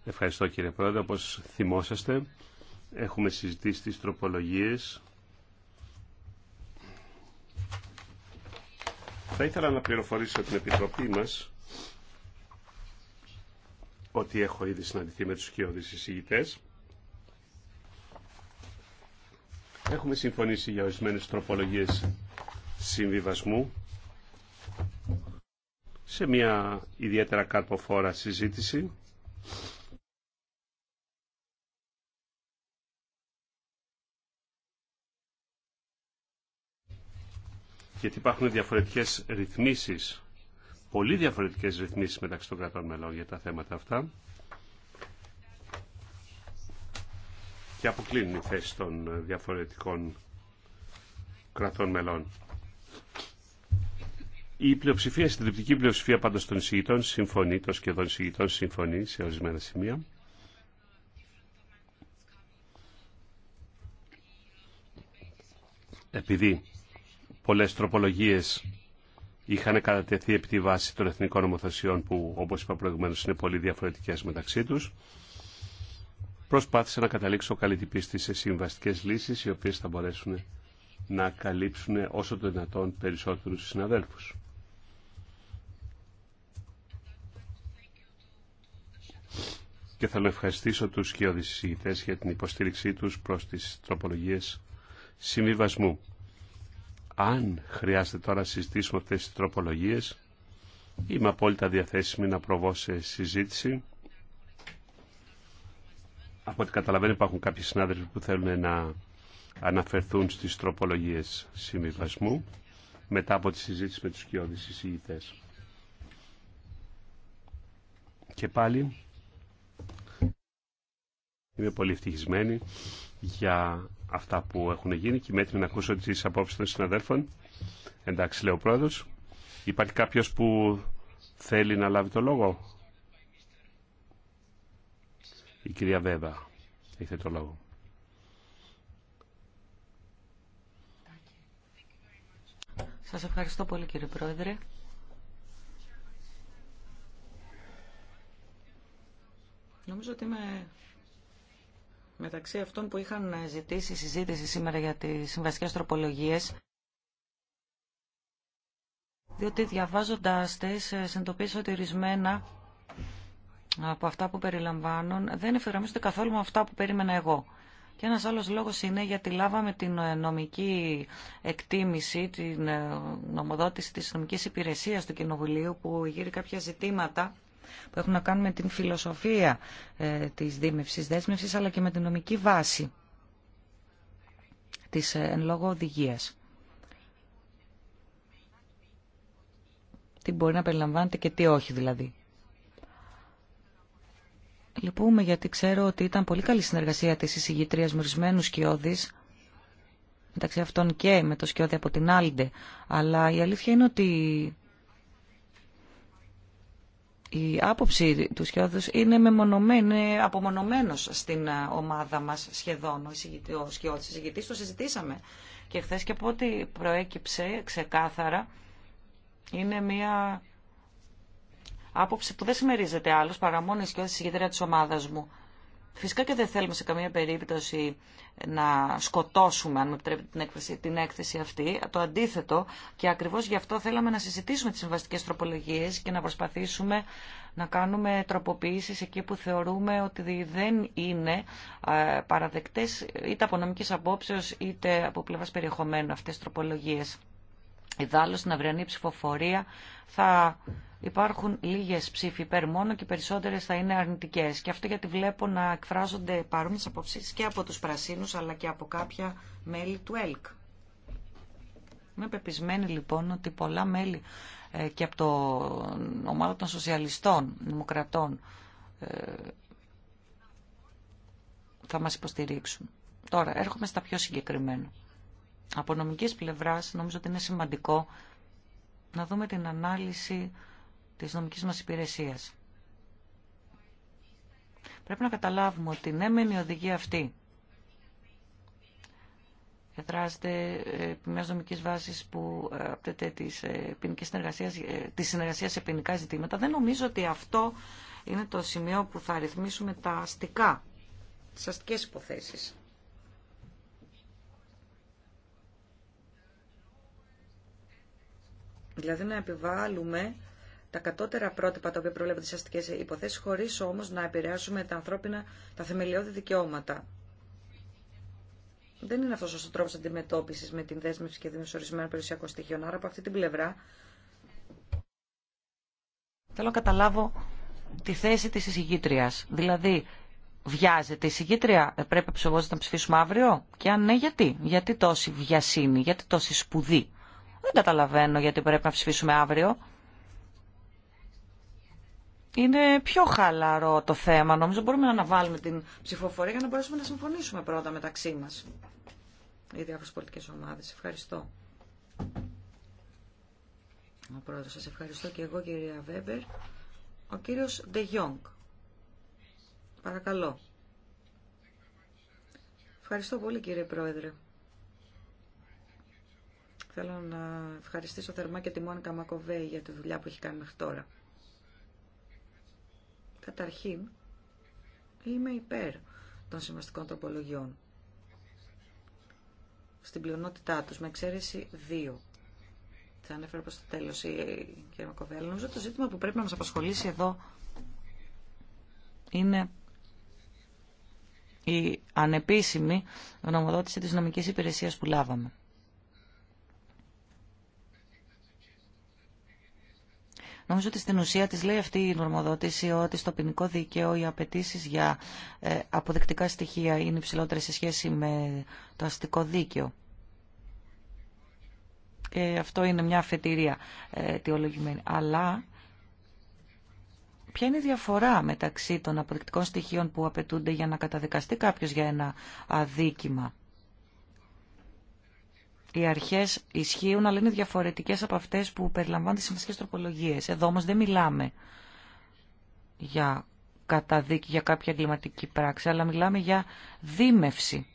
Speaker 3: Ευχαριστώ κύριε Πρόεδρε. Όπως θυμόσαστε, έχουμε συζητήσει τις τροπολογίες Θα ήθελα να πληροφορήσω την Επιτροπή μας ότι έχω ήδη συναντηθεί με τους κοιόδης εισηγητές. Έχουμε συμφωνήσει για ορισμένες τροπολογίες συμβιβασμού σε μια ιδιαίτερα καρποφόρα συζήτηση γιατί υπάρχουν διαφορετικές ρυθμίσεις, πολύ διαφορετικές ρυθμίσεις μεταξύ των κρατών μελών για τα θέματα αυτά και αποκλίνουν οι θέσεις των διαφορετικών κρατών μελών. Η πλειοψηφία, η συντριπτική πλειοψηφία πάντως των εισηγητών συμφωνεί, των σχεδόν εισηγητών συμφωνεί σε ορισμένα σημεία. Επειδή πολλές τροπολογίες είχαν κατατεθεί επί τη βάση των εθνικών νομοθεσιών που όπως είπα προηγουμένως είναι πολύ διαφορετικές μεταξύ τους. Προσπάθησα να καταλήξω καλή την σε συμβαστικές λύσεις οι οποίες θα μπορέσουν να καλύψουν όσο το δυνατόν περισσότερους συναδέλφους. Και θέλω να ευχαριστήσω τους και οδησυγητές για την υποστήριξή τους προς τις τροπολογίες συμβιβασμού αν χρειάζεται τώρα να συζητήσουμε αυτές τις τροπολογίες, είμαι απόλυτα διαθέσιμη να προβώ σε συζήτηση. Από ό,τι καταλαβαίνω υπάρχουν κάποιοι συνάδελφοι που θέλουν να αναφερθούν στις τροπολογίες συμβιβασμού μετά από τη συζήτηση με τους κοιόδης εισηγητές. Και πάλι είμαι πολύ ευτυχισμένη για αυτά που έχουν γίνει και μέτρη να ακούσω τι απόψει των συναδέλφων. Εντάξει, λέει ο πρόεδρος. Υπάρχει κάποιο που θέλει να λάβει το λόγο. Η κυρία Βέβα έχετε το λόγο.
Speaker 2: Σας ευχαριστώ πολύ κύριε Πρόεδρε. Νομίζω ότι είμαι Μεταξύ αυτών που είχαν ζητήσει συζήτηση σήμερα για τις συμβασικές τροπολογίες, διότι διαβάζοντας τις ε, συνειδητοποίησα ότι ορισμένα από αυτά που περιλαμβάνουν δεν εφηγραμμίζονται καθόλου με αυτά που περίμενα εγώ. Και ένας άλλος λόγος είναι γιατί λάβαμε την ε, νομική εκτίμηση, την ε, νομοδότηση της νομικής υπηρεσίας του Κοινοβουλίου που γύρει κάποια ζητήματα που έχουν να κάνουν με την φιλοσοφία ε, της δίμευσης δέσμευσης αλλά και με την νομική βάση της ε, εν λόγω οδηγίας. Τι μπορεί να περιλαμβάνεται και τι όχι δηλαδή. Λυπούμε γιατί ξέρω ότι ήταν πολύ καλή συνεργασία της εισηγητρίας με ορισμένου σκιώδης, μεταξύ αυτών και με το σκιώδη από την Άλντε, αλλά η αλήθεια είναι ότι η άποψη του Σκιώδους είναι μεμονωμένη, απομονωμένος στην ε, ομάδα μας σχεδόν. Ο, ο Σκιώδης το συζητήσαμε και χθε και από ό,τι προέκυψε ξεκάθαρα είναι μια άποψη που δεν συμμερίζεται άλλος παρά μόνο η Σκιώδης της ομάδας μου. Φυσικά και δεν θέλουμε σε καμία περίπτωση να σκοτώσουμε, αν με επιτρέπετε την έκθεση, την έκθεση αυτή. Το αντίθετο και ακριβώς γι' αυτό θέλαμε να συζητήσουμε τις συμβαστικές τροπολογίες και να προσπαθήσουμε να κάνουμε τροποποιήσεις εκεί που θεωρούμε ότι δεν είναι ε, παραδεκτές είτε από νομικής απόψεως είτε από πλευράς περιεχομένου αυτές τροπολογίες. Ιδάλλω στην αυριανή ψηφοφορία θα υπάρχουν λίγες ψήφοι υπέρ μόνο και περισσότερε περισσότερες θα είναι αρνητικές. Και αυτό γιατί βλέπω να εκφράζονται παρόμοιε αποψίσεις και από τους πρασίνους αλλά και από κάποια μέλη του ΕΛΚ. Είμαι πεπισμένη λοιπόν ότι πολλά μέλη ε, και από το ομάδα των σοσιαλιστών, δημοκρατών ε, θα μας υποστηρίξουν. Τώρα έρχομαι στα πιο συγκεκριμένα. Από νομικής πλευράς νομίζω ότι είναι σημαντικό να δούμε την ανάλυση της νομικής μας υπηρεσίας. Πρέπει να καταλάβουμε ότι ναι μεν η οδηγία αυτή εδράζεται επί μιας νομικής βάσης που ε, απτεται της, ε, συνεργασίας, ε, της συνεργασίας σε ποινικά ζητήματα. Δεν νομίζω ότι αυτό είναι το σημείο που θα ρυθμίσουμε τα αστικά, τις αστικές υποθέσεις. Δηλαδή να επιβάλλουμε τα κατώτερα πρότυπα τα οποία προβλέπουν τι αστικέ υποθέσει, χωρί όμω να επηρεάσουμε τα ανθρώπινα, τα θεμελιώδη δικαιώματα. Δεν είναι αυτό ο τρόπο αντιμετώπιση με την δέσμευση και την ορισμένων περιουσιακών στοιχείων. Άρα από αυτή την πλευρά. Θέλω να καταλάβω τη θέση τη εισηγήτρια. Δηλαδή, βιάζεται η εισηγήτρια, ε, πρέπει να ψηφίσουμε αύριο. Και αν ναι, γιατί. Γιατί τόση βιασύνη, γιατί τόση σπουδή. Δεν καταλαβαίνω γιατί πρέπει να ψηφίσουμε αύριο. Είναι πιο χαλαρό το θέμα. Νομίζω μπορούμε να αναβάλουμε την ψηφοφορία για να μπορέσουμε να συμφωνήσουμε πρώτα μεταξύ μα Οι διάφορε πολιτικέ ομάδε. Ευχαριστώ. Ο πρόεδρο, ευχαριστώ και εγώ κυρία Βέμπερ. Ο κύριο Ντε Παρακαλώ. Ευχαριστώ πολύ κύριε Πρόεδρε. Θέλω να ευχαριστήσω θερμά και τη Μόνικα Μακοβέη για τη δουλειά που έχει κάνει μέχρι τώρα. Καταρχήν, είμαι υπέρ των συμβαστικών τροπολογιών. Στην πλειονότητά τους, με εξαίρεση δύο. Θα ανέφερα προς το τέλος η κυρία Μακοβέη. Νομίζω το ζήτημα που πρέπει να μας απασχολήσει εδώ είναι η ανεπίσημη γνωμοδότηση της νομικής υπηρεσίας που λάβαμε. Νομίζω ότι στην ουσία της λέει αυτή η νορμοδότηση ότι στο ποινικό δίκαιο οι απαιτήσει για ε, αποδεκτικά στοιχεία είναι υψηλότερες σε σχέση με το αστικό δίκαιο. Και αυτό είναι μια αφετηρία ε, αιτιολογημένη. Αλλά Ποια είναι η διαφορά μεταξύ των αποδεικτικών στοιχείων που απαιτούνται για να καταδικαστεί κάποιος για ένα αδίκημα οι αρχές ισχύουν, αλλά είναι διαφορετικές από αυτές που περιλαμβάνουν τι συμβαστικέ τροπολογίε. Εδώ όμω δεν μιλάμε για καταδίκη, για κάποια εγκληματική πράξη, αλλά μιλάμε για δίμευση.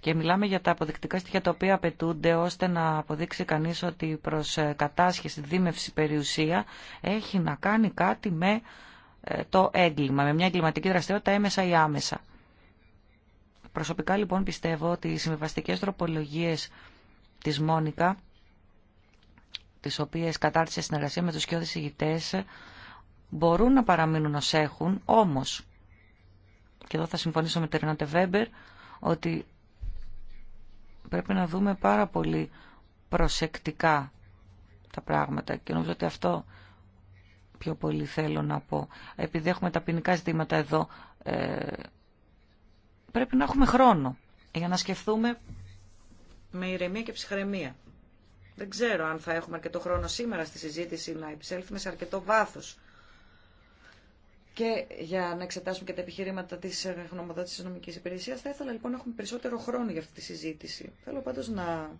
Speaker 2: Και μιλάμε για τα αποδεικτικά στοιχεία τα οποία απαιτούνται ώστε να αποδείξει κανείς ότι προς ε, κατάσχεση, δίμευση, περιουσία έχει να κάνει κάτι με ε, το έγκλημα, με μια εγκληματική δραστηριότητα έμεσα ή άμεσα. Προσωπικά λοιπόν πιστεύω ότι οι συμβιβαστικές τροπολογίες της Μόνικα, τις οποίες κατάρτισε συνεργασία με τους και ηγητές, μπορούν να παραμείνουν ως έχουν, όμως, και εδώ θα συμφωνήσω με την Βέμπερ, ότι πρέπει να δούμε πάρα πολύ προσεκτικά τα πράγματα και νομίζω ότι αυτό πιο πολύ θέλω να πω. Επειδή έχουμε τα ποινικά ζητήματα εδώ, ε, πρέπει να έχουμε χρόνο για να σκεφτούμε με ηρεμία και ψυχραιμία. Δεν ξέρω αν θα έχουμε αρκετό χρόνο σήμερα στη συζήτηση να επισέλθουμε σε αρκετό βάθος και για να εξετάσουμε και τα επιχειρήματα της γνωμοδότησης της νομικής υπηρεσίας. Θα ήθελα λοιπόν να έχουμε περισσότερο χρόνο για αυτή τη συζήτηση. Θέλω πάντως να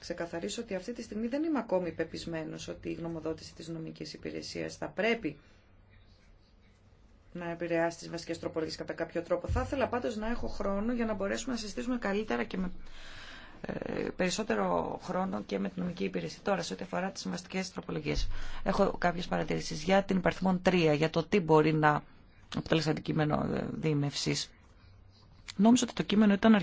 Speaker 2: ξεκαθαρίσω ότι αυτή τη στιγμή δεν είμαι ακόμη πεπισμένος ότι η γνωμοδότηση της νομικής υπηρεσίας θα πρέπει να επηρεάσει τι βασικέ τροπολογίε κατά κάποιο τρόπο. Θα ήθελα πάντω να έχω χρόνο για να μπορέσουμε να συζητήσουμε καλύτερα και με ε, περισσότερο χρόνο και με την νομική υπηρεσία. Τώρα, σε ό,τι αφορά τι συμβαστικέ τροπολογίε, έχω κάποιε παρατηρήσει για την υπαριθμόν 3, για το τι μπορεί να αποτελέσει αντικείμενο ε, διήμευση. Νόμιζα ότι το κείμενο ήταν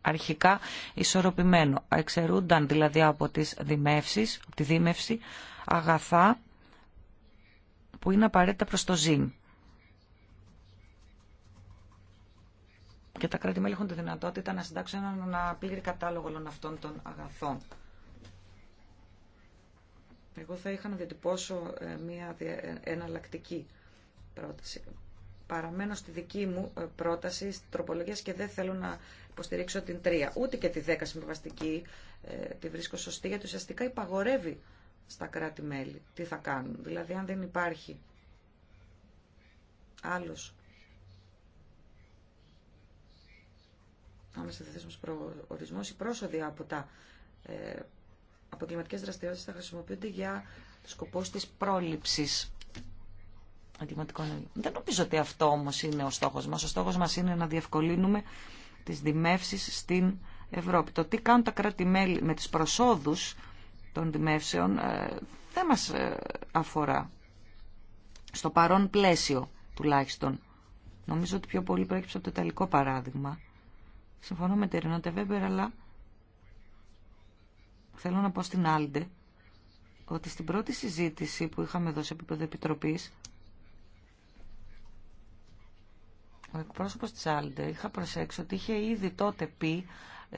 Speaker 2: αρχικά ισορροπημένο. Εξαιρούνταν δηλαδή από τις δημεύσεις, από τη δίμευση αγαθά που είναι απαραίτητα προς το ζήν. και τα κράτη-μέλη έχουν τη δυνατότητα να συντάξουν έναν πλήρη κατάλογο όλων αυτών των αγαθών. Εγώ θα είχα να διατυπώσω ε, μια ε, εναλλακτική πρόταση. Παραμένω στη δική μου ε, πρόταση τροπολογία και δεν θέλω να υποστηρίξω την τρία Ούτε και τη δέκα συμβιβαστική τη βρίσκω σωστή, γιατί ουσιαστικά υπαγορεύει στα κράτη-μέλη τι θα κάνουν. Δηλαδή, αν δεν υπάρχει άλλος άμεσα διαθέσιμο προορισμό, οι πρόσοδοι από τα ε, αποκλιματικέ δραστηριότητε θα χρησιμοποιούνται για σκοπό τη πρόληψη εγκληματικών Δεν νομίζω ότι αυτό όμως είναι ο στόχος μας. Ο στόχος μας είναι να διευκολύνουμε τις δημεύσει στην Ευρώπη. Το τι κάνουν τα κράτη-μέλη με τις προσόδους των δημεύσεων ε, δεν μας ε, αφορά. Στο παρόν πλαίσιο τουλάχιστον. Νομίζω ότι πιο πολύ προέκυψε από το ιταλικό παράδειγμα. Συμφωνώ με τη Ρενάτε Βέμπερ, αλλά θέλω να πω στην Άλντε ότι στην πρώτη συζήτηση που είχαμε εδώ σε επίπεδο επιτροπής ο εκπρόσωπος της Άλντε είχα προσέξει ότι είχε ήδη τότε πει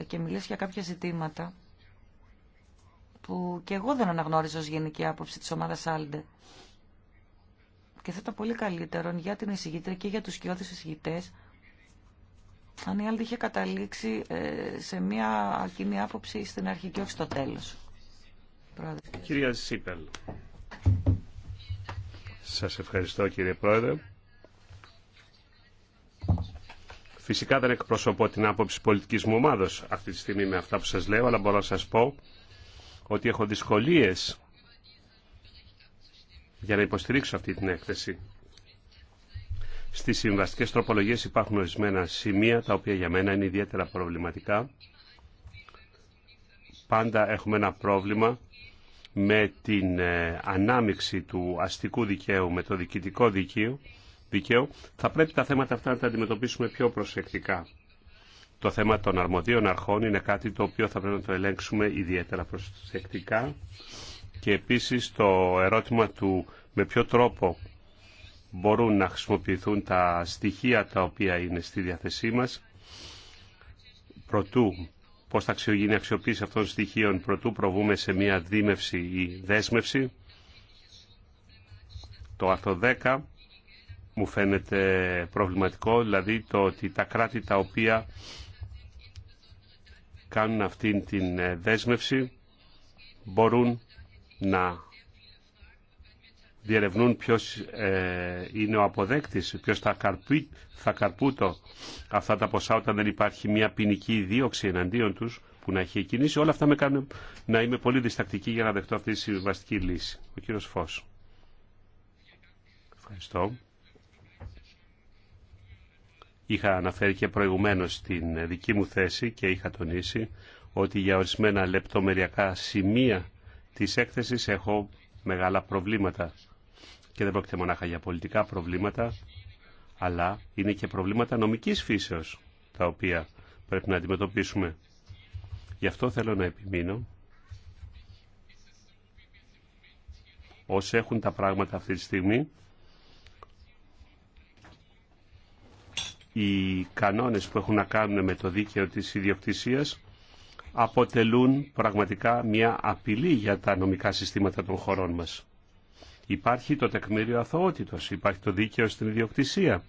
Speaker 2: και μιλήσει για κάποια ζητήματα που και εγώ δεν αναγνώριζα ως γενική άποψη της ομάδας Άλντε. Και θα ήταν πολύ καλύτερο για την εισηγήτρια και για τους κοιόδης εισηγητές αν η άλλη είχε καταλήξει ε, σε μια κοινή άποψη στην αρχή και όχι στο τέλος.
Speaker 3: Κυρία Σίπελ. Σας ευχαριστώ κύριε Πρόεδρε. Φυσικά δεν εκπροσωπώ την άποψη πολιτικής μου ομάδος αυτή τη στιγμή με αυτά που σας λέω, αλλά μπορώ να σας πω ότι έχω δυσκολίες για να υποστηρίξω αυτή την έκθεση. Στις συμβαστικέ τροπολογίες υπάρχουν ορισμένα σημεία τα οποία για μένα είναι ιδιαίτερα προβληματικά. Πάντα έχουμε ένα πρόβλημα με την ε, ανάμειξη του αστικού δικαίου με το διοικητικό δικαίου, δικαίου, θα πρέπει τα θέματα αυτά να τα αντιμετωπίσουμε πιο προσεκτικά. Το θέμα των αρμοδίων αρχών είναι κάτι το οποίο θα πρέπει να το ελέγξουμε ιδιαίτερα προσεκτικά και επίσης το ερώτημα του με ποιο τρόπο μπορούν να χρησιμοποιηθούν τα στοιχεία τα οποία είναι στη διάθεσή μας προτού πώς θα αξιογίνει η αξιοποίηση αυτών των στοιχείων προτού προβούμε σε μια δίμευση ή δέσμευση. Το άρθρο 10 μου φαίνεται προβληματικό, δηλαδή το ότι τα κράτη τα οποία κάνουν αυτήν την ε, δέσμευση μπορούν να διερευνούν ποιος ε, είναι ο αποδέκτης, ποιος θα, καρπεί, θα καρπούτο αυτά τα ποσά όταν δεν υπάρχει μια ποινική δίωξη εναντίον τους που να έχει κινήσει. Όλα αυτά με κάνουν να είμαι πολύ διστακτική για να δεχτώ αυτή τη συμβαστική λύση. Ο κύριος Φως. Ευχαριστώ. Είχα αναφέρει και προηγουμένως την δική μου θέση και είχα τονίσει ότι για ορισμένα λεπτομεριακά σημεία της έκθεσης έχω μεγάλα προβλήματα. Και δεν πρόκειται μονάχα για πολιτικά προβλήματα, αλλά είναι και προβλήματα νομικής φύσεως, τα οποία πρέπει να αντιμετωπίσουμε. Γι' αυτό θέλω να επιμείνω. Όσοι έχουν τα πράγματα αυτή τη στιγμή, οι κανόνες που έχουν να κάνουν με το δίκαιο της ιδιοκτησίας αποτελούν πραγματικά μια απειλή για τα νομικά συστήματα των χωρών μας. Υπάρχει το τεκμήριο αθωότητος, υπάρχει το δίκαιο στην ιδιοκτησία,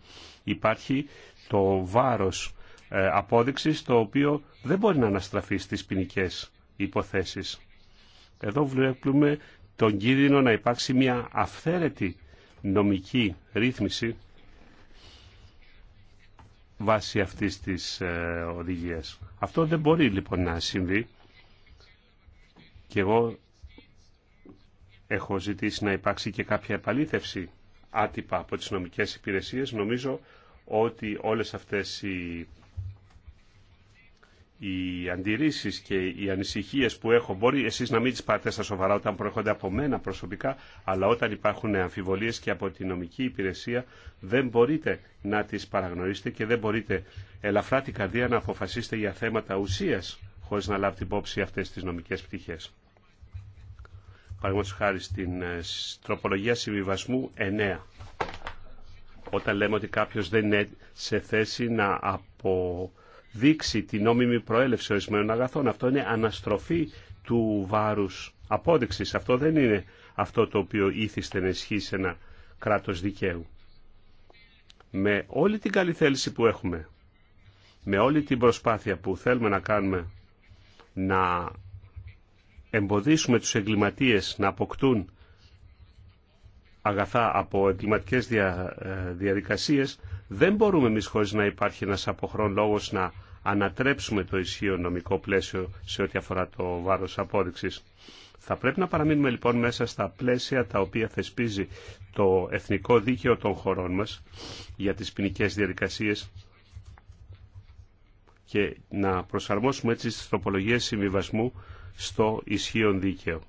Speaker 3: υπάρχει το βάρος ε, απόδειξης το οποίο δεν μπορεί να αναστραφεί στις ποινικέ υποθέσεις. Εδώ βλέπουμε τον κίνδυνο να υπάρξει μια αυθαίρετη νομική ρύθμιση βάσει αυτής της ε, οδηγίας. Αυτό δεν μπορεί λοιπόν να συμβεί και εγώ Έχω ζητήσει να υπάρξει και κάποια επαλήθευση άτυπα από τις νομικές υπηρεσίες. Νομίζω ότι όλες αυτές οι, οι αντιρρήσεις και οι ανησυχίες που έχω μπορεί εσείς να μην τις πάρετε στα σοβαρά όταν προέρχονται από μένα προσωπικά, αλλά όταν υπάρχουν αμφιβολίες και από τη νομική υπηρεσία δεν μπορείτε να τις παραγνωρίσετε και δεν μπορείτε ελαφρά την καρδία να αποφασίσετε για θέματα ουσίας χωρίς να λάβετε υπόψη αυτές τις νομικές πτυχές παραδείγματος χάρη στην ε, τροπολογία συμβιβασμού 9. Όταν λέμε ότι κάποιος δεν είναι σε θέση να αποδείξει την νόμιμη προέλευση ορισμένων αγαθών, αυτό είναι αναστροφή του βάρους απόδειξης. Αυτό δεν είναι αυτό το οποίο ήθιστε να ισχύει ένα κράτος δικαίου. Με όλη την καλή θέληση που έχουμε, με όλη την προσπάθεια που θέλουμε να κάνουμε να εμποδίσουμε τους εγκληματίες να αποκτούν αγαθά από εγκληματικές δια, ε, διαδικασίες, δεν μπορούμε εμείς να υπάρχει ένας αποχρόν λόγος να ανατρέψουμε το ισχύο νομικό πλαίσιο σε ό,τι αφορά το βάρος απόδειξης. Θα πρέπει να παραμείνουμε λοιπόν μέσα στα πλαίσια τα οποία θεσπίζει το εθνικό δίκαιο των χωρών μας για τις ποινικέ διαδικασίες και να προσαρμόσουμε έτσι τις τροπολογίες συμβιβασμού στο ισχύον δίκαιο.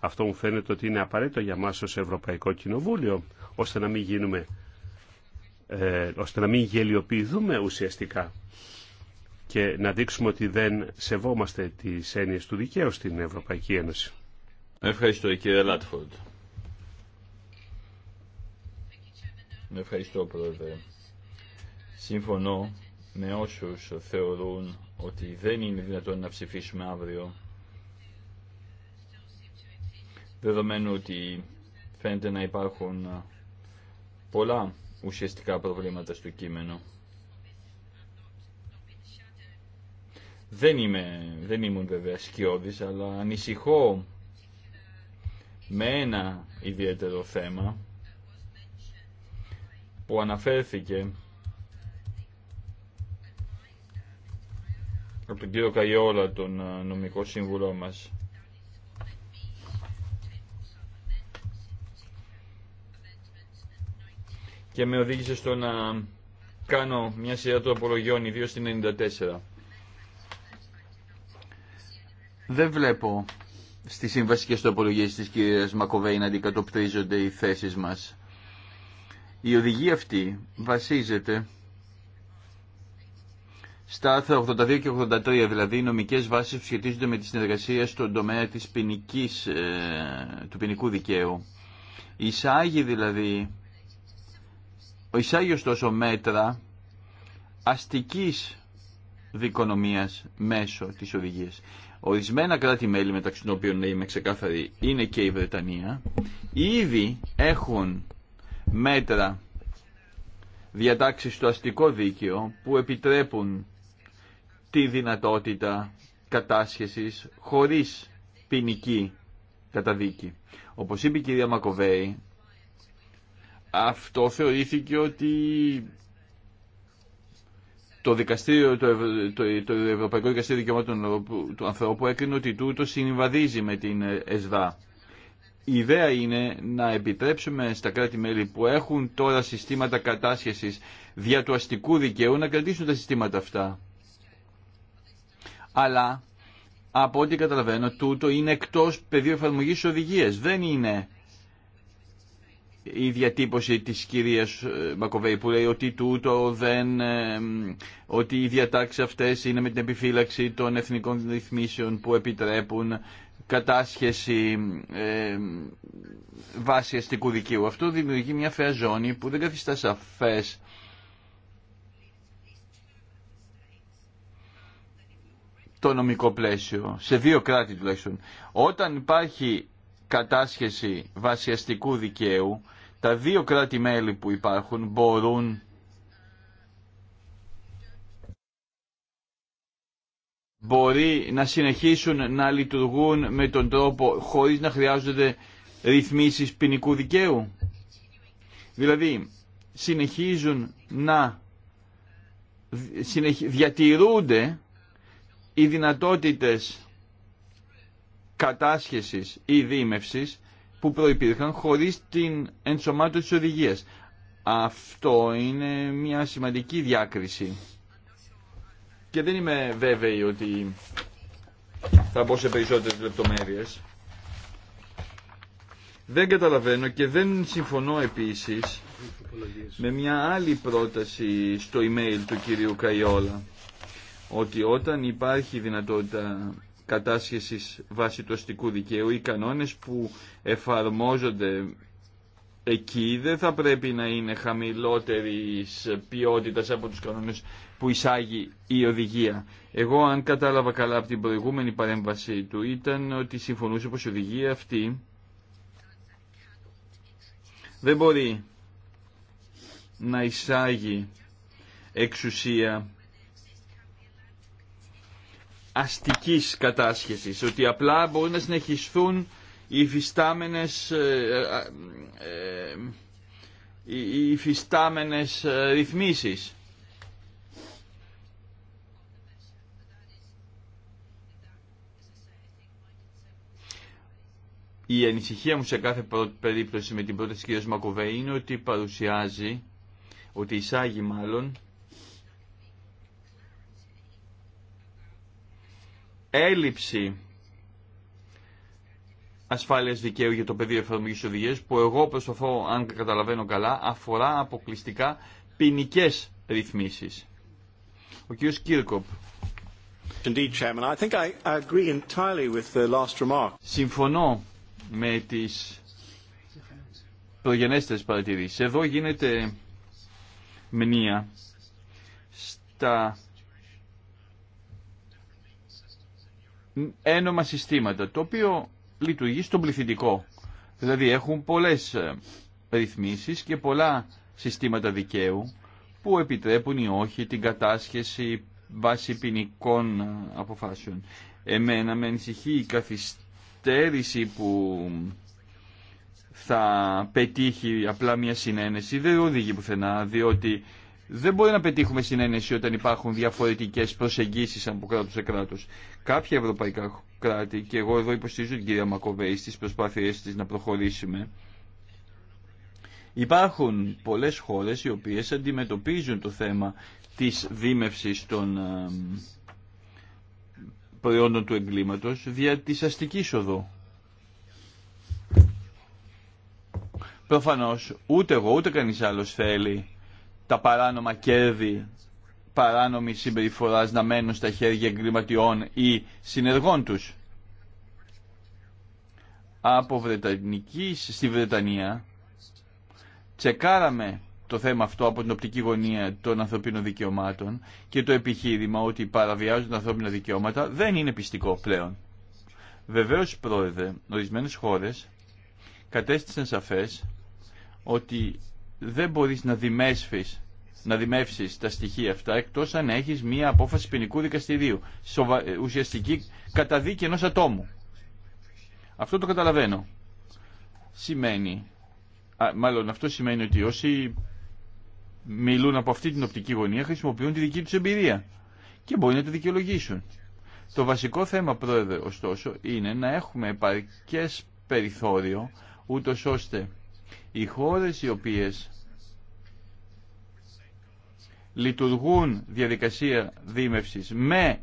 Speaker 3: Αυτό μου φαίνεται ότι είναι απαραίτητο για μας ως Ευρωπαϊκό Κοινοβούλιο, ώστε να μην γίνουμε, ε, ώστε να μην γελιοποιηθούμε ουσιαστικά και να δείξουμε ότι δεν σεβόμαστε τις έννοιες του δικαίου στην Ευρωπαϊκή Ένωση.
Speaker 1: Ευχαριστώ κύριε Λάτφορντ. Ευχαριστώ πρόεδρε. Συμφωνώ με όσους θεωρούν ότι δεν είναι δυνατόν να ψηφίσουμε αύριο δεδομένου ότι φαίνεται να υπάρχουν ε, πολλά ουσιαστικά προβλήματα στο κείμενο. Δεν, είμαι, δεν ήμουν βέβαια σκιώδης, αλλά ανησυχώ με ένα ιδιαίτερο θέμα που αναφέρθηκε από τον κύριο Καϊόλα, τον ε, νομικό σύμβουλό μας. και με οδήγησε στο να κάνω μια σειρά απολογιών, ιδίω στην 94. Δεν βλέπω στις του απολογίε της κυρίας Μακοβέη να αντικατοπτρίζονται οι θέσει μας. Η οδηγία αυτή βασίζεται στα άρθρα 82 και 83, δηλαδή οι νομικές βάσεις που σχετίζονται με τη συνεργασία στον τομέα της ποινικής, ε, του ποινικού δικαίου. Εισάγει δηλαδή εισάγει ωστόσο μέτρα αστικής δικονομίας μέσω της οδηγίας. Ορισμένα κράτη-μέλη μεταξύ των οποίων είμαι ξεκάθαρη είναι και η Βρετανία ήδη έχουν μέτρα διατάξεις στο αστικό δίκαιο που επιτρέπουν τη δυνατότητα κατάσχεσης χωρίς ποινική καταδίκη. Όπως είπε η κυρία Μακοβέη, αυτό θεωρήθηκε ότι το, δικαστήριο, το, το, Ευρωπαϊκό Δικαστήριο Δικαιωμάτων του Ανθρώπου έκρινε ότι τούτο συμβαδίζει με την ΕΣΔΑ. Η ιδέα είναι να επιτρέψουμε στα κράτη-μέλη που έχουν τώρα συστήματα κατάσχεσης δια του αστικού δικαίου να κρατήσουν τα συστήματα αυτά. Αλλά από ό,τι καταλαβαίνω τούτο είναι εκτός πεδίου εφαρμογής οδηγίες. Δεν είναι η διατύπωση της κυρίας ε, Μακοβέη που λέει ότι τούτο δεν, ε, ότι οι διατάξεις αυτές είναι με την επιφύλαξη των εθνικών ρυθμίσεων που επιτρέπουν κατάσχεση ε, βάση αστικού δικαίου. Αυτό δημιουργεί μια φαιά που δεν καθιστά σαφές το νομικό πλαίσιο, σε δύο κράτη τουλάχιστον. Όταν υπάρχει κατάσχεση βασιαστικού δικαίου, τα δύο κράτη-μέλη που υπάρχουν μπορούν μπορεί να συνεχίσουν να λειτουργούν με τον τρόπο χωρίς να χρειάζονται ρυθμίσεις ποινικού δικαίου. Δηλαδή, συνεχίζουν να διατηρούνται οι δυνατότητες κατάσχεσης ή δίμευσης που προϋπήρχαν χωρίς την ενσωμάτωση της οδηγίας. Αυτό είναι μια σημαντική διάκριση. Και δεν είμαι βέβαιη ότι θα μπω σε περισσότερες λεπτομέρειες. Δεν καταλαβαίνω και δεν συμφωνώ επίσης με μια άλλη πρόταση στο email του κυρίου Καϊόλα ότι όταν υπάρχει δυνατότητα κατάσχεσης βάσει του αστικού δικαίου, οι κανόνες που εφαρμόζονται εκεί δεν θα πρέπει να είναι χαμηλότερης ποιότητας από τους κανόνες που εισάγει η οδηγία. Εγώ αν κατάλαβα καλά από την προηγούμενη παρέμβαση του ήταν ότι συμφωνούσε πως η οδηγία αυτή δεν μπορεί να εισάγει εξουσία αστικής κατάσχεσης, ότι απλά μπορούν να συνεχιστούν οι υφιστάμενες, ε, ε, ε, οι υφιστάμενες ρυθμίσεις. Η ανησυχία μου σε κάθε περίπτωση με την πρόταση κ. Μακοβέ είναι ότι παρουσιάζει, ότι εισάγει μάλλον, έλλειψη ασφάλεια δικαίου για το πεδίο εφαρμογή οδηγίε, που εγώ προσπαθώ, αν καταλαβαίνω καλά, αφορά αποκλειστικά ποινικέ ρυθμίσει. Ο κ. Κίρκοπ. Συμφωνώ με τις προγενέστερες παρατηρήσεις. Εδώ γίνεται μνήμα στα ένομα συστήματα, το οποίο λειτουργεί στον πληθυντικό. Δηλαδή έχουν πολλές ε, ρυθμίσεις και πολλά συστήματα δικαίου που επιτρέπουν ή όχι την κατάσχεση βάσει ποινικών ε, αποφάσεων. Εμένα με ανησυχεί η καθυστέρηση που θα πετύχει απλά μια συνένεση δεν οδηγεί πουθενά, διότι δεν μπορεί να πετύχουμε συνένεση όταν υπάρχουν διαφορετικές προσεγγίσεις από κράτο σε κράτο. Κάποια ευρωπαϊκά κράτη, και εγώ εδώ υποστηρίζω την κυρία Μακοβέη στι προσπάθειε τη να προχωρήσουμε, υπάρχουν πολλές χώρες οι οποίες αντιμετωπίζουν το θέμα της δίμευση των ε, προϊόντων του εγκλήματος δια της αστικής οδού. Προφανώς ούτε εγώ ούτε κανείς άλλος θέλει τα παράνομα κέρδη παράνομη συμπεριφορά... να μένουν στα χέρια εγκληματιών ή συνεργών τους. Από Βρετανική στη Βρετανία τσεκάραμε το θέμα αυτό από την οπτική γωνία των ανθρωπίνων δικαιωμάτων και το επιχείρημα ότι παραβιάζουν τα ανθρώπινα δικαιώματα δεν είναι πιστικό πλέον. Βεβαίως, πρόεδρε, ορισμένες χώρες κατέστησαν σαφές ότι δεν μπορείς να δημεύσεις, να δημεύσεις τα στοιχεία αυτά εκτός αν έχεις μία απόφαση ποινικού δικαστηρίου, σοβα... Ε, ουσιαστική καταδίκη ενός ατόμου. Αυτό το καταλαβαίνω. Σημαίνει, μάλλον αυτό σημαίνει ότι όσοι μιλούν από αυτή την οπτική γωνία χρησιμοποιούν τη δική τους εμπειρία και μπορεί να τη δικαιολογήσουν. Το βασικό θέμα, πρόεδρε, ωστόσο, είναι να έχουμε επαρκές περιθώριο ούτω ώστε οι χώρες οι οποίες λειτουργούν διαδικασία δίμευσης με,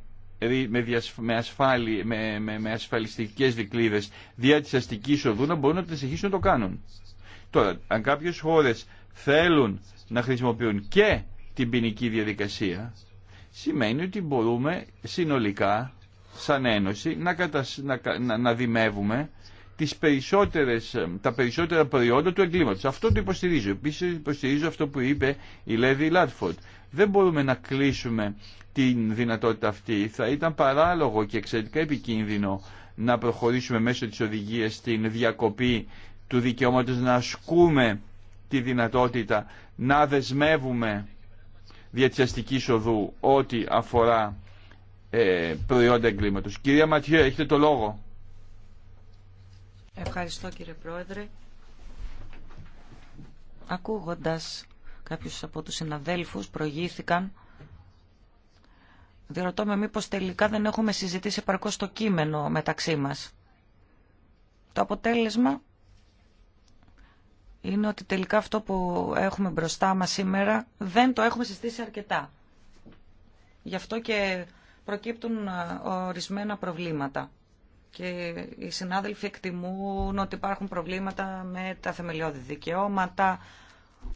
Speaker 1: με, ασφάλι, με, ασφαλιστικές δικλείδες διά της αστικής οδού να μπορούν να τις συνεχίσουν να το κάνουν. Τώρα, αν κάποιες χώρες θέλουν να χρησιμοποιούν και την ποινική διαδικασία, σημαίνει ότι μπορούμε συνολικά, σαν Ένωση, να, κατασ... να... να... να δημεύουμε τις περισσότερες, ε, τα περισσότερα προϊόντα του εγκλήματος. Αυτό το υποστηρίζω. Επίσης υποστηρίζω αυτό που είπε η Λέβη Λάτφορντ. Δεν μπορούμε να κλείσουμε την δυνατότητα αυτή. Θα ήταν παράλογο και εξαιρετικά επικίνδυνο να προχωρήσουμε μέσω της οδηγίας στην διακοπή του δικαιώματος να ασκούμε τη δυνατότητα να δεσμεύουμε διατιαστικής οδού ό,τι αφορά ε, προϊόντα εγκλήματος. Κυρία Ματιέ, έχετε το λόγο.
Speaker 2: Ευχαριστώ κύριε Πρόεδρε. Ακούγοντας κάποιους από τους συναδέλφους προηγήθηκαν διερωτώ με μήπως τελικά δεν έχουμε συζητήσει επαρκώς το κείμενο μεταξύ μας. Το αποτέλεσμα είναι ότι τελικά αυτό που έχουμε μπροστά μας σήμερα δεν το έχουμε συζητήσει αρκετά. Γι' αυτό και προκύπτουν ε, ορισμένα προβλήματα και οι συνάδελφοι εκτιμούν ότι υπάρχουν προβλήματα με τα θεμελιώδη δικαιώματα,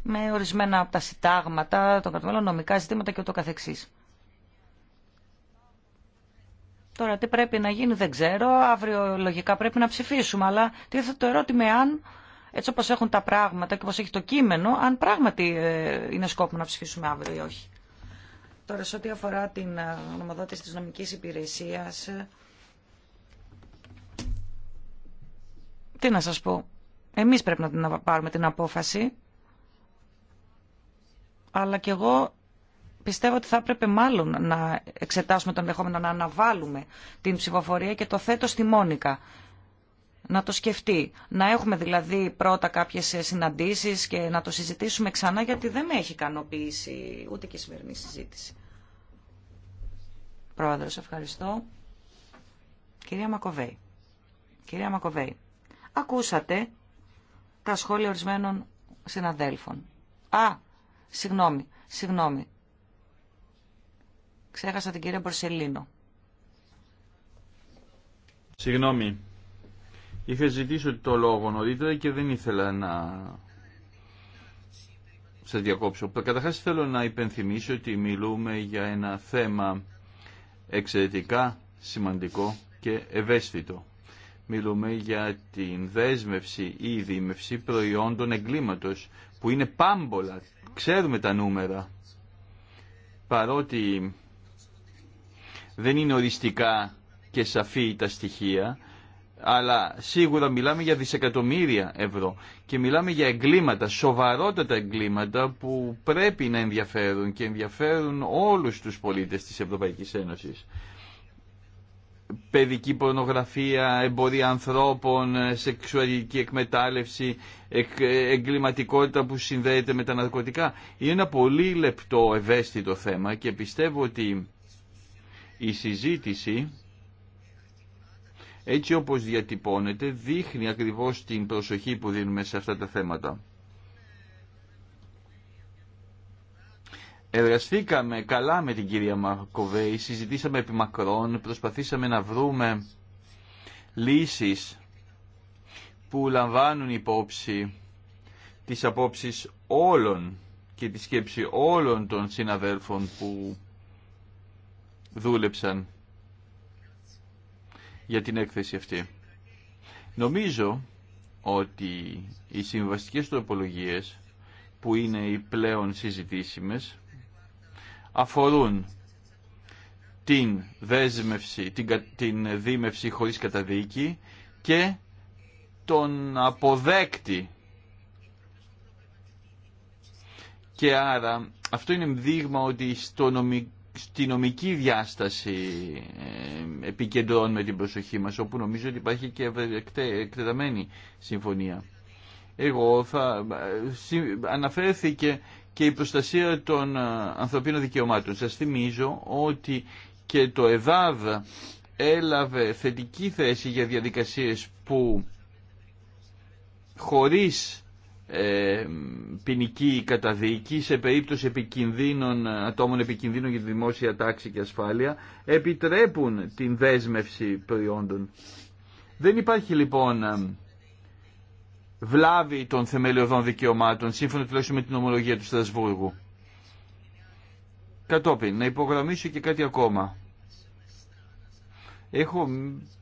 Speaker 2: με ορισμένα από τα συντάγματα, των κρατών νομικά ζητήματα και ούτω καθεξής. Τώρα τι πρέπει να γίνει δεν ξέρω, αύριο λογικά πρέπει να ψηφίσουμε, αλλά τίθεται το ερώτημα αν έτσι όπως έχουν τα πράγματα και όπως έχει το κείμενο, αν πράγματι ε, είναι σκόπο να ψηφίσουμε αύριο ή όχι. Τώρα σε ό,τι αφορά την ε, νομοδότηση της νομικής υπηρεσίας, τι να σας πω, εμείς πρέπει να πάρουμε την απόφαση, αλλά και εγώ πιστεύω ότι θα έπρεπε μάλλον να εξετάσουμε τον ενδεχόμενο να αναβάλουμε την ψηφοφορία και το θέτω στη Μόνικα. Να το σκεφτεί. Να έχουμε δηλαδή πρώτα κάποιες συναντήσεις και να το συζητήσουμε ξανά γιατί δεν με έχει ικανοποιήσει ούτε και η σημερινή συζήτηση. Πρόεδρος, ευχαριστώ. Κυρία Μακοβέη. Κυρία Μακοβέη. Ακούσατε τα σχόλια ορισμένων συναδέλφων. Α, συγγνώμη, συγγνώμη. Ξέχασα την κυρία Μπορσελίνο.
Speaker 1: Συγγνώμη. Είχα ζητήσει το λόγο νωρίτερα και δεν ήθελα να σε διακόψω. Καταρχάς θέλω να υπενθυμίσω ότι μιλούμε για ένα θέμα εξαιρετικά σημαντικό και ευαίσθητο μιλούμε για την δέσμευση ή δίμευση προϊόντων εγκλήματος που είναι πάμπολα. Ξέρουμε τα νούμερα. Παρότι δεν είναι οριστικά και σαφή τα στοιχεία, αλλά σίγουρα μιλάμε για δισεκατομμύρια ευρώ και μιλάμε για εγκλήματα, σοβαρότατα εγκλήματα που πρέπει να ενδιαφέρουν και ενδιαφέρουν όλους τους πολίτες της Ευρωπαϊκής Ένωσης παιδική πορνογραφία, εμπορία ανθρώπων, ε, σεξουαλική εκμετάλλευση, ε, εγκληματικότητα που συνδέεται με τα ναρκωτικά. Είναι ένα πολύ λεπτό ευαίσθητο θέμα και πιστεύω ότι η συζήτηση έτσι όπως διατυπώνεται δείχνει ακριβώς την προσοχή που δίνουμε σε αυτά τα θέματα. Εργαστήκαμε καλά με την κυρία Μαρκοβέη, συζητήσαμε επί μακρόν, προσπαθήσαμε να βρούμε λύσεις που λαμβάνουν υπόψη τις απόψεις όλων και τη σκέψη όλων των συναδέλφων που δούλεψαν για την έκθεση αυτή. Νομίζω ότι οι συμβαστικές τροπολογίες που είναι οι πλέον συζητήσιμες αφορούν την δέσμευση, την, την δίμευση χωρίς καταδίκη και τον αποδέκτη. Και άρα αυτό είναι δείγμα ότι στο στη νομική διάσταση ε, επικεντρώνουμε την προσοχή μας, όπου νομίζω ότι υπάρχει και εκτεταμένη συμφωνία. Εγώ θα... Ε, αναφέρθηκε και η προστασία των ε, ανθρωπίνων δικαιωμάτων. Σας θυμίζω ότι και το ΕΔΑΔ έλαβε θετική θέση για διαδικασίες που χωρίς ε, ποινική καταδίκη σε περίπτωση επικινδύνων, ατόμων επικινδύνων για τη δημόσια τάξη και ασφάλεια επιτρέπουν την δέσμευση προϊόντων. Δεν υπάρχει λοιπόν βλάβη των θεμελιωδών δικαιωμάτων, σύμφωνα τουλάχιστον με την ομολογία του Στρασβούργου. Κατόπιν, να υπογραμμίσω και κάτι ακόμα. Έχω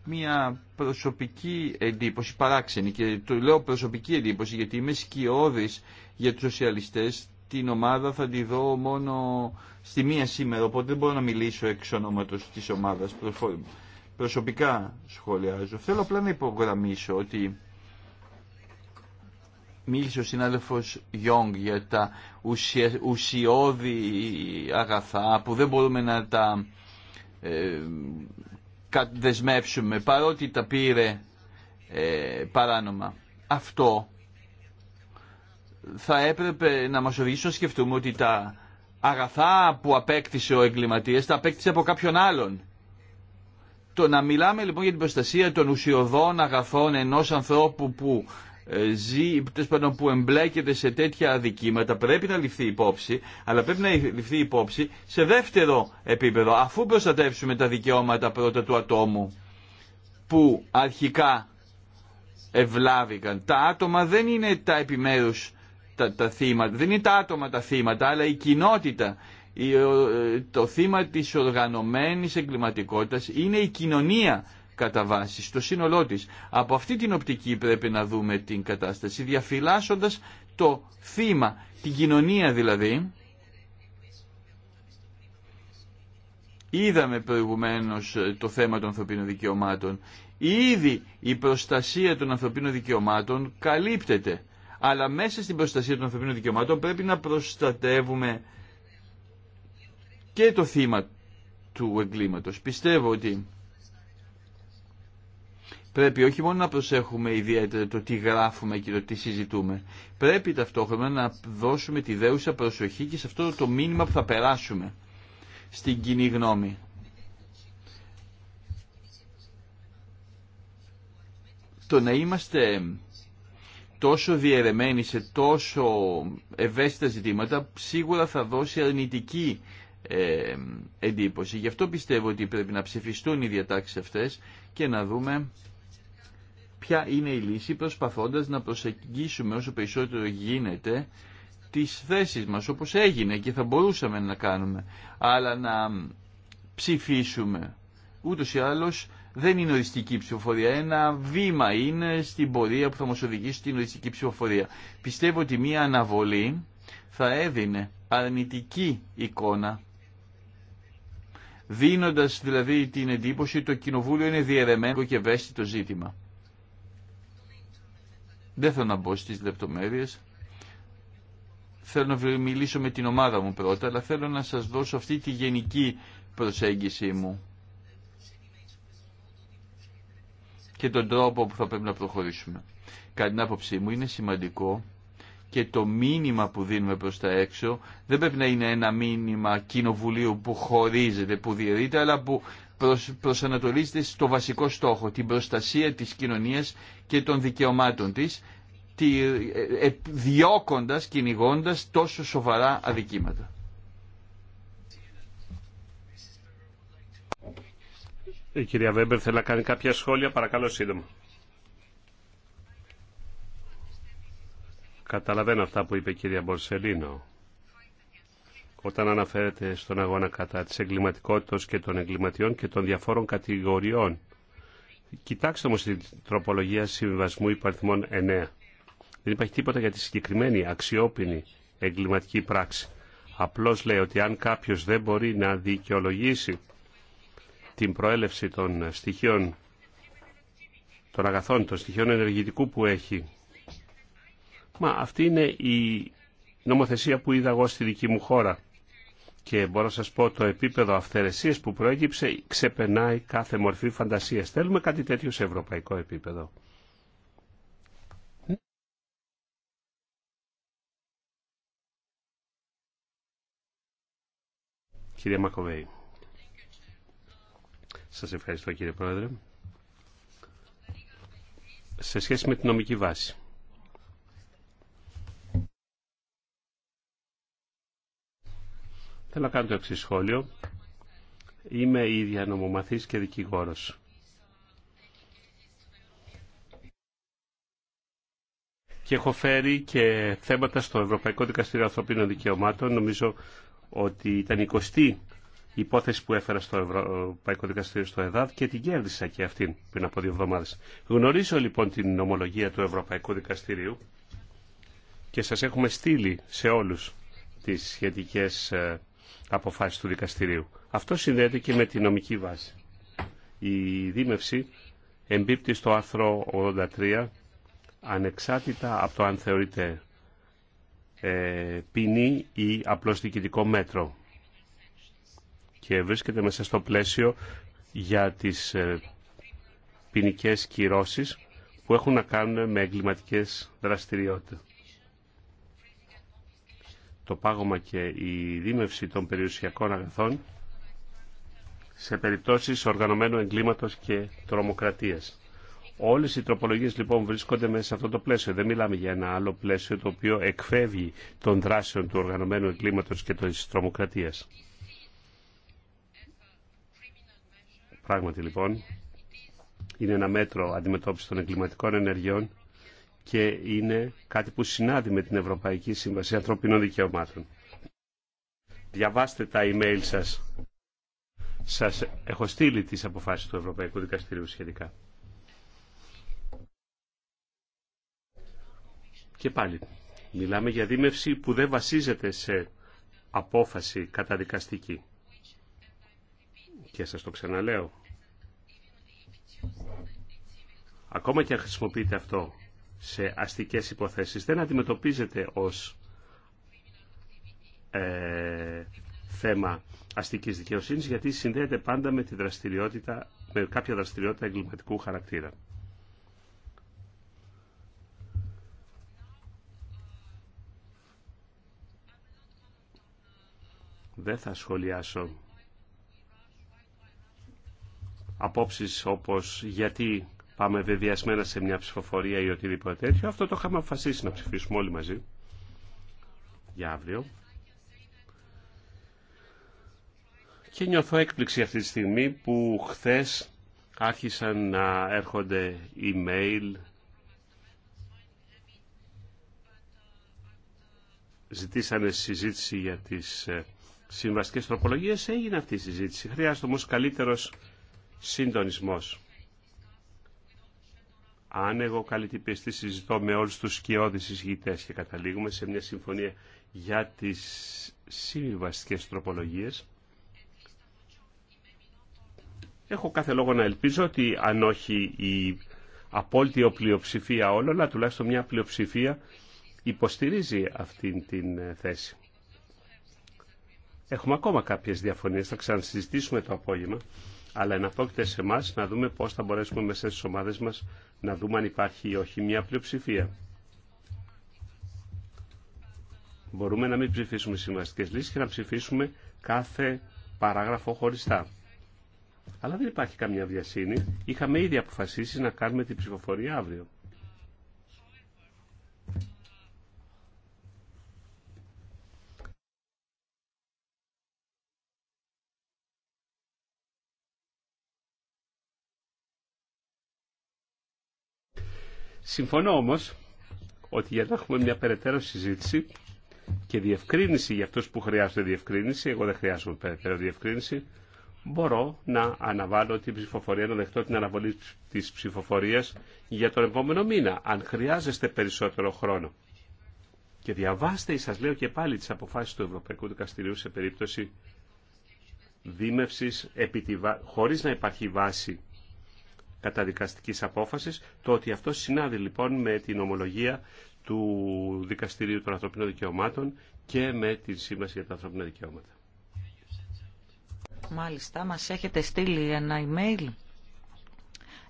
Speaker 1: μια προσωπική εντύπωση, παράξενη και το λέω προσωπική εντύπωση γιατί είμαι σκιώδης για τους σοσιαλιστές. Την ομάδα θα τη δω μόνο στη μία σήμερα, οπότε δεν μπορώ να μιλήσω εξ ονόματος της ομάδας. Προσωπικά σχολιάζω. Θέλω απλά να υπογραμμίσω ότι μίλησε ο συνάδελφος Γιόγκ για τα ουσιώδη αγαθά που δεν μπορούμε να τα ε, δεσμεύσουμε παρότι τα πήρε ε, παράνομα. Αυτό θα έπρεπε να μας οδηγήσει να σκεφτούμε ότι τα αγαθά που απέκτησε ο εγκληματίας τα απέκτησε από κάποιον άλλον. Το να μιλάμε λοιπόν για την προστασία των ουσιωδών αγαθών ενός ανθρώπου που ε, ζει, πάντων που εμπλέκεται σε τέτοια αδικήματα πρέπει να ληφθεί υπόψη, αλλά πρέπει να ληφθεί υπόψη σε δεύτερο επίπεδο, αφού προστατεύσουμε τα δικαιώματα πρώτα του ατόμου που αρχικά ευλάβηκαν. Τα άτομα δεν είναι τα επιμέρους τα, θύματα, δεν είναι τα άτομα τα θύματα, αλλά η κοινότητα, ε, το θύμα της οργανωμένης εγκληματικότητας είναι η κοινωνία κατά βάση, στο σύνολό της. Από αυτή την οπτική πρέπει να δούμε την κατάσταση, διαφυλάσσοντας το θύμα, την κοινωνία δηλαδή. Είδαμε προηγουμένως ε, το θέμα των ανθρωπίνων δικαιωμάτων. Ήδη η προστασία των ανθρωπίνων δικαιωμάτων καλύπτεται. Αλλά μέσα στην προστασία των ανθρωπίνων δικαιωμάτων πρέπει να προστατεύουμε και το θύμα του εγκλήματος. Πιστεύω ότι Πρέπει όχι μόνο να προσέχουμε ιδιαίτερα το τι γράφουμε και το τι συζητούμε. Πρέπει ταυτόχρονα να δώσουμε τη δέουσα προσοχή και σε αυτό το μήνυμα που θα περάσουμε στην κοινή γνώμη. Το να είμαστε τόσο διαιρεμένοι σε τόσο ευαίσθητα ζητήματα σίγουρα θα δώσει αρνητική ε, εντύπωση. Γι' αυτό πιστεύω ότι πρέπει να ψηφιστούν οι διατάξεις αυτές και να δούμε ποια είναι η λύση προσπαθώντας να προσεγγίσουμε όσο περισσότερο γίνεται τις θέσεις μας όπως έγινε και θα μπορούσαμε να κάνουμε αλλά να ψηφίσουμε ούτως ή άλλως δεν είναι οριστική ψηφοφορία. Ένα βήμα είναι στην πορεία που θα μας οδηγήσει στην οριστική ψηφοφορία. Πιστεύω ότι μία αναβολή θα έδινε αρνητική εικόνα δίνοντας δηλαδή την εντύπωση ότι το κοινοβούλιο είναι διαιρεμένο και ευαίσθητο ζήτημα. Δεν θέλω να μπω στις λεπτομέρειες. Θέλω να μιλήσω με την ομάδα μου πρώτα, αλλά θέλω να σας δώσω αυτή τη γενική προσέγγιση μου και τον τρόπο που θα πρέπει να προχωρήσουμε. Κατά άποψή μου είναι σημαντικό και το μήνυμα που δίνουμε προς τα έξω δεν πρέπει να είναι ένα μήνυμα κοινοβουλίου που χωρίζεται, που διαιρείται, αλλά που προσανατολίζεται στο βασικό στόχο, την προστασία της κοινωνίας και των δικαιωμάτων της, τη, ε, ε, διώκοντας, κυνηγώντα τόσο σοβαρά αδικήματα.
Speaker 3: Η κυρία Βέμπερ θέλει να κάνει κάποια σχόλια, παρακαλώ σύντομα. Καταλαβαίνω αυτά που είπε η κυρία Μπορσελίνο όταν αναφέρεται στον αγώνα κατά της εγκληματικότητας και των εγκληματιών και των διαφόρων κατηγοριών. Κοιτάξτε όμως την τροπολογία συμβιβασμού υπαριθμών 9. Δεν υπάρχει τίποτα για τη συγκεκριμένη αξιόπινη εγκληματική πράξη. Απλώς λέει ότι αν κάποιος δεν μπορεί να δικαιολογήσει την προέλευση των στοιχείων των αγαθών, των στοιχείων ενεργητικού που έχει. Μα αυτή είναι η νομοθεσία που είδα εγώ στη δική μου χώρα και μπορώ να σας πω το επίπεδο αυθαιρεσίας που προέγυψε ξεπερνάει κάθε μορφή φαντασίας. Θέλουμε κάτι τέτοιο σε ευρωπαϊκό επίπεδο. Κύριε Μακοβέη. Σας ευχαριστώ κύριε Πρόεδρε. Σε σχέση με την νομική βάση. Θέλω να κάνω το εξή σχόλιο. Είμαι ίδια νομομαθής και δικηγόρος. Και έχω φέρει και θέματα στο Ευρωπαϊκό Δικαστήριο Ανθρωπίνων Δικαιωμάτων. Νομίζω ότι ήταν η 20η υπόθεση που έφερα στο Ευρωπαϊκό Δικαστήριο στο ΕΔΑΔ και την κέρδισα και αυτήν πριν από δύο εβδομάδες. Γνωρίζω λοιπόν την νομολογία του Ευρωπαϊκού Δικαστηρίου και σας έχουμε στείλει σε όλους τις σχετικές ε, αποφάσεις του δικαστηρίου. Αυτό συνδέεται και με τη νομική βάση. Η δίμευση εμπίπτει στο άρθρο 83 ανεξάρτητα από το αν θεωρείται ε, ποινή ή απλώς διοικητικό μέτρο και βρίσκεται μέσα στο πλαίσιο για τις ε, ποινικέ κυρώσεις που έχουν να κάνουν με εγκληματικές δραστηριότητες το πάγωμα και η δίμευση των περιουσιακών αγαθών σε περιπτώσεις οργανωμένου εγκλήματος και τρομοκρατίας. Όλες οι τροπολογίες λοιπόν βρίσκονται μέσα σε αυτό το πλαίσιο. Δεν μιλάμε για ένα άλλο πλαίσιο το οποίο εκφεύγει των δράσεων του οργανωμένου εγκλήματος και της τρομοκρατίας. Πράγματι λοιπόν, είναι ένα μέτρο αντιμετώπισης των εγκληματικών ενεργειών και είναι κάτι που συνάδει με την Ευρωπαϊκή Σύμβαση Ανθρωπίνων Δικαιωμάτων. Διαβάστε τα email σας. Σας έχω στείλει τις αποφάσεις του Ευρωπαϊκού Δικαστηρίου σχετικά. Και πάλι, μιλάμε για δίμευση που δεν βασίζεται σε απόφαση καταδικαστική. Και σας το ξαναλέω. Ακόμα και αν χρησιμοποιείτε αυτό σε αστικές υποθέσεις δεν αντιμετωπίζεται ως ε, θέμα αστικής δικαιοσύνης γιατί συνδέεται πάντα με, τη δραστηριότητα, με κάποια δραστηριότητα εγκληματικού χαρακτήρα. Δεν θα σχολιάσω απόψεις όπως γιατί πάμε βεβαιασμένα σε μια ψηφοφορία ή οτιδήποτε τέτοιο. Αυτό το είχαμε αποφασίσει να ψηφίσουμε όλοι μαζί για αύριο. Και νιώθω έκπληξη αυτή τη στιγμή που χθες άρχισαν να έρχονται email ζητήσανε συζήτηση για τις ε, συμβαστικές τροπολογίες έγινε αυτή η συζήτηση χρειάζεται όμως καλύτερος συντονισμός αν εγώ καλή την πίστη συζητώ με όλους τους σκιώδεις εισηγητές και καταλήγουμε σε μια συμφωνία για τις συμβιβαστικές τροπολογίες, έχω κάθε λόγο να ελπίζω ότι αν όχι η απόλυτη πλειοψηφία όλων, αλλά τουλάχιστον μια πλειοψηφία υποστηρίζει αυτήν την ε, θέση. Έχουμε ακόμα κάποιες διαφωνίες, θα ξανασυζητήσουμε το απόγευμα αλλά εναπόκειται σε εμά να δούμε πώς θα μπορέσουμε μέσα στι ομάδε μας να δούμε αν υπάρχει ή όχι μια πλειοψηφία. Μπορούμε να μην ψηφίσουμε σημαντικέ λύσει και να ψηφίσουμε κάθε παράγραφο χωριστά. Αλλά δεν υπάρχει καμία βιασύνη. Είχαμε ήδη αποφασίσει να κάνουμε την ψηφοφορία αύριο. Συμφωνώ όμω ότι για να έχουμε μια περαιτέρω συζήτηση και διευκρίνηση για αυτού που χρειάζονται διευκρίνηση, εγώ δεν χρειάζομαι περαιτέρω διευκρίνηση, μπορώ να αναβάλω την ψηφοφορία, να δεχτώ την αναβολή της ψηφοφορίας για τον επόμενο μήνα, αν χρειάζεστε περισσότερο χρόνο. Και διαβάστε, σα λέω και πάλι, τι αποφάσει του Ευρωπαϊκού Δικαστηρίου σε περίπτωση δίμευση, χωρί να υπάρχει βάση καταδικαστικής απόφασης. Το ότι αυτό συνάδει λοιπόν με την ομολογία του Δικαστηρίου των Ανθρωπίνων Δικαιωμάτων και με τη Σύμβαση για τα Ανθρωπίνα Δικαιώματα.
Speaker 2: Μάλιστα, μας έχετε στείλει ένα email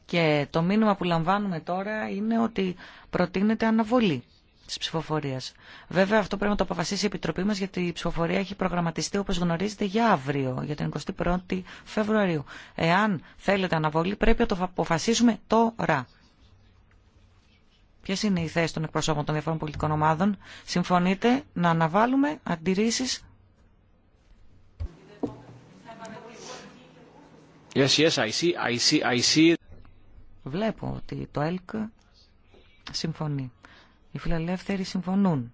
Speaker 2: και το μήνυμα που λαμβάνουμε τώρα είναι ότι προτείνεται αναβολή Τη ψηφοφορία. Βέβαια αυτό πρέπει να το αποφασίσει η Επιτροπή μας γιατί η ψηφοφορία έχει προγραμματιστεί όπως γνωρίζετε για αύριο, για την 21η Φεβρουαρίου. Εάν θέλετε αναβολή πρέπει να το αποφασίσουμε τώρα. Ποιε είναι οι θέσει των εκπροσώπων των διαφόρων πολιτικών ομάδων. Συμφωνείτε να αναβάλουμε αντιρρήσει.
Speaker 3: Yes, yes, I see, I see, I see.
Speaker 2: Βλέπω ότι το ΕΛΚ συμφωνεί. Οι φιλελεύθεροι συμφωνούν.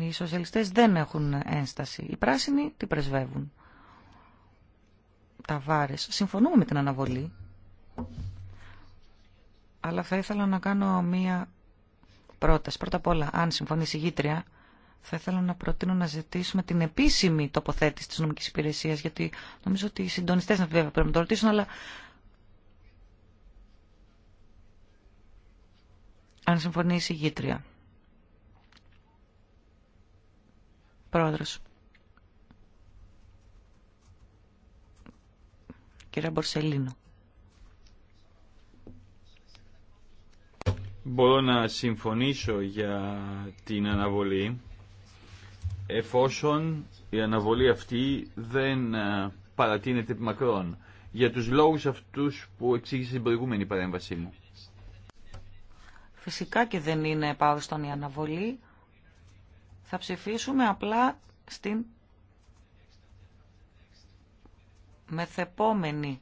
Speaker 2: Οι σοσιαλιστές δεν έχουν ένσταση. Οι πράσινοι τι πρεσβεύουν. Τα βάρες. Συμφωνούμε με την αναβολή. Αλλά θα ήθελα να κάνω μία πρόταση. Πρώτα απ' όλα, αν συμφωνεί η γήτρια, θα ήθελα να προτείνω να ζητήσουμε την επίσημη τοποθέτηση της νομικής υπηρεσίας, γιατί νομίζω ότι οι συντονιστές πρέπει να το ρωτήσουν, αλλά Αν συμφωνήσει η γήτρια. Πρόεδρος. Κύριε Μπορσελίνο.
Speaker 1: Μπορώ να συμφωνήσω για την αναβολή εφόσον η αναβολή αυτή δεν ε, παρατείνεται μακρόν για τους λόγους αυτούς που εξήγησε στην προηγούμενη παρέμβασή μου.
Speaker 2: Φυσικά και δεν είναι επάδοστον η αναβολή. Θα ψηφίσουμε απλά στην μεθεπόμενη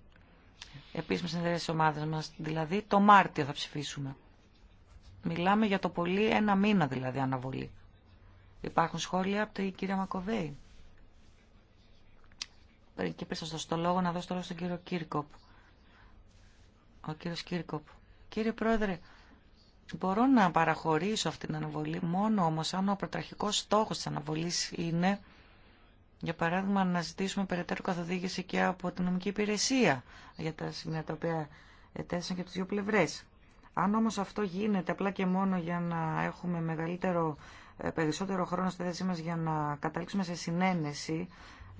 Speaker 2: επίσημη συνεδρία της ομάδας μας, δηλαδή το Μάρτιο θα ψηφίσουμε. Μιλάμε για το πολύ ένα μήνα δηλαδή αναβολή. Υπάρχουν σχόλια από την κυρία Μακοβέη. Πριν και δώσω στο λόγο να δώσω λόγο στον κύριο Κύρκοπ. Ο κύριος Κύρκοπ. Κύριε Πρόεδρε, Μπορώ να παραχωρήσω αυτή την αναβολή μόνο όμως αν ο προτραχικός στόχος της αναβολής είναι για παράδειγμα να ζητήσουμε περαιτέρω καθοδήγηση και από την νομική υπηρεσία για τα σημεία τα οποία ετέθησαν και από τις δύο πλευρές. Αν όμως αυτό γίνεται απλά και μόνο για να έχουμε μεγαλύτερο, ε, περισσότερο χρόνο στη θέση μας για να καταλήξουμε σε συνένεση,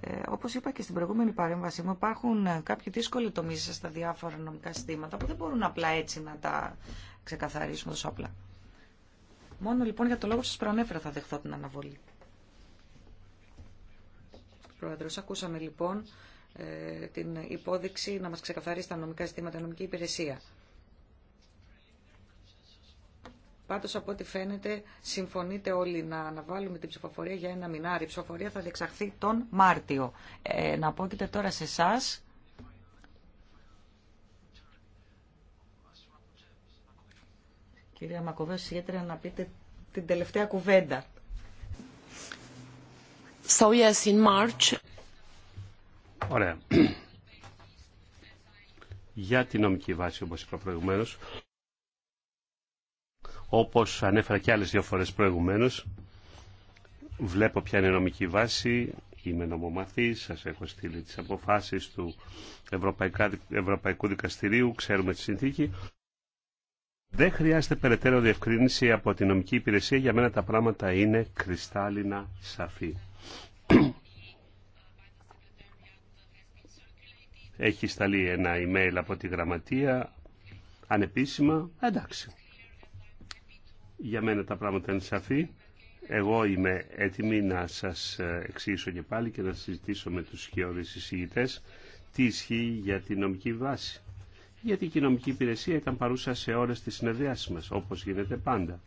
Speaker 2: ε, όπως είπα και στην προηγούμενη παρέμβασή μου, υπάρχουν ε, κάποιοι δύσκολοι τομείς στα διάφορα νομικά συστήματα που δεν μπορούν απλά έτσι να τα ξεκαθαρίσουμε τόσο απλά. Μόνο λοιπόν για το λόγο που σας προανέφερα θα δεχθώ την αναβολή. Πρόεδρος, ακούσαμε λοιπόν ε, την υπόδειξη να μας ξεκαθαρίσει τα νομικά η νομική υπηρεσία. Πάντως από ό,τι φαίνεται συμφωνείτε όλοι να αναβάλουμε την ψηφοφορία για ένα μηνάρι. Η ψηφοφορία θα διεξαχθεί τον Μάρτιο. Ε, να απόκειται τώρα σε εσά. Κυρία Μακοβέως, ιδιαίτερα να πείτε την τελευταία κουβέντα. So yes, in March.
Speaker 3: Ωραία. *clears throat* για την νομική βάση, όπως είπα προηγουμένως, όπως ανέφερα και άλλες δύο φορές προηγουμένως, βλέπω ποια είναι η νομική βάση, είμαι νομομαθής, σας έχω στείλει τις αποφάσεις του Ευρωπαϊκού Δικαστηρίου, ξέρουμε τη συνθήκη. Δεν χρειάζεται περαιτέρω διευκρίνηση από την νομική υπηρεσία, για μένα τα πράγματα είναι κρυστάλλινα σαφή. Έχει σταλεί ένα email από τη γραμματεία, ανεπίσημα, εντάξει. Για μένα τα πράγματα είναι σαφή. Εγώ είμαι έτοιμη να σας ε, εξηγήσω και πάλι και να συζητήσω με τους χειώδεις εισηγητές τι ισχύει για την νομική βάση. Γιατί η νομική υπηρεσία ήταν παρούσα σε ώρες της συνεδριάσης μας, όπως γίνεται πάντα.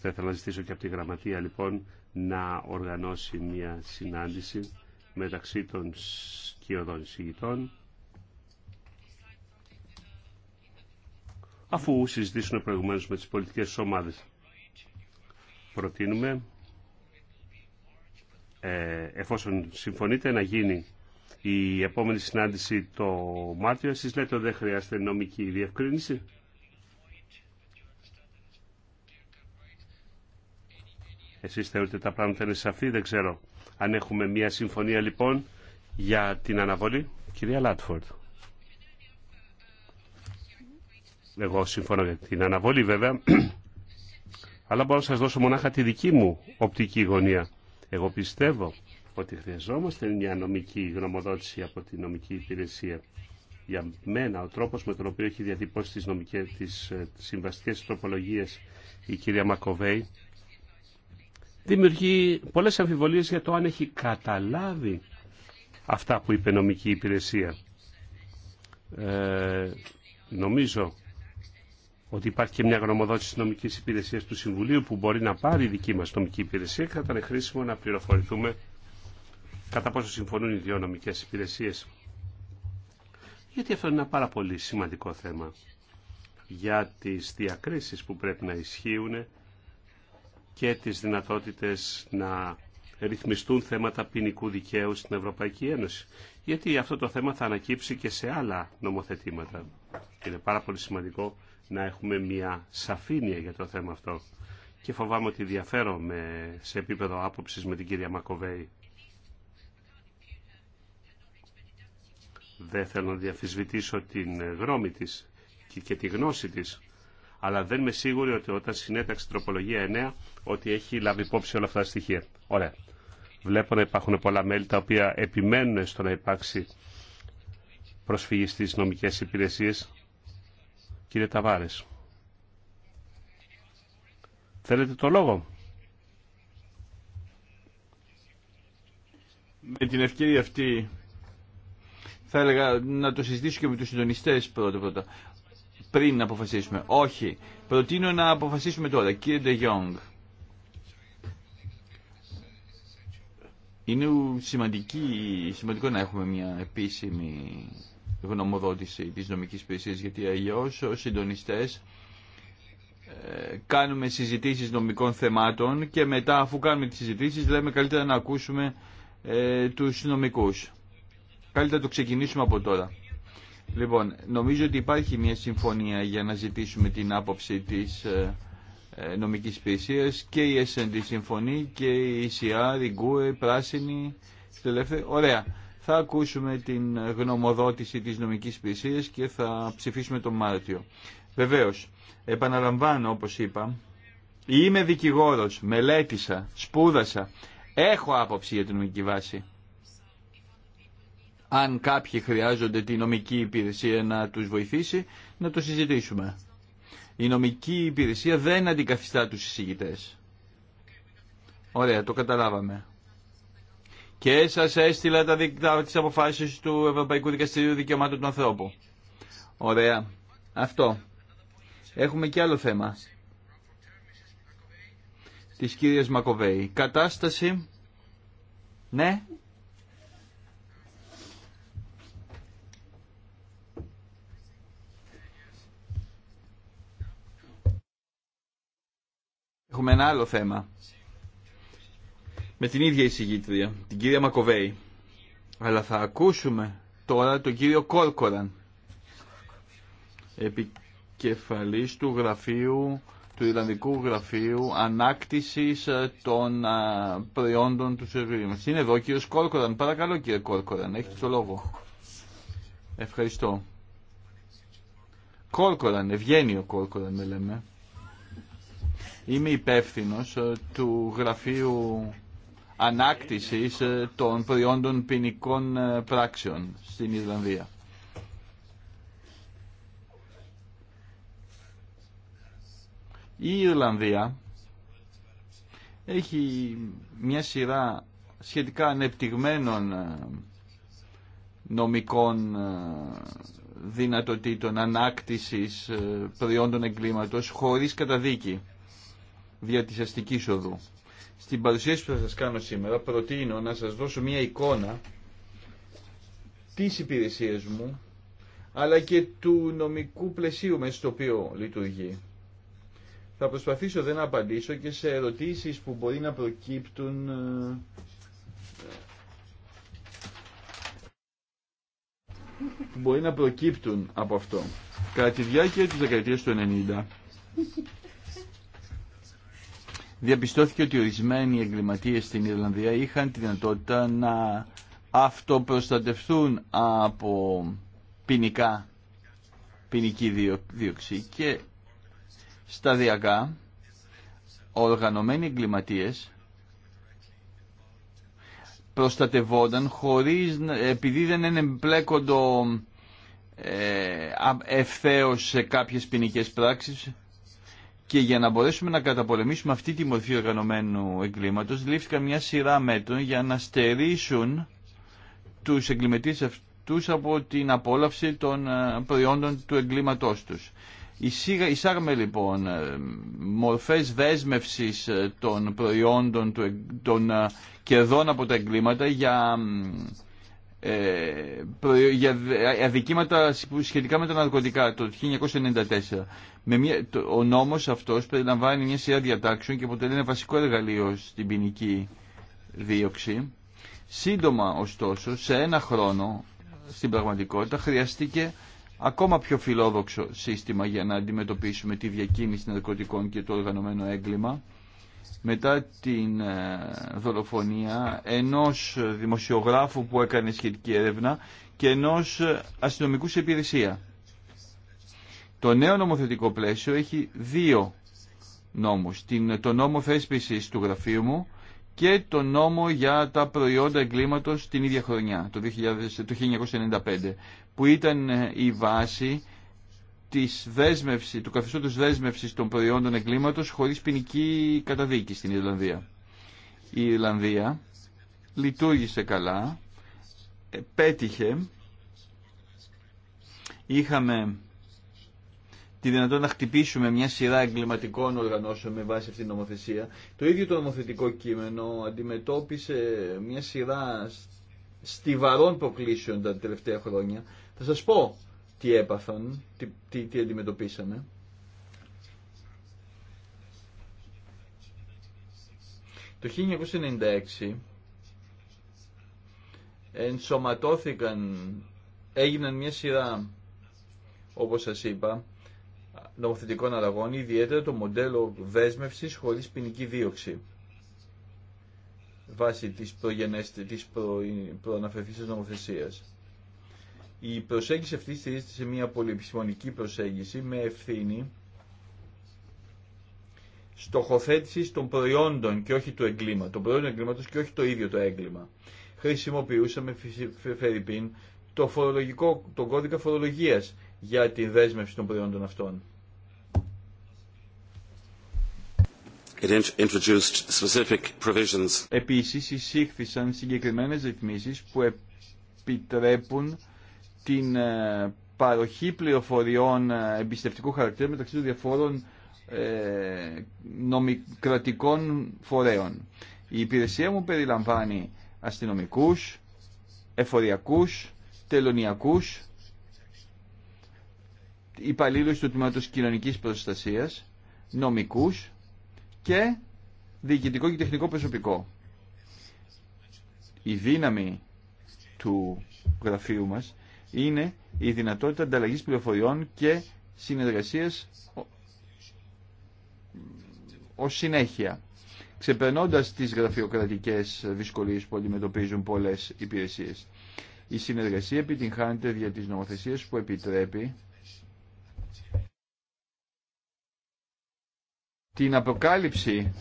Speaker 3: Θα ήθελα να ζητήσω και από τη Γραμματεία λοιπόν να οργανώσει μια συνάντηση μεταξύ των σκιωδών εισηγητών αφού συζητήσουν προηγουμένως με τις πολιτικές ομάδες. Προτείνουμε, ε, εφόσον συμφωνείτε, να γίνει η επόμενη συνάντηση το Μάρτιο. Εσείς λέτε ότι δεν χρειάζεται νομική διευκρίνηση. Εσείς θεωρείτε τα πράγματα είναι σαφή, δεν ξέρω. Αν έχουμε μια συμφωνία λοιπόν για την αναβολή. Κυρία Λάτφορντ. Εγώ συμφωνώ για την αναβολή βέβαια, *clears throat* αλλά μπορώ να σας δώσω μονάχα τη δική μου οπτική γωνία. Εγώ πιστεύω ότι χρειαζόμαστε μια νομική γνωμοδότηση από τη νομική υπηρεσία. Για μένα ο τρόπος με τον οποίο έχει διατυπώσει τις, νομικές, τις ε, συμβαστικές τροπολογίες η κυρία Μακοβέη δημιουργεί πολλές αμφιβολίες για το αν έχει καταλάβει αυτά που είπε νομική υπηρεσία. Ε, νομίζω ότι υπάρχει και μια γνωμοδότηση τη νομική υπηρεσία του Συμβουλίου που μπορεί να πάρει η δική μα νομική υπηρεσία και θα ήταν χρήσιμο να πληροφορηθούμε κατά πόσο συμφωνούν οι δύο νομικέ υπηρεσίε. Γιατί αυτό είναι ένα πάρα πολύ σημαντικό θέμα για τις διακρίσεις που πρέπει να ισχύουν και τις δυνατότητες να ρυθμιστούν θέματα ποινικού δικαίου στην Ευρωπαϊκή Ένωση. Γιατί αυτό το θέμα θα ανακύψει και σε άλλα νομοθετήματα. Είναι πάρα πολύ σημαντικό να έχουμε μια σαφήνεια για το θέμα αυτό. Και φοβάμαι ότι διαφέρω με, σε επίπεδο άποψης με την κυρία Μακοβέη. Δεν θέλω να διαφυσβητήσω την γνώμη της και τη γνώση της, αλλά δεν είμαι σίγουροι ότι όταν συνέταξε τροπολογία 9, ότι έχει λάβει υπόψη όλα αυτά τα στοιχεία. Ωραία. Βλέπω να υπάρχουν πολλά μέλη τα οποία επιμένουν στο να υπάρξει προσφυγή στις νομικές υπηρεσίες Κύριε Ταβάρες. Θέλετε το λόγο. Με την ευκαιρία αυτή
Speaker 1: θα έλεγα να το συζητήσω και με τους συντονιστές πρώτα πρώτα πριν να αποφασίσουμε. Όχι. Προτείνω να αποφασίσουμε τώρα. Κύριε Ντε Είναι σημαντική, σημαντικό να έχουμε μια επίσημη γνωμοδότηση της νομικής υπηρεσίας γιατί αλλιώς ως συντονιστές ε, κάνουμε συζητήσεις νομικών θεμάτων και μετά αφού κάνουμε τις συζητήσεις λέμε καλύτερα να ακούσουμε ε, τους νομικούς. Καλύτερα το ξεκινήσουμε από τώρα. Λοιπόν, νομίζω ότι υπάρχει μια συμφωνία για να ζητήσουμε την άποψη της ε, ε νομικής και η S&D συμφωνεί και η ECR, η GUE, η Πράσινη, η Ωραία. Θα ακούσουμε την γνωμοδότηση της νομικής υπηρεσίας και θα ψηφίσουμε τον Μάρτιο. Βεβαίως, επαναλαμβάνω όπως είπα, είμαι δικηγόρος, μελέτησα, σπούδασα, έχω άποψη για την νομική βάση. Αν κάποιοι χρειάζονται τη νομική υπηρεσία να τους βοηθήσει, να το συζητήσουμε. Η νομική υπηρεσία δεν αντικαθιστά τους συζητητές. Ωραία, το καταλάβαμε και σα έστειλα τα δίκτυα αποφάσεις του Ευρωπαϊκού Δικαστηρίου Δικαιωμάτων του Ανθρώπου. Ωραία. Αυτό. Έχουμε και άλλο θέμα Τη κύρια Μακοβέη. Κατάσταση, ναι. Έχουμε ένα άλλο θέμα με την ίδια εισηγήτρια, την κυρία Μακοβέη. Αλλά θα ακούσουμε τώρα τον κύριο Κόρκοραν, επικεφαλής του γραφείου του Ιρλανδικού Γραφείου Ανάκτησης ε, των ε, Προϊόντων του Σερβίου μας. Είναι εδώ ο κύριος Κόρκοραν. Παρακαλώ κύριε Κόρκοραν, έχετε το λόγο. Ευχαριστώ. Κόρκοραν, Ευγένιο Κόρκοραν με λέμε. Είμαι υπεύθυνο ε, του Γραφείου ανάκτησης ε, των προϊόντων ποινικών ε, πράξεων στην Ιρλανδία. Η Ιρλανδία έχει μια σειρά σχετικά ανεπτυγμένων ε, νομικών δυνατοτήτων ανάκτησης προϊόντων εγκλήματος χωρίς καταδίκη δια της αστικής οδού. Στην παρουσίαση που θα σας κάνω σήμερα προτείνω να σας δώσω μια εικόνα της υπηρεσία μου αλλά και του νομικού πλαισίου μέσα στο οποίο λειτουργεί. Θα προσπαθήσω δεν να απαντήσω και σε ερωτήσεις που μπορεί να προκύπτουν ε, μπορεί να προκύπτουν από αυτό. Κατά τη διάρκεια της δεκαετίας του 90 διαπιστώθηκε ότι ορισμένοι εγκληματίες στην Ιρλανδία είχαν τη δυνατότητα να αυτοπροστατευτούν από ποινικά, ποινική δίωξη και σταδιακά οργανωμένοι εγκληματίες προστατευόταν χωρίς, επειδή δεν εμπλέκοντο ε, ευθέως σε κάποιες ποινικέ πράξεις και για να μπορέσουμε να καταπολεμήσουμε αυτή τη μορφή οργανωμένου εγκλήματος, λήφθηκαν μια σειρά μέτρων για να στερήσουν τους εγκληματίες αυτούς από την απόλαυση των ε, προϊόντων του εγκλήματός τους. Εισάγαμε λοιπόν ε, μορφές δέσμευσης ε, των προϊόντων, των κερδών από τα εγκλήματα για ε, για αδικήματα σχετικά με τα ναρκωτικά το 1994. Με μια, ο νόμος αυτός περιλαμβάνει μια σειρά διατάξεων και αποτελεί ένα βασικό εργαλείο στην ποινική δίωξη. Σύντομα, ωστόσο, σε ένα χρόνο, στην πραγματικότητα, χρειαστήκε ακόμα πιο φιλόδοξο σύστημα για να αντιμετωπίσουμε τη διακίνηση ναρκωτικών και το οργανωμένο έγκλημα μετά την ε, δολοφονία ενός δημοσιογράφου που έκανε σχετική έρευνα και ενός ε, αστυνομικού σε υπηρεσία. Το νέο νομοθετικό πλαίσιο έχει δύο νόμους. Την, το νόμο θέσπισης του γραφείου μου και το νόμο για τα προϊόντα εγκλήματος την ίδια χρονιά, το 1995, που ήταν ε, η βάση της δέσμευση, του καθεστώτος δέσμευσης των προϊόντων εγκλήματος χωρίς ποινική καταδίκη στην Ιρλανδία. Η Ιρλανδία λειτουργήσε καλά, πέτυχε, είχαμε τη δυνατότητα να χτυπήσουμε μια σειρά εγκληματικών οργανώσεων με βάση αυτήν την νομοθεσία. Το ίδιο το νομοθετικό κείμενο αντιμετώπισε μια σειρά στιβαρών προκλήσεων τα τελευταία χρόνια. Θα σας πω τι έπαθαν, τι, τι, τι αντιμετωπίσαμε. Το 1996 ενσωματώθηκαν, έγιναν μια σειρά, όπως σας είπα, νομοθετικών αλλαγών, ιδιαίτερα το μοντέλο δέσμευσης χωρίς ποινική δίωξη βάσει της, της προ, προαναφερθήσεως νομοθεσίας. Η προσέγγιση αυτή στηρίζεται σε μια πολυεπιστημονική προσέγγιση με ευθύνη στοχοθέτηση των προϊόντων και όχι του εγκλήματος, προϊόντων και όχι το ίδιο το έγκλημα. Χρησιμοποιούσαμε φερρυπίν το φορολογικό, τον κώδικα φορολογίας για τη δέσμευση των προϊόντων αυτών. Επίση, εισήχθησαν συγκεκριμένες ρυθμίσεις που επιτρέπουν την ε, παροχή πληροφοριών ε, εμπιστευτικού χαρακτήρα μεταξύ των διαφόρων ε, νομικρατικών φορέων. Η υπηρεσία μου περιλαμβάνει αστυνομικούς, εφοριακούς, τελωνιακούς, υπαλλήλου του Τμήματος Κοινωνικής Προστασίας, νομικούς και διοικητικό και τεχνικό προσωπικό. Η δύναμη του γραφείου μας είναι η δυνατότητα ανταλλαγής πληροφοριών και συνεργασίας ως συνέχεια, ξεπερνώντας τις γραφειοκρατικές δυσκολίες που αντιμετωπίζουν πολλές υπηρεσίες. Η συνεργασία επιτυγχάνεται για της νομοθεσίας που επιτρέπει την αποκάλυψη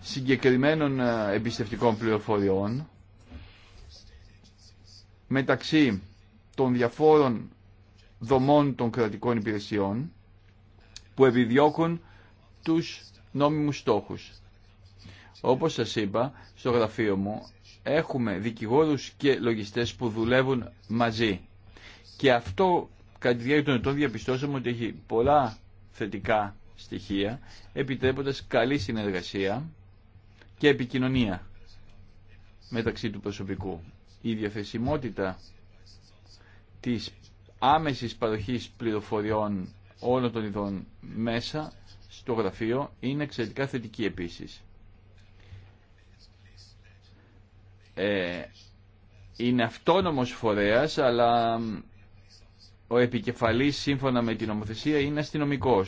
Speaker 1: συγκεκριμένων ε, εμπιστευτικών πληροφοριών μεταξύ των διαφόρων δομών των κρατικών υπηρεσιών που επιδιώκουν τους νόμιμους στόχους. Όπως σας είπα, στο γραφείο μου έχουμε δικηγόρους και λογιστές που δουλεύουν μαζί. Και αυτό κατά τη διάρκεια των ετών διαπιστώσαμε ότι έχει πολλά θετικά στοιχεία, επιτρέποντας καλή συνεργασία και επικοινωνία μεταξύ του προσωπικού. Η διαθεσιμότητα της άμεσης παροχής πληροφοριών όλων των ειδών μέσα στο γραφείο είναι εξαιρετικά θετική επίσης. Ε, είναι αυτόνομος φορέας, αλλά ο επικεφαλής σύμφωνα με την νομοθεσία είναι αστυνομικό.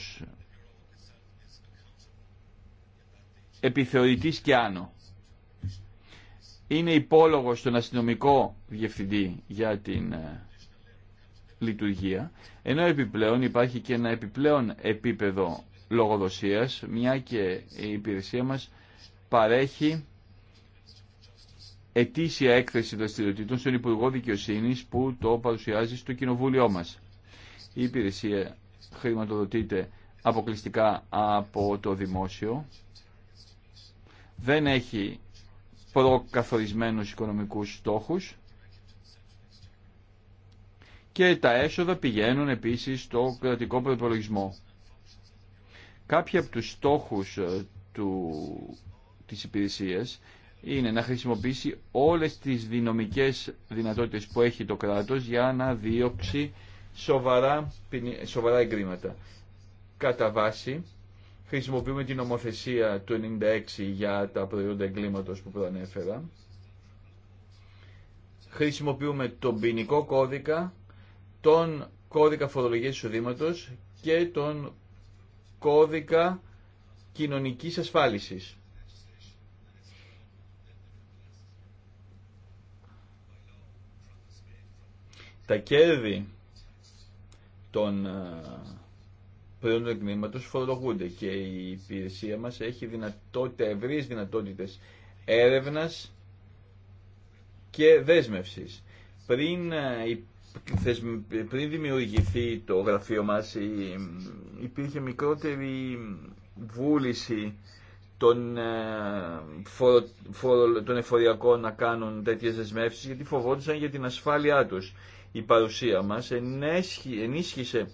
Speaker 1: Επιθεωρητής και άνω. Είναι υπόλογος στον αστυνομικό διευθυντή για την ε, λειτουργία, ενώ επιπλέον υπάρχει και ένα επιπλέον επίπεδο λογοδοσίας, μια και η υπηρεσία μας παρέχει ετήσια έκθεση δραστηριοτήτων στον Υπουργό Δικαιοσύνη που το παρουσιάζει στο Κοινοβούλιο μας. Η υπηρεσία χρηματοδοτείται αποκλειστικά από το δημόσιο. Δεν έχει προκαθορισμένους οικονομικούς στόχους και τα έσοδα πηγαίνουν επίσης στο κρατικό προπολογισμό. Κάποιοι από τους στόχους ε, του, της υπηρεσίας είναι να χρησιμοποιήσει όλες τις δυναμικές δυνατότητες που έχει το κράτος για να διώξει σοβαρά, σοβαρά εγκρήματα. Κατά βάση χρησιμοποιούμε την νομοθεσία του 96 για τα προϊόντα εγκλήματος που προανέφερα. Χρησιμοποιούμε τον ποινικό κώδικα τον κώδικα φορολογίας εισοδήματος και τον κώδικα κοινωνικής ασφάλισης. Τα κέρδη των ε, προϊόντων εκμήματος φορολογούνται και η υπηρεσία μας έχει δυνατότητα, ευρύες δυνατότητες έρευνας και δέσμευσης. Πριν ε, πριν δημιουργηθεί το γραφείο μας υπήρχε μικρότερη βούληση των, ε, φορο, εφοριακών να κάνουν τέτοιες δεσμεύσει γιατί φοβόντουσαν για την ασφάλειά τους. Η παρουσία μας ενίσχυσε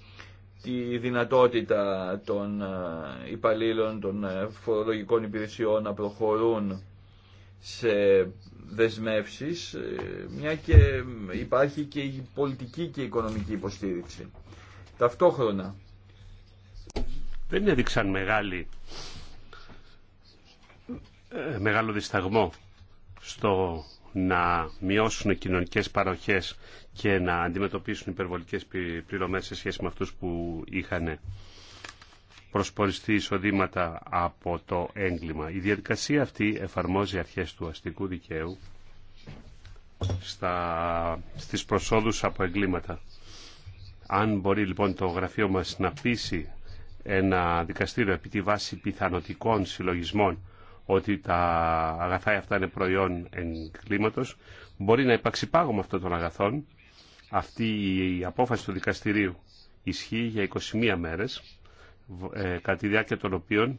Speaker 1: τη δυνατότητα των ε, υπαλλήλων των ε, φορολογικών υπηρεσιών να προχωρούν σε δεσμεύσεις, ε, μια και υπάρχει και η
Speaker 3: πολιτική και η οικονομική υποστήριξη. Ταυτόχρονα. Δεν έδειξαν μεγάλη, ε, μεγάλο δισταγμό στο να μειώσουν κοινωνικές παροχές και να αντιμετωπίσουν υπερβολικές πληρωμές σε σχέση με αυτούς που είχαν προσποριστεί εισοδήματα από το έγκλημα. Η διαδικασία αυτή εφαρμόζει αρχές του αστικού δικαίου στα, στις προσόδους από εγκλήματα. Αν μπορεί λοιπόν το γραφείο μας να πείσει ένα δικαστήριο επί τη βάση πιθανοτικών συλλογισμών ότι τα αγαθά αυτά είναι προϊόν εγκλήματος, μπορεί να υπάρξει πάγωμα αυτών των αγαθών. Αυτή η απόφαση του δικαστηρίου ισχύει για 21 μέρες ε, κατά τη διάρκεια των οποίων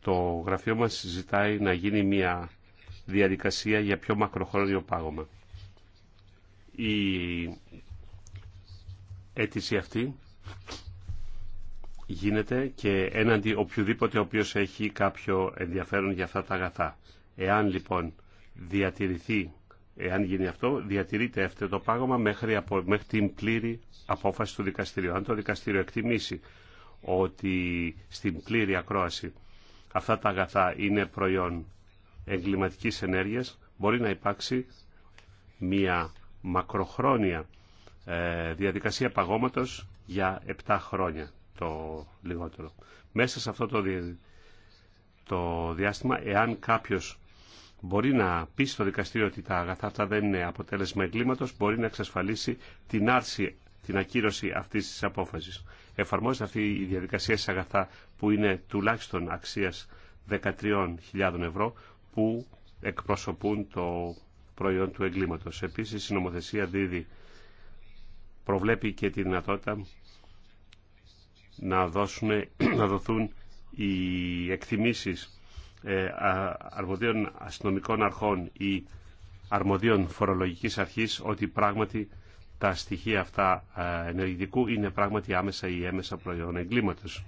Speaker 3: το γραφείο μας ζητάει να γίνει μια διαδικασία για πιο μακροχρόνιο πάγωμα. Η αίτηση αυτή γίνεται και έναντι οποιοδήποτε ο οποίος έχει κάποιο ενδιαφέρον για αυτά τα αγαθά. Εάν λοιπόν διατηρηθεί, εάν γίνει αυτό, διατηρείται αυτό το πάγωμα μέχρι, από, μέχρι την πλήρη απόφαση του δικαστηρίου. Αν το δικαστήριο εκτιμήσει ότι στην πλήρη ακρόαση αυτά τα αγαθά είναι προϊόν εγκληματικής ενέργειας, μπορεί να υπάρξει μια μακροχρόνια ε, διαδικασία παγώματος για 7 χρόνια το λιγότερο. Μέσα σε αυτό το, διάστημα, εάν κάποιος μπορεί να πει στο δικαστήριο ότι τα αγαθά αυτά δεν είναι αποτέλεσμα εγκλήματος, μπορεί να εξασφαλίσει την άρση την ακύρωση αυτής της απόφασης. Εφαρμόζεται αυτή η διαδικασία σε αγαθά που είναι τουλάχιστον αξίας 13.000 ευρώ που εκπροσωπούν το προϊόν του εγκλήματος. Επίσης η νομοθεσία δίδει, προβλέπει και τη δυνατότητα να, δώσουν, να δοθούν οι εκτιμήσεις ε, αρμοδίων αστυνομικών αρχών ή αρμοδίων φορολογικής αρχής ότι πράγματι τα στοιχεία αυτά ε, ενεργητικού είναι πράγματι άμεσα ή έμεσα προϊόν εγκλήματος.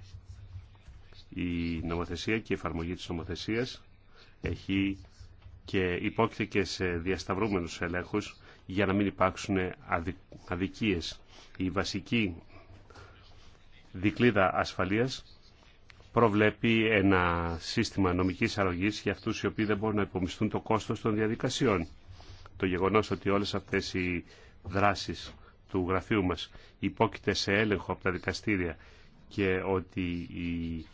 Speaker 3: Η νομοθεσία και η εφαρμογή της νομοθεσίας έχει και υπόκειται και σε διασταυρούμενους ελέγχους για να μην υπάρξουν αδικίες. Η βασική δικλίδα ασφαλείας προβλέπει ένα σύστημα νομικής αρρωγής για αυτούς οι οποίοι δεν μπορούν να υπομισθούν το κόστος των διαδικασιών. Το γεγονός ότι όλες αυτές οι δράσεις του γραφείου μας υπόκειται σε έλεγχο από τα δικαστήρια και ότι η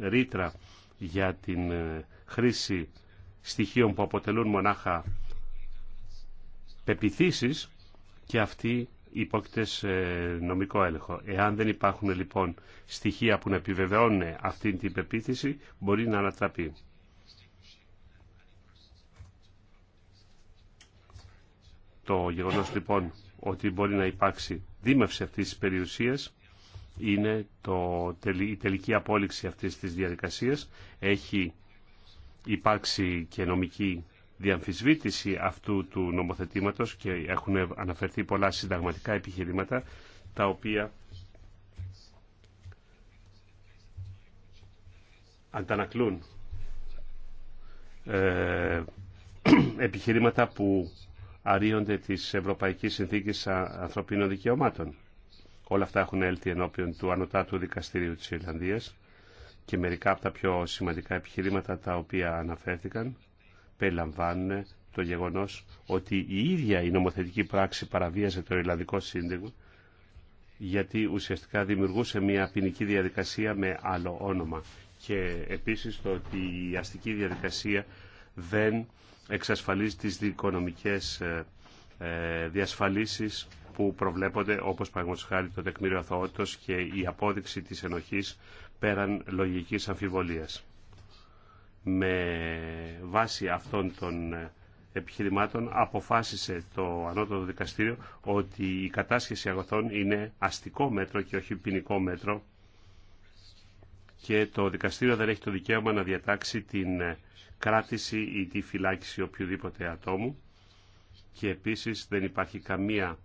Speaker 3: ρήτρα για την ε, χρήση στοιχείων που αποτελούν μονάχα πεπιθήσεις και αυτή υπόκειται σε νομικό έλεγχο. Εάν δεν υπάρχουν λοιπόν στοιχεία που να επιβεβαιώνουν αυτή την πεποίθηση, μπορεί να ανατραπεί. Το γεγονός λοιπόν ότι μπορεί να υπάρξει δίμευση αυτής της περιουσίας είναι το, η τελική απόλυξη αυτής της διαδικασίας. Έχει υπάρξει και νομική διαμφισβήτηση αυτού του νομοθετήματος και έχουν αναφερθεί πολλά συνταγματικά επιχειρήματα τα οποία αντανακλούν ε, *clears throat* επιχειρήματα που αρίονται της Ευρωπαϊκής Συνθήκης Ανθρωπίνων Δικαιωμάτων. Όλα αυτά έχουν έλθει ενώπιον του Ανωτάτου Δικαστηρίου της Ιρλανδίας και μερικά από τα πιο σημαντικά επιχειρήματα τα οποία αναφέρθηκαν περιλαμβάνουν το γεγονός ότι η ίδια η νομοθετική πράξη παραβίαζε το Ιρλανδικό Σύνταγμα γιατί ουσιαστικά δημιουργούσε μια ποινική διαδικασία με άλλο όνομα και επίσης το ότι η αστική διαδικασία δεν εξασφαλίζει τις δικονομικές ε, ε, διασφαλίσεις που προβλέπονται όπως παραγωγός το τεκμήριο αθωότητος και η απόδειξη της ενοχής πέραν λογικής αμφιβολίας. Με βάση αυτών των ε, επιχειρημάτων αποφάσισε το ανώτατο δικαστήριο ότι η κατάσχεση αγωθών είναι αστικό μέτρο και όχι ποινικό μέτρο και το δικαστήριο δεν έχει το δικαίωμα να διατάξει την κράτηση ή τη φυλάκιση οποιοδήποτε ατόμου και επίσης δεν υπάρχει καμία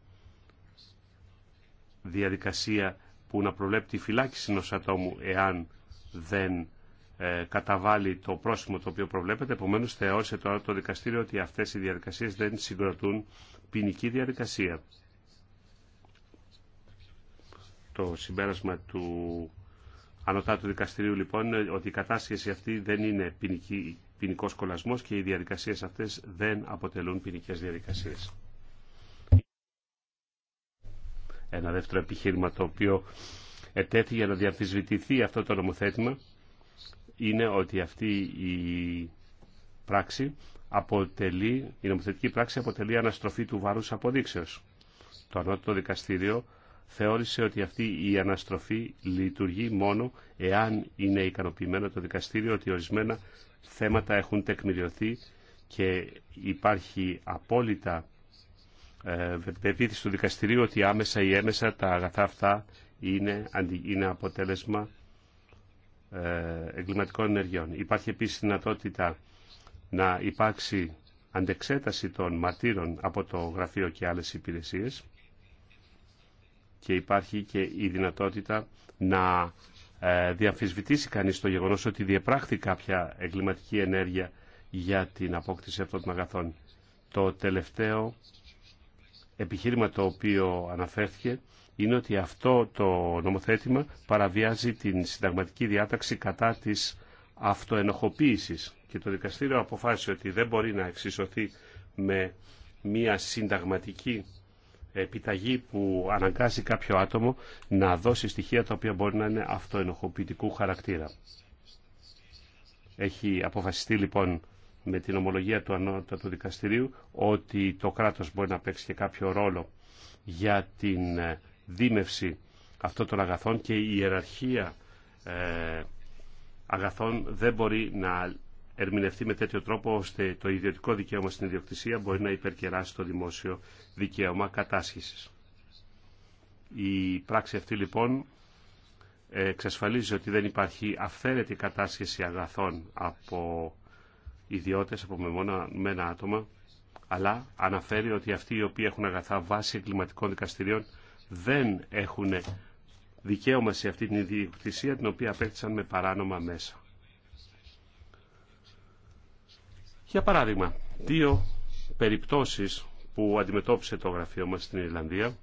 Speaker 3: διαδικασία που να προβλέπει τη φυλάκιση ενός ατόμου εάν δεν ε, καταβάλει το πρόσημο το οποίο προβλέπεται. Επομένως θεώρησε τώρα το δικαστήριο ότι αυτές οι διαδικασίες δεν συγκροτούν ποινική διαδικασία. Το συμπέρασμα του του δικαστηρίου λοιπόν είναι ότι η κατάσχεση αυτή δεν είναι ποινική ποινικό κολασμός και οι διαδικασίες αυτές δεν αποτελούν ποινικέ διαδικασίες. Ένα δεύτερο επιχείρημα το οποίο ετέθη για να διαμφισβητηθεί αυτό το νομοθέτημα είναι ότι αυτή η πράξη αποτελεί, η νομοθετική πράξη αποτελεί αναστροφή του βάρους αποδείξεως. Το ανώτατο δικαστήριο θεώρησε ότι αυτή η αναστροφή λειτουργεί μόνο εάν είναι ικανοποιημένο το δικαστήριο ότι ορισμένα θέματα έχουν τεκμηριωθεί και υπάρχει απόλυτα πεποίθηση του δικαστηρίο ότι άμεσα ή έμεσα τα αγαθά αυτά είναι, είναι αποτέλεσμα ε, εγκληματικών ενεργειών. Υπάρχει επίσης δυνατότητα να υπάρξει αντεξέταση των μαρτύρων από το γραφείο και άλλες υπηρεσίες και υπάρχει και η δυνατότητα να ε, Διαμφισβητήσει κάνει το γεγονός ότι διεπράχθη κάποια εγκληματική ενέργεια για την απόκτηση αυτών των αγαθών. Το τελευταίο επιχείρημα το οποίο αναφέρθηκε είναι ότι αυτό το νομοθέτημα παραβιάζει την συνταγματική διάταξη κατά της αυτοενοχοποίησης και το δικαστήριο αποφάσισε ότι δεν μπορεί να εξισωθεί με μια συνταγματική επιταγή που αναγκάζει κάποιο άτομο να δώσει στοιχεία τα οποία μπορεί να είναι αυτοενοχοποιητικού χαρακτήρα. Έχει αποφασιστεί λοιπόν με την ομολογία του ανώτατου δικαστηρίου ότι το κράτος μπορεί να παίξει και κάποιο ρόλο για την ε, δίμευση αυτών των αγαθών και η ιεραρχία ε, αγαθών δεν μπορεί να ερμηνευτεί με τέτοιο τρόπο ώστε το ιδιωτικό δικαίωμα στην ιδιοκτησία μπορεί να υπερκεράσει το δημόσιο δικαίωμα κατάσχεσης. Η πράξη αυτή λοιπόν εξασφαλίζει ότι δεν υπάρχει αυθαίρετη κατάσχεση αγαθών από ιδιώτες, από μεμονωμένα άτομα, αλλά αναφέρει ότι αυτοί οι οποίοι έχουν αγαθά βάσει εγκληματικών δικαστηρίων δεν έχουν δικαίωμα σε αυτή την ιδιοκτησία την οποία απέκτησαν με παράνομα μέσα. Για παράδειγμα, δύο περιπτώσεις που αντιμετώπισε το γραφείο μας στην Ιρλανδία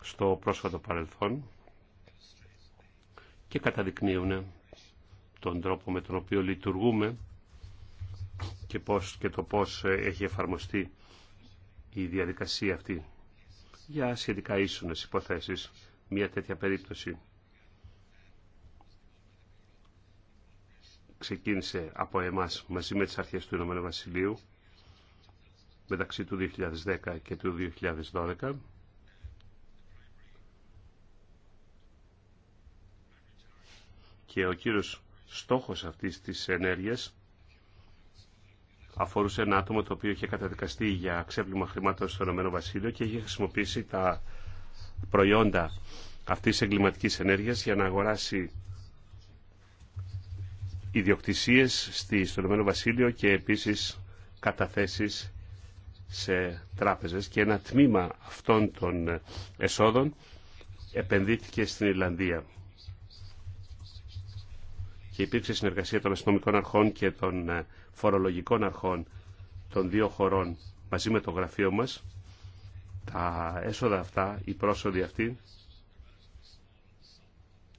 Speaker 3: στο πρόσφατο παρελθόν και καταδεικνύουν τον τρόπο με τον οποίο λειτουργούμε και, και το πώς ε, έχει εφαρμοστεί η διαδικασία αυτή για σχετικά ίσονες υποθέσεις. Μια τέτοια περίπτωση ξεκίνησε από εμάς μαζί με τις αρχές του Ηνωμένου Βασιλείου μεταξύ του 2010 και του 2012 και ο κύριος στόχος αυτής της ενέργειας αφορούσε ένα άτομο το οποίο είχε καταδικαστεί για ξέπλυμα χρημάτων στο Ηνωμένο Βασίλειο και είχε χρησιμοποιήσει τα προϊόντα αυτής της εγκληματικής ενέργειας για να αγοράσει ιδιοκτησίες στη, στο Ηνωμένο Βασίλειο και επίσης καταθέσεις σε τράπεζες και ένα τμήμα αυτών των εσόδων επενδύθηκε στην Ιρλανδία. Και υπήρξε συνεργασία των αστυνομικών αρχών και των ε, φορολογικών αρχών των δύο χωρών μαζί με το γραφείο μας. Τα έσοδα αυτά, οι πρόσοδοι αυτοί,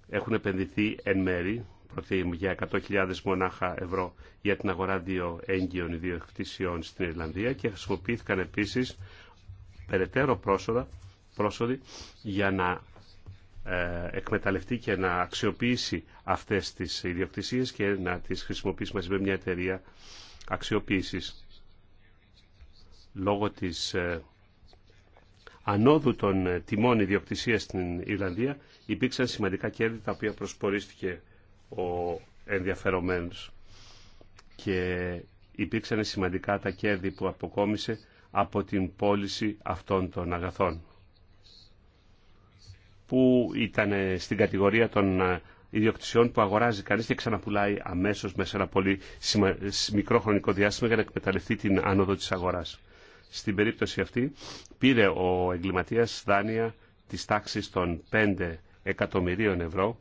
Speaker 3: έχουν επενδυθεί εν μέρη προωθεί για 100.000 μονάχα ευρώ για την αγορά δύο έγκυων ιδιοκτησιών στην Ιρλανδία και χρησιμοποιήθηκαν επίσης περαιτέρω πρόσοδα, πρόσοδοι για να ε, εκμεταλλευτεί και να αξιοποιήσει αυτές τις ιδιοκτησίες και να τις χρησιμοποιήσει μαζί με μια εταιρεία αξιοποίησης. Λόγω της ε, ανόδου των ε, τιμών ιδιοκτησίας στην Ιρλανδία υπήρξαν σημαντικά κέρδη τα οποία προσπορίστηκε ο ενδιαφερομένος και υπήρξαν σημαντικά τα κέρδη που αποκόμισε από την πώληση αυτών των αγαθών που ήταν στην κατηγορία των ε, ιδιοκτησιών που αγοράζει κανείς και ξαναπουλάει αμέσως μέσα ένα πολύ μικρό χρονικό διάστημα για να εκμεταλλευτεί την άνοδο της αγοράς. Στην περίπτωση αυτή πήρε ο εγκληματίας δάνεια της τάξης των 5 εκατομμυρίων ευρώ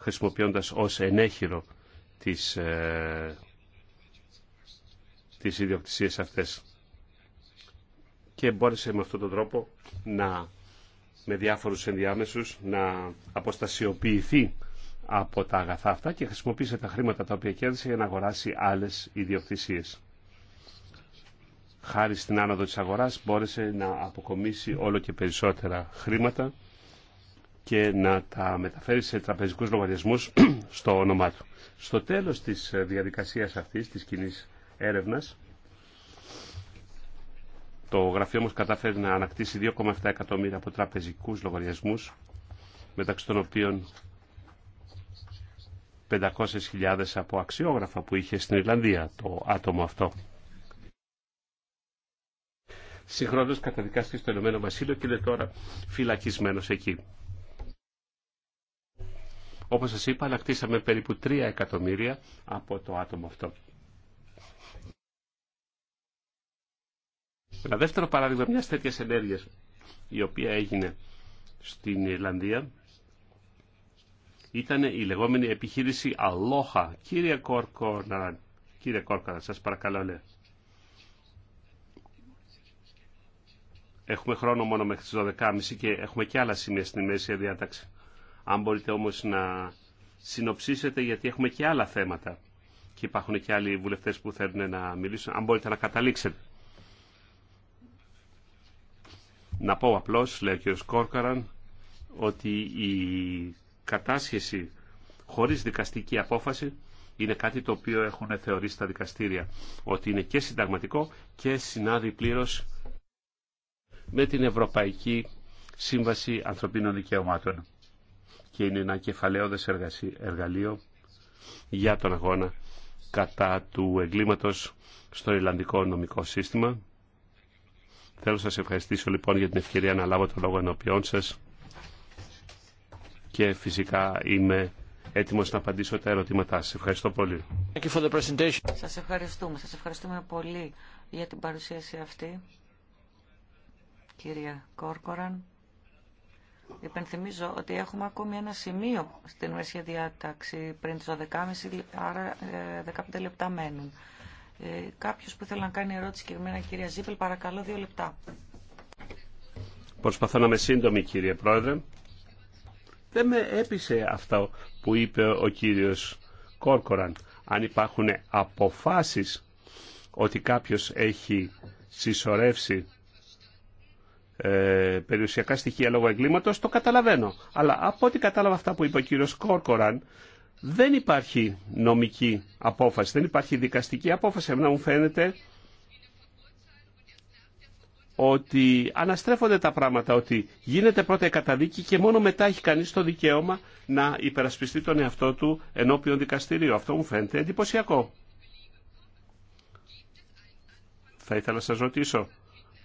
Speaker 3: χρησιμοποιώντας ως ενέχειρο τις, ε, τις ιδιοκτησίες αυτές. Και μπόρεσε με αυτόν τον τρόπο να, με διάφορους ενδιάμεσους να αποστασιοποιηθεί από τα αγαθά αυτά και χρησιμοποίησε τα χρήματα τα οποία κέρδισε για να αγοράσει άλλες ιδιοκτησίες. Χάρη στην άνοδο της αγοράς μπόρεσε να αποκομίσει όλο και περισσότερα χρήματα και να τα μεταφέρει σε τραπεζικούς λογαριασμούς *clears throat* στο όνομά του. Στο τέλος της ε, διαδικασίας αυτής, της κοινή έρευνας, το γραφείο μα κατάφερε να ανακτήσει 2,7 εκατομμύρια από τραπεζικούς λογαριασμούς, μεταξύ των οποίων 500.000 από αξιόγραφα που είχε στην Ιρλανδία το άτομο αυτό. Συγχρόνως καταδικάστηκε στο Ηνωμένο Βασίλειο και είναι τώρα φυλακισμένος εκεί. Όπως σας είπα, ανακτήσαμε περίπου 3 εκατομμύρια από το άτομο αυτό. Ένα δεύτερο παράδειγμα μιας τέτοιας ενέργειας, η οποία έγινε στην Ιρλανδία, ήταν η λεγόμενη επιχείρηση Αλόχα. Κύριε να, κύριε να σας παρακαλώ, λέει. Ναι. Έχουμε χρόνο μόνο μέχρι τις 12.30 και έχουμε και άλλα σημεία στην μέση διάταξη. Αν μπορείτε όμως να συνοψίσετε γιατί έχουμε και άλλα θέματα και υπάρχουν και άλλοι βουλευτές που θέλουν να μιλήσουν. Αν μπορείτε να καταλήξετε. Να πω απλώς, λέει ο κ. Κόρκαραν, ότι η κατάσχεση χωρίς δικαστική απόφαση είναι κάτι το οποίο έχουν θεωρήσει τα δικαστήρια ότι είναι και συνταγματικό και συνάδει πλήρως με την Ευρωπαϊκή Σύμβαση Ανθρωπίνων Δικαιωμάτων και είναι ένα κεφαλαίωδες εργαλείο για τον αγώνα κατά του εγκλήματος στο Ιλλανδικό νομικό σύστημα. Θέλω να σας ευχαριστήσω λοιπόν για την ευκαιρία να λάβω το λόγο ενώπιόν σας και φυσικά είμαι έτοιμος να απαντήσω τα ερωτήματά σας. Ευχαριστώ πολύ.
Speaker 2: Thank Σας ευχαριστούμε. Σας ευχαριστούμε πολύ για την παρουσίαση αυτή. Κυρία Κόρκοραν. Υπενθυμίζω ότι έχουμε ακόμη ένα σημείο στην μέση διάταξη πριν τις 12.30, άρα 15 ε, λεπτά μένουν. Ε, κάποιος που θέλει να κάνει ερώτηση και εμένα, κυρία Ζήπελ, παρακαλώ δύο λεπτά.
Speaker 3: Προσπαθώ να είμαι σύντομη, κύριε Πρόεδρε. Δεν με έπεισε αυτό που είπε ο κύριος Κόρκοραν. Αν υπάρχουν αποφάσεις ότι κάποιος έχει συσσωρεύσει ε, περιουσιακά στοιχεία λόγω εγκλήματος, το καταλαβαίνω. Αλλά από ό,τι κατάλαβα αυτά που είπε ο κύριος Κόρκοραν, δεν υπάρχει νομική απόφαση, δεν υπάρχει δικαστική απόφαση. Εμένα μου φαίνεται ότι αναστρέφονται τα πράγματα, ότι γίνεται πρώτα η καταδίκη και μόνο μετά έχει κανείς το δικαίωμα να υπερασπιστεί τον εαυτό του ενώπιον δικαστηρίου. Αυτό μου φαίνεται εντυπωσιακό. Θα ήθελα να σας ρωτήσω,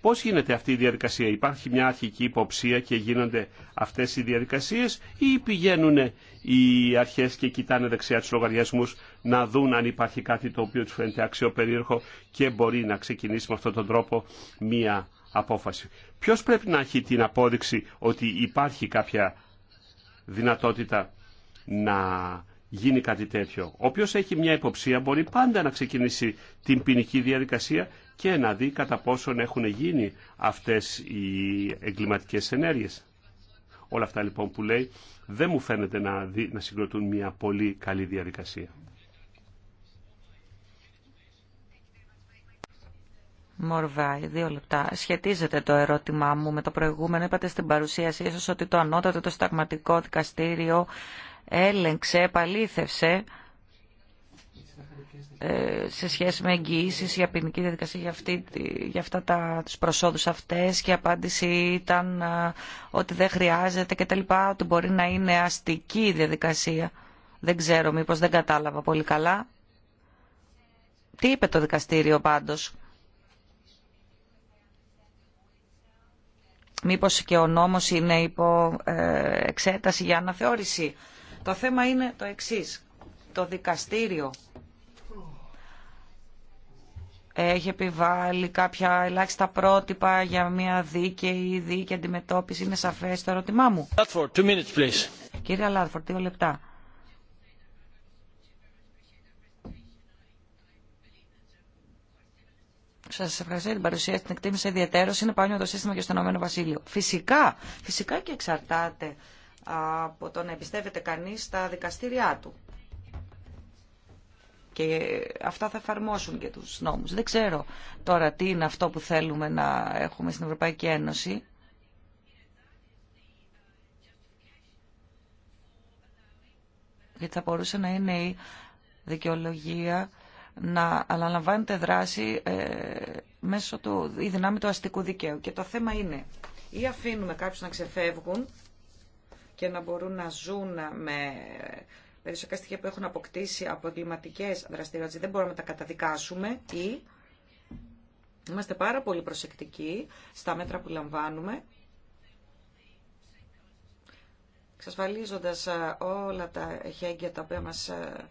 Speaker 3: Πώς γίνεται αυτή η διαδικασία, υπάρχει μια αρχική υποψία και γίνονται αυτές οι διαδικασίες ή πηγαίνουν οι αρχές και κοιτάνε δεξιά τους λογαριασμούς να δουν αν υπάρχει κάτι το οποίο τους φαίνεται αξιοπερίεργο και μπορεί να ξεκινήσει με αυτόν τον τρόπο μια απόφαση. Ποιος πρέπει να έχει την απόδειξη ότι υπάρχει κάποια δυνατότητα να γίνει κάτι τέτοιο. Όποιος έχει μια υποψία μπορεί πάντα να ξεκινήσει την ποινική διαδικασία και να δει κατά πόσον έχουν γίνει αυτές οι εγκληματικές ενέργειες. Όλα αυτά λοιπόν που λέει δεν μου φαίνεται να, δει, να συγκροτούν μια πολύ καλή διαδικασία.
Speaker 2: Μορβάη, δύο λεπτά. Σχετίζεται το ερώτημά μου με το προηγούμενο. Είπατε στην παρουσίαση ίσως ότι το ανώτατο το σταγματικό δικαστήριο έλεγξε, επαλήθευσε ε, σε σχέση με εγγυήσεις για ποινική διαδικασία για, αυτή, για αυτά τα, τους προσόδους αυτές και η απάντηση ήταν ότι δεν χρειάζεται και τα λοιπά, ότι μπορεί να είναι αστική η διαδικασία. Δεν ξέρω, μήπως δεν κατάλαβα πολύ καλά. Τι είπε το δικαστήριο πάντως. Μήπως και ο νόμος είναι υπό ε, εξέταση για αναθεώρηση. Το θέμα είναι το εξής. Το δικαστήριο έχει επιβάλει κάποια ελάχιστα πρότυπα για μια δίκαιη δίκαιη αντιμετώπιση. Είναι σαφές το ερώτημά μου. Κύριε Λάτφορ, δύο λεπτά. Σα ευχαριστώ για την παρουσία την εκτίμηση ιδιαίτερω. Είναι πάνω το σύστημα και στον Ηνωμένο Βασίλειο. Φυσικά, φυσικά και εξαρτάται από το να εμπιστεύεται κανεί στα δικαστήριά του και αυτά θα εφαρμόσουν και τους νόμους. Δεν ξέρω τώρα τι είναι αυτό που θέλουμε να έχουμε στην Ευρωπαϊκή Ένωση. Γιατί θα μπορούσε να είναι η δικαιολογία να αναλαμβάνεται δράση ε, μέσω του η δυνάμει του αστικού δικαίου. Και το θέμα είναι ή αφήνουμε κάποιους να ξεφεύγουν και να μπορούν να ζουν με περιουσιακά στοιχεία που έχουν αποκτήσει από εγκληματικέ δραστηριότητε δεν μπορούμε να τα καταδικάσουμε ή είμαστε πάρα πολύ προσεκτικοί στα μέτρα που λαμβάνουμε εξασφαλίζοντας ε, όλα τα χέγγια τα οποία μας ε,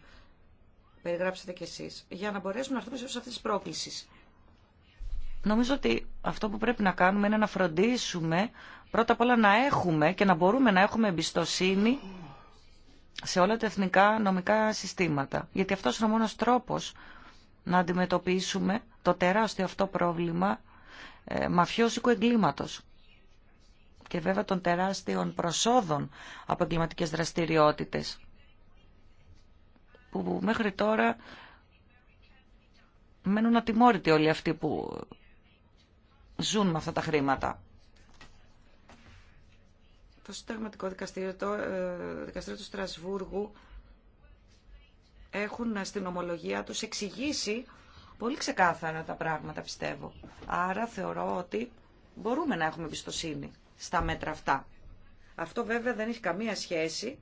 Speaker 2: περιγράψετε κι εσείς, για να μπορέσουμε να έρθουμε σε αυτές τις πρόκλησεις. Νομίζω ότι αυτό που πρέπει να κάνουμε είναι να φροντίσουμε πρώτα απ' όλα να έχουμε και να μπορούμε να έχουμε εμπιστοσύνη σε όλα τα εθνικά νομικά συστήματα. Γιατί αυτός είναι ο μόνος τρόπος να αντιμετωπίσουμε το τεράστιο αυτό πρόβλημα ε, μαφιόσικου εγκλήματος και βέβαια των τεράστιων προσόδων από εγκληματικές δραστηριότητες που μέχρι τώρα μένουν ατιμόρυτοι όλοι αυτοί που ζουν με αυτά τα χρήματα. Το Συνταγματικό Δικαστήριο, το ε, Δικαστήριο του Στρασβούργου έχουν στην ομολογία τους εξηγήσει πολύ ξεκάθαρα τα πράγματα, πιστεύω. Άρα θεωρώ ότι μπορούμε να έχουμε εμπιστοσύνη στα μέτρα αυτά. Αυτό βέβαια δεν έχει καμία σχέση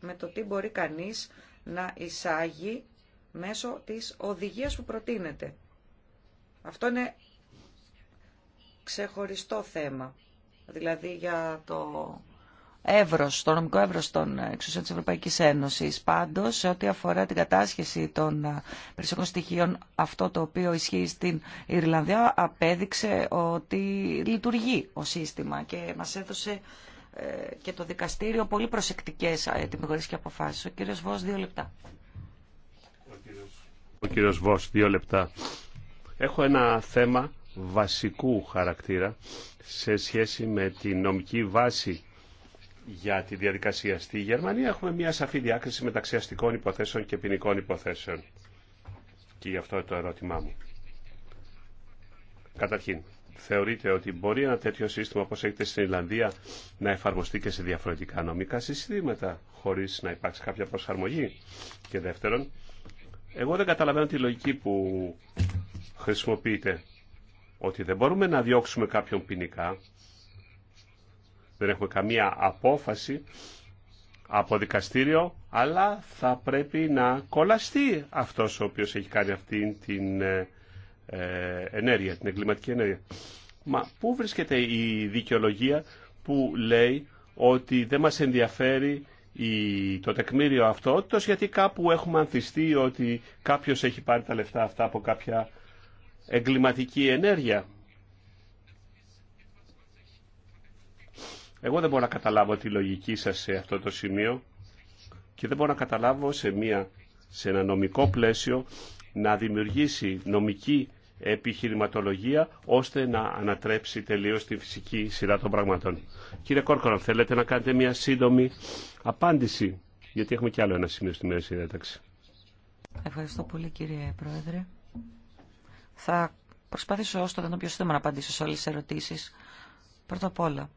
Speaker 2: με το τι μπορεί κανείς να εισάγει μέσω της οδηγίας που προτείνεται. Αυτό είναι ξεχωριστό θέμα δηλαδή για το εύρος, το νομικό εύρος των εξουσιών της Ευρωπαϊκής Ένωσης. Πάντως, σε ό,τι αφορά την κατάσχεση των περισσότερων στοιχείων, αυτό το οποίο ισχύει στην Ιρλανδία απέδειξε ότι λειτουργεί ο σύστημα και μας έδωσε ε, και το δικαστήριο πολύ προσεκτικές ε, τιμιγορίες και αποφάσεις. Ο κύριος Βος, δύο λεπτά.
Speaker 3: Ο κύριος, ο κύριος Βος, δύο λεπτά. Έχω ένα θέμα βασικού χαρακτήρα σε σχέση με τη νομική βάση για τη διαδικασία. Στη Γερμανία έχουμε μια σαφή διάκριση μεταξύ αστικών υποθέσεων και ποινικών υποθέσεων. Και γι' αυτό το ερώτημά μου. Καταρχήν, θεωρείτε ότι μπορεί ένα τέτοιο σύστημα όπως έχετε στην Ιλλανδία να εφαρμοστεί και σε διαφορετικά νομικά συστήματα χωρίς να υπάρξει κάποια προσαρμογή. Και δεύτερον, εγώ δεν καταλαβαίνω τη λογική που χρησιμοποιείτε ότι δεν μπορούμε να διώξουμε κάποιον ποινικά, δεν έχουμε καμία απόφαση από δικαστήριο, αλλά θα πρέπει να κολλαστεί αυτός ο οποίος έχει κάνει αυτή την ε, ε, ενέργεια, την εγκληματική ενέργεια. Μα πού βρίσκεται η δικαιολογία που λέει ότι δεν μας ενδιαφέρει το τεκμήριο αυτό, τόσο γιατί κάπου έχουμε ανθιστεί ότι κάποιος έχει πάρει τα λεφτά αυτά από κάποια εγκληματική ενέργεια. Εγώ δεν μπορώ να καταλάβω τη λογική σας σε αυτό το σημείο και δεν μπορώ να καταλάβω σε, μια, σε ένα νομικό πλαίσιο να δημιουργήσει νομική επιχειρηματολογία ώστε να ανατρέψει τελείως τη φυσική σειρά των πραγμάτων. Κύριε Κόρκορα, θέλετε να κάνετε μια σύντομη απάντηση, γιατί έχουμε κι άλλο ένα σημείο στη μέση διάταξη.
Speaker 2: Ευχαριστώ πολύ κύριε Πρόεδρε. Θα προσπαθήσω όσο το πιο σύντομα να απαντήσω σε όλες τις ερωτήσεις. Πρώτα απ' όλα,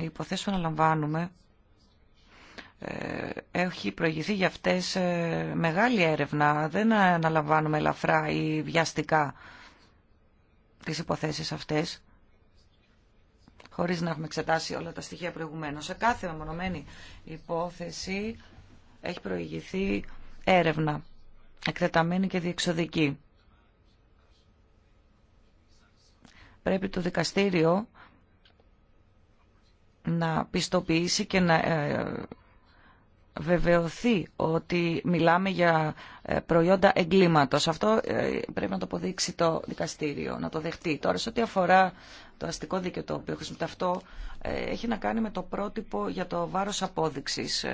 Speaker 2: οι υποθέσεις που αναλαμβάνουμε ε, έχει προηγηθεί για αυτές ε, μεγάλη έρευνα. Δεν αναλαμβάνουμε ελαφρά ή βιαστικά τις υποθέσεις αυτές, χωρίς να έχουμε εξετάσει όλα τα στοιχεία προηγουμένως. Σε κάθε μεμονωμένη υπόθεση έχει προηγηθεί έρευνα, εκτεταμένη και διεξοδική. Πρέπει το δικαστήριο να πιστοποιήσει και να ε, βεβαιωθεί ότι μιλάμε για ε, προϊόντα εγκλήματος. Αυτό ε, πρέπει να το αποδείξει το δικαστήριο, να το δεχτεί. Τώρα, σε ό,τι αφορά το αστικό δίκαιο το οποίο χρησιμοποιείται αυτό, έχει να κάνει με το πρότυπο για το βάρος απόδειξης,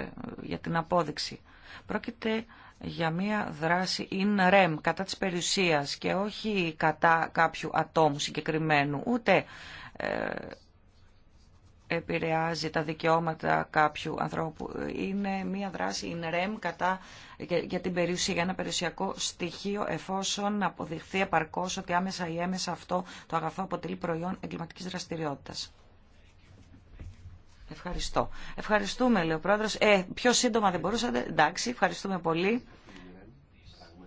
Speaker 2: για την απόδειξη. Πρόκειται για μια δράση in rem, κατά της περιουσίας και όχι κατά κάποιου ατόμου συγκεκριμένου, ούτε ε, επηρεάζει τα δικαιώματα κάποιου ανθρώπου. Είναι μια δράση in rem κατά, για, την περιουσία, για ένα περιουσιακό στοιχείο, εφόσον αποδειχθεί επαρκώς ότι άμεσα ή έμεσα αυτό το αγαθό αποτελεί προϊόν εγκληματικής δραστηριότητας. Ευχαριστώ. Ευχαριστούμε, λέει ο πρόεδρος. Ε, πιο σύντομα δεν μπορούσατε. Εντάξει, ευχαριστούμε πολύ.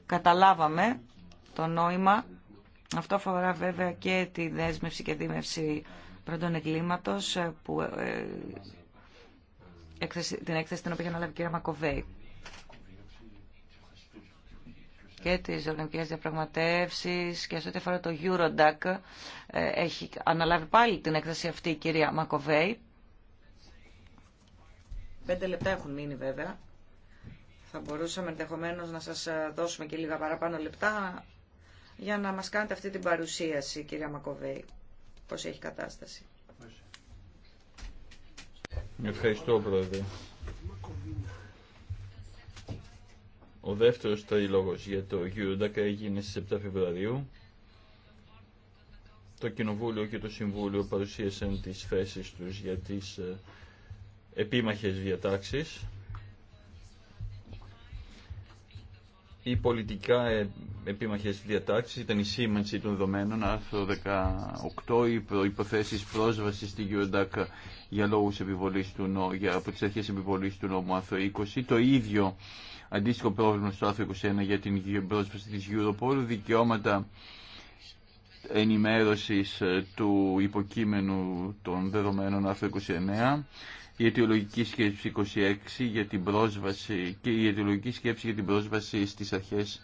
Speaker 2: Καταλάβαμε το νόημα. Αυτό αφορά βέβαια και τη δέσμευση και δίμευση πρώτων εγκλήματος, ε, που, ε, την έκθεση την οποία είχε αναλάβει η κυρία Μακοβέη. Και τις οργανικές διαπραγματεύσεις και σε ό,τι αφορά το Eurodac ε, έχει αναλάβει πάλι την έκθεση αυτή η κυρία Μακοβέη Πέντε λεπτά έχουν μείνει βέβαια. Θα μπορούσαμε ενδεχομένω να σας ε, δώσουμε και λίγα παραπάνω λεπτά για να μας κάνετε αυτή την παρουσίαση, κυρία Μακοβέη, πώς έχει κατάσταση.
Speaker 1: Ευχαριστώ, Πρόεδρε. Ο δεύτερος τρίλογος για το Γιούντακα έγινε στις 7 Φεβρουαρίου. Το Κοινοβούλιο και το Συμβούλιο παρουσίασαν τις θέσεις τους για τις ε, επίμαχες διατάξεις. η πολιτικά ε, επίμαχες διατάξεις ήταν η σήμανση των δεδομένων, άρθρο 18, οι υποθέσεις πρόσβασης στην Eurodac για λόγους επιβολής του νόμου, για, από τις αρχές επιβολής του νόμου, άρθρο 20, το ίδιο αντίστοιχο πρόβλημα στο άρθρο 21 για την πρόσβαση της Europol, δικαιώματα ενημέρωσης ε, του υποκείμενου των δεδομένων άρθρο 29, η αιτιολογική σκέψη 26 για την πρόσβαση και η αιτιολογική σκέψη για την πρόσβαση στις αρχές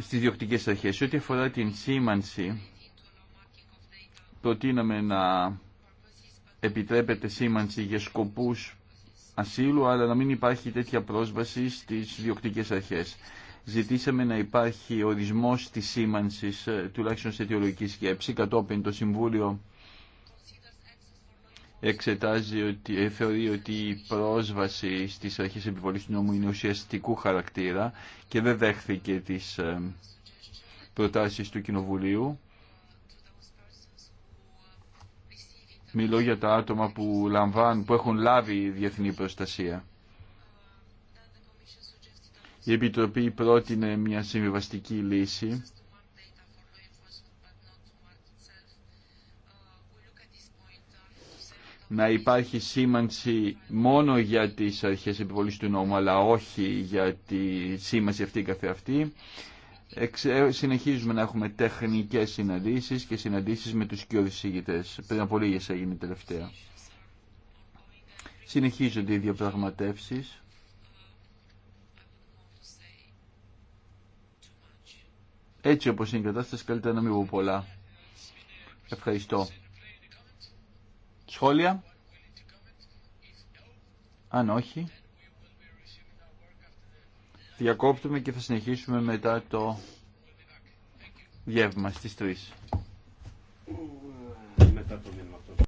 Speaker 1: στις διοκτικές αρχές. Ό,τι αφορά την σήμανση, προτείναμε να επιτρέπεται σήμανση για σκοπούς ασύλου, αλλά να μην υπάρχει τέτοια πρόσβαση στις διοκτικές αρχές. Ζητήσαμε να υπάρχει ορισμός της σήμανσης, ε, τουλάχιστον σε αιτιολογική σκέψη, κατόπιν το Συμβούλιο εξετάζει ότι, ε, θεωρεί ότι η πρόσβαση στις αρχές επιβολής του νόμου είναι ουσιαστικού χαρακτήρα και δεν δέχθηκε τις ε, προτάσεις του Κοινοβουλίου. Μιλώ για τα άτομα που, λαμβάνουν, που έχουν λάβει διεθνή προστασία. Η Επιτροπή πρότεινε μια συμβιβαστική λύση να υπάρχει σήμανση μόνο για τις αρχές επιβολής του νόμου αλλά όχι για τη σήμανση αυτή καθεαυτή. Συνεχίζουμε να έχουμε τεχνικές συναντήσεις και συναντήσεις με τους κοιοδησίγητες. Πριν από λίγες έγινε τελευταία. Συνεχίζονται οι διαπραγματεύσεις. Έτσι όπως είναι η κατάσταση καλύτερα να μην πω πολλά. Ευχαριστώ. Σχόλια. Αν όχι, διακόπτουμε και θα συνεχίσουμε μετά το γεύμα στις 3.
Speaker 3: Μετά το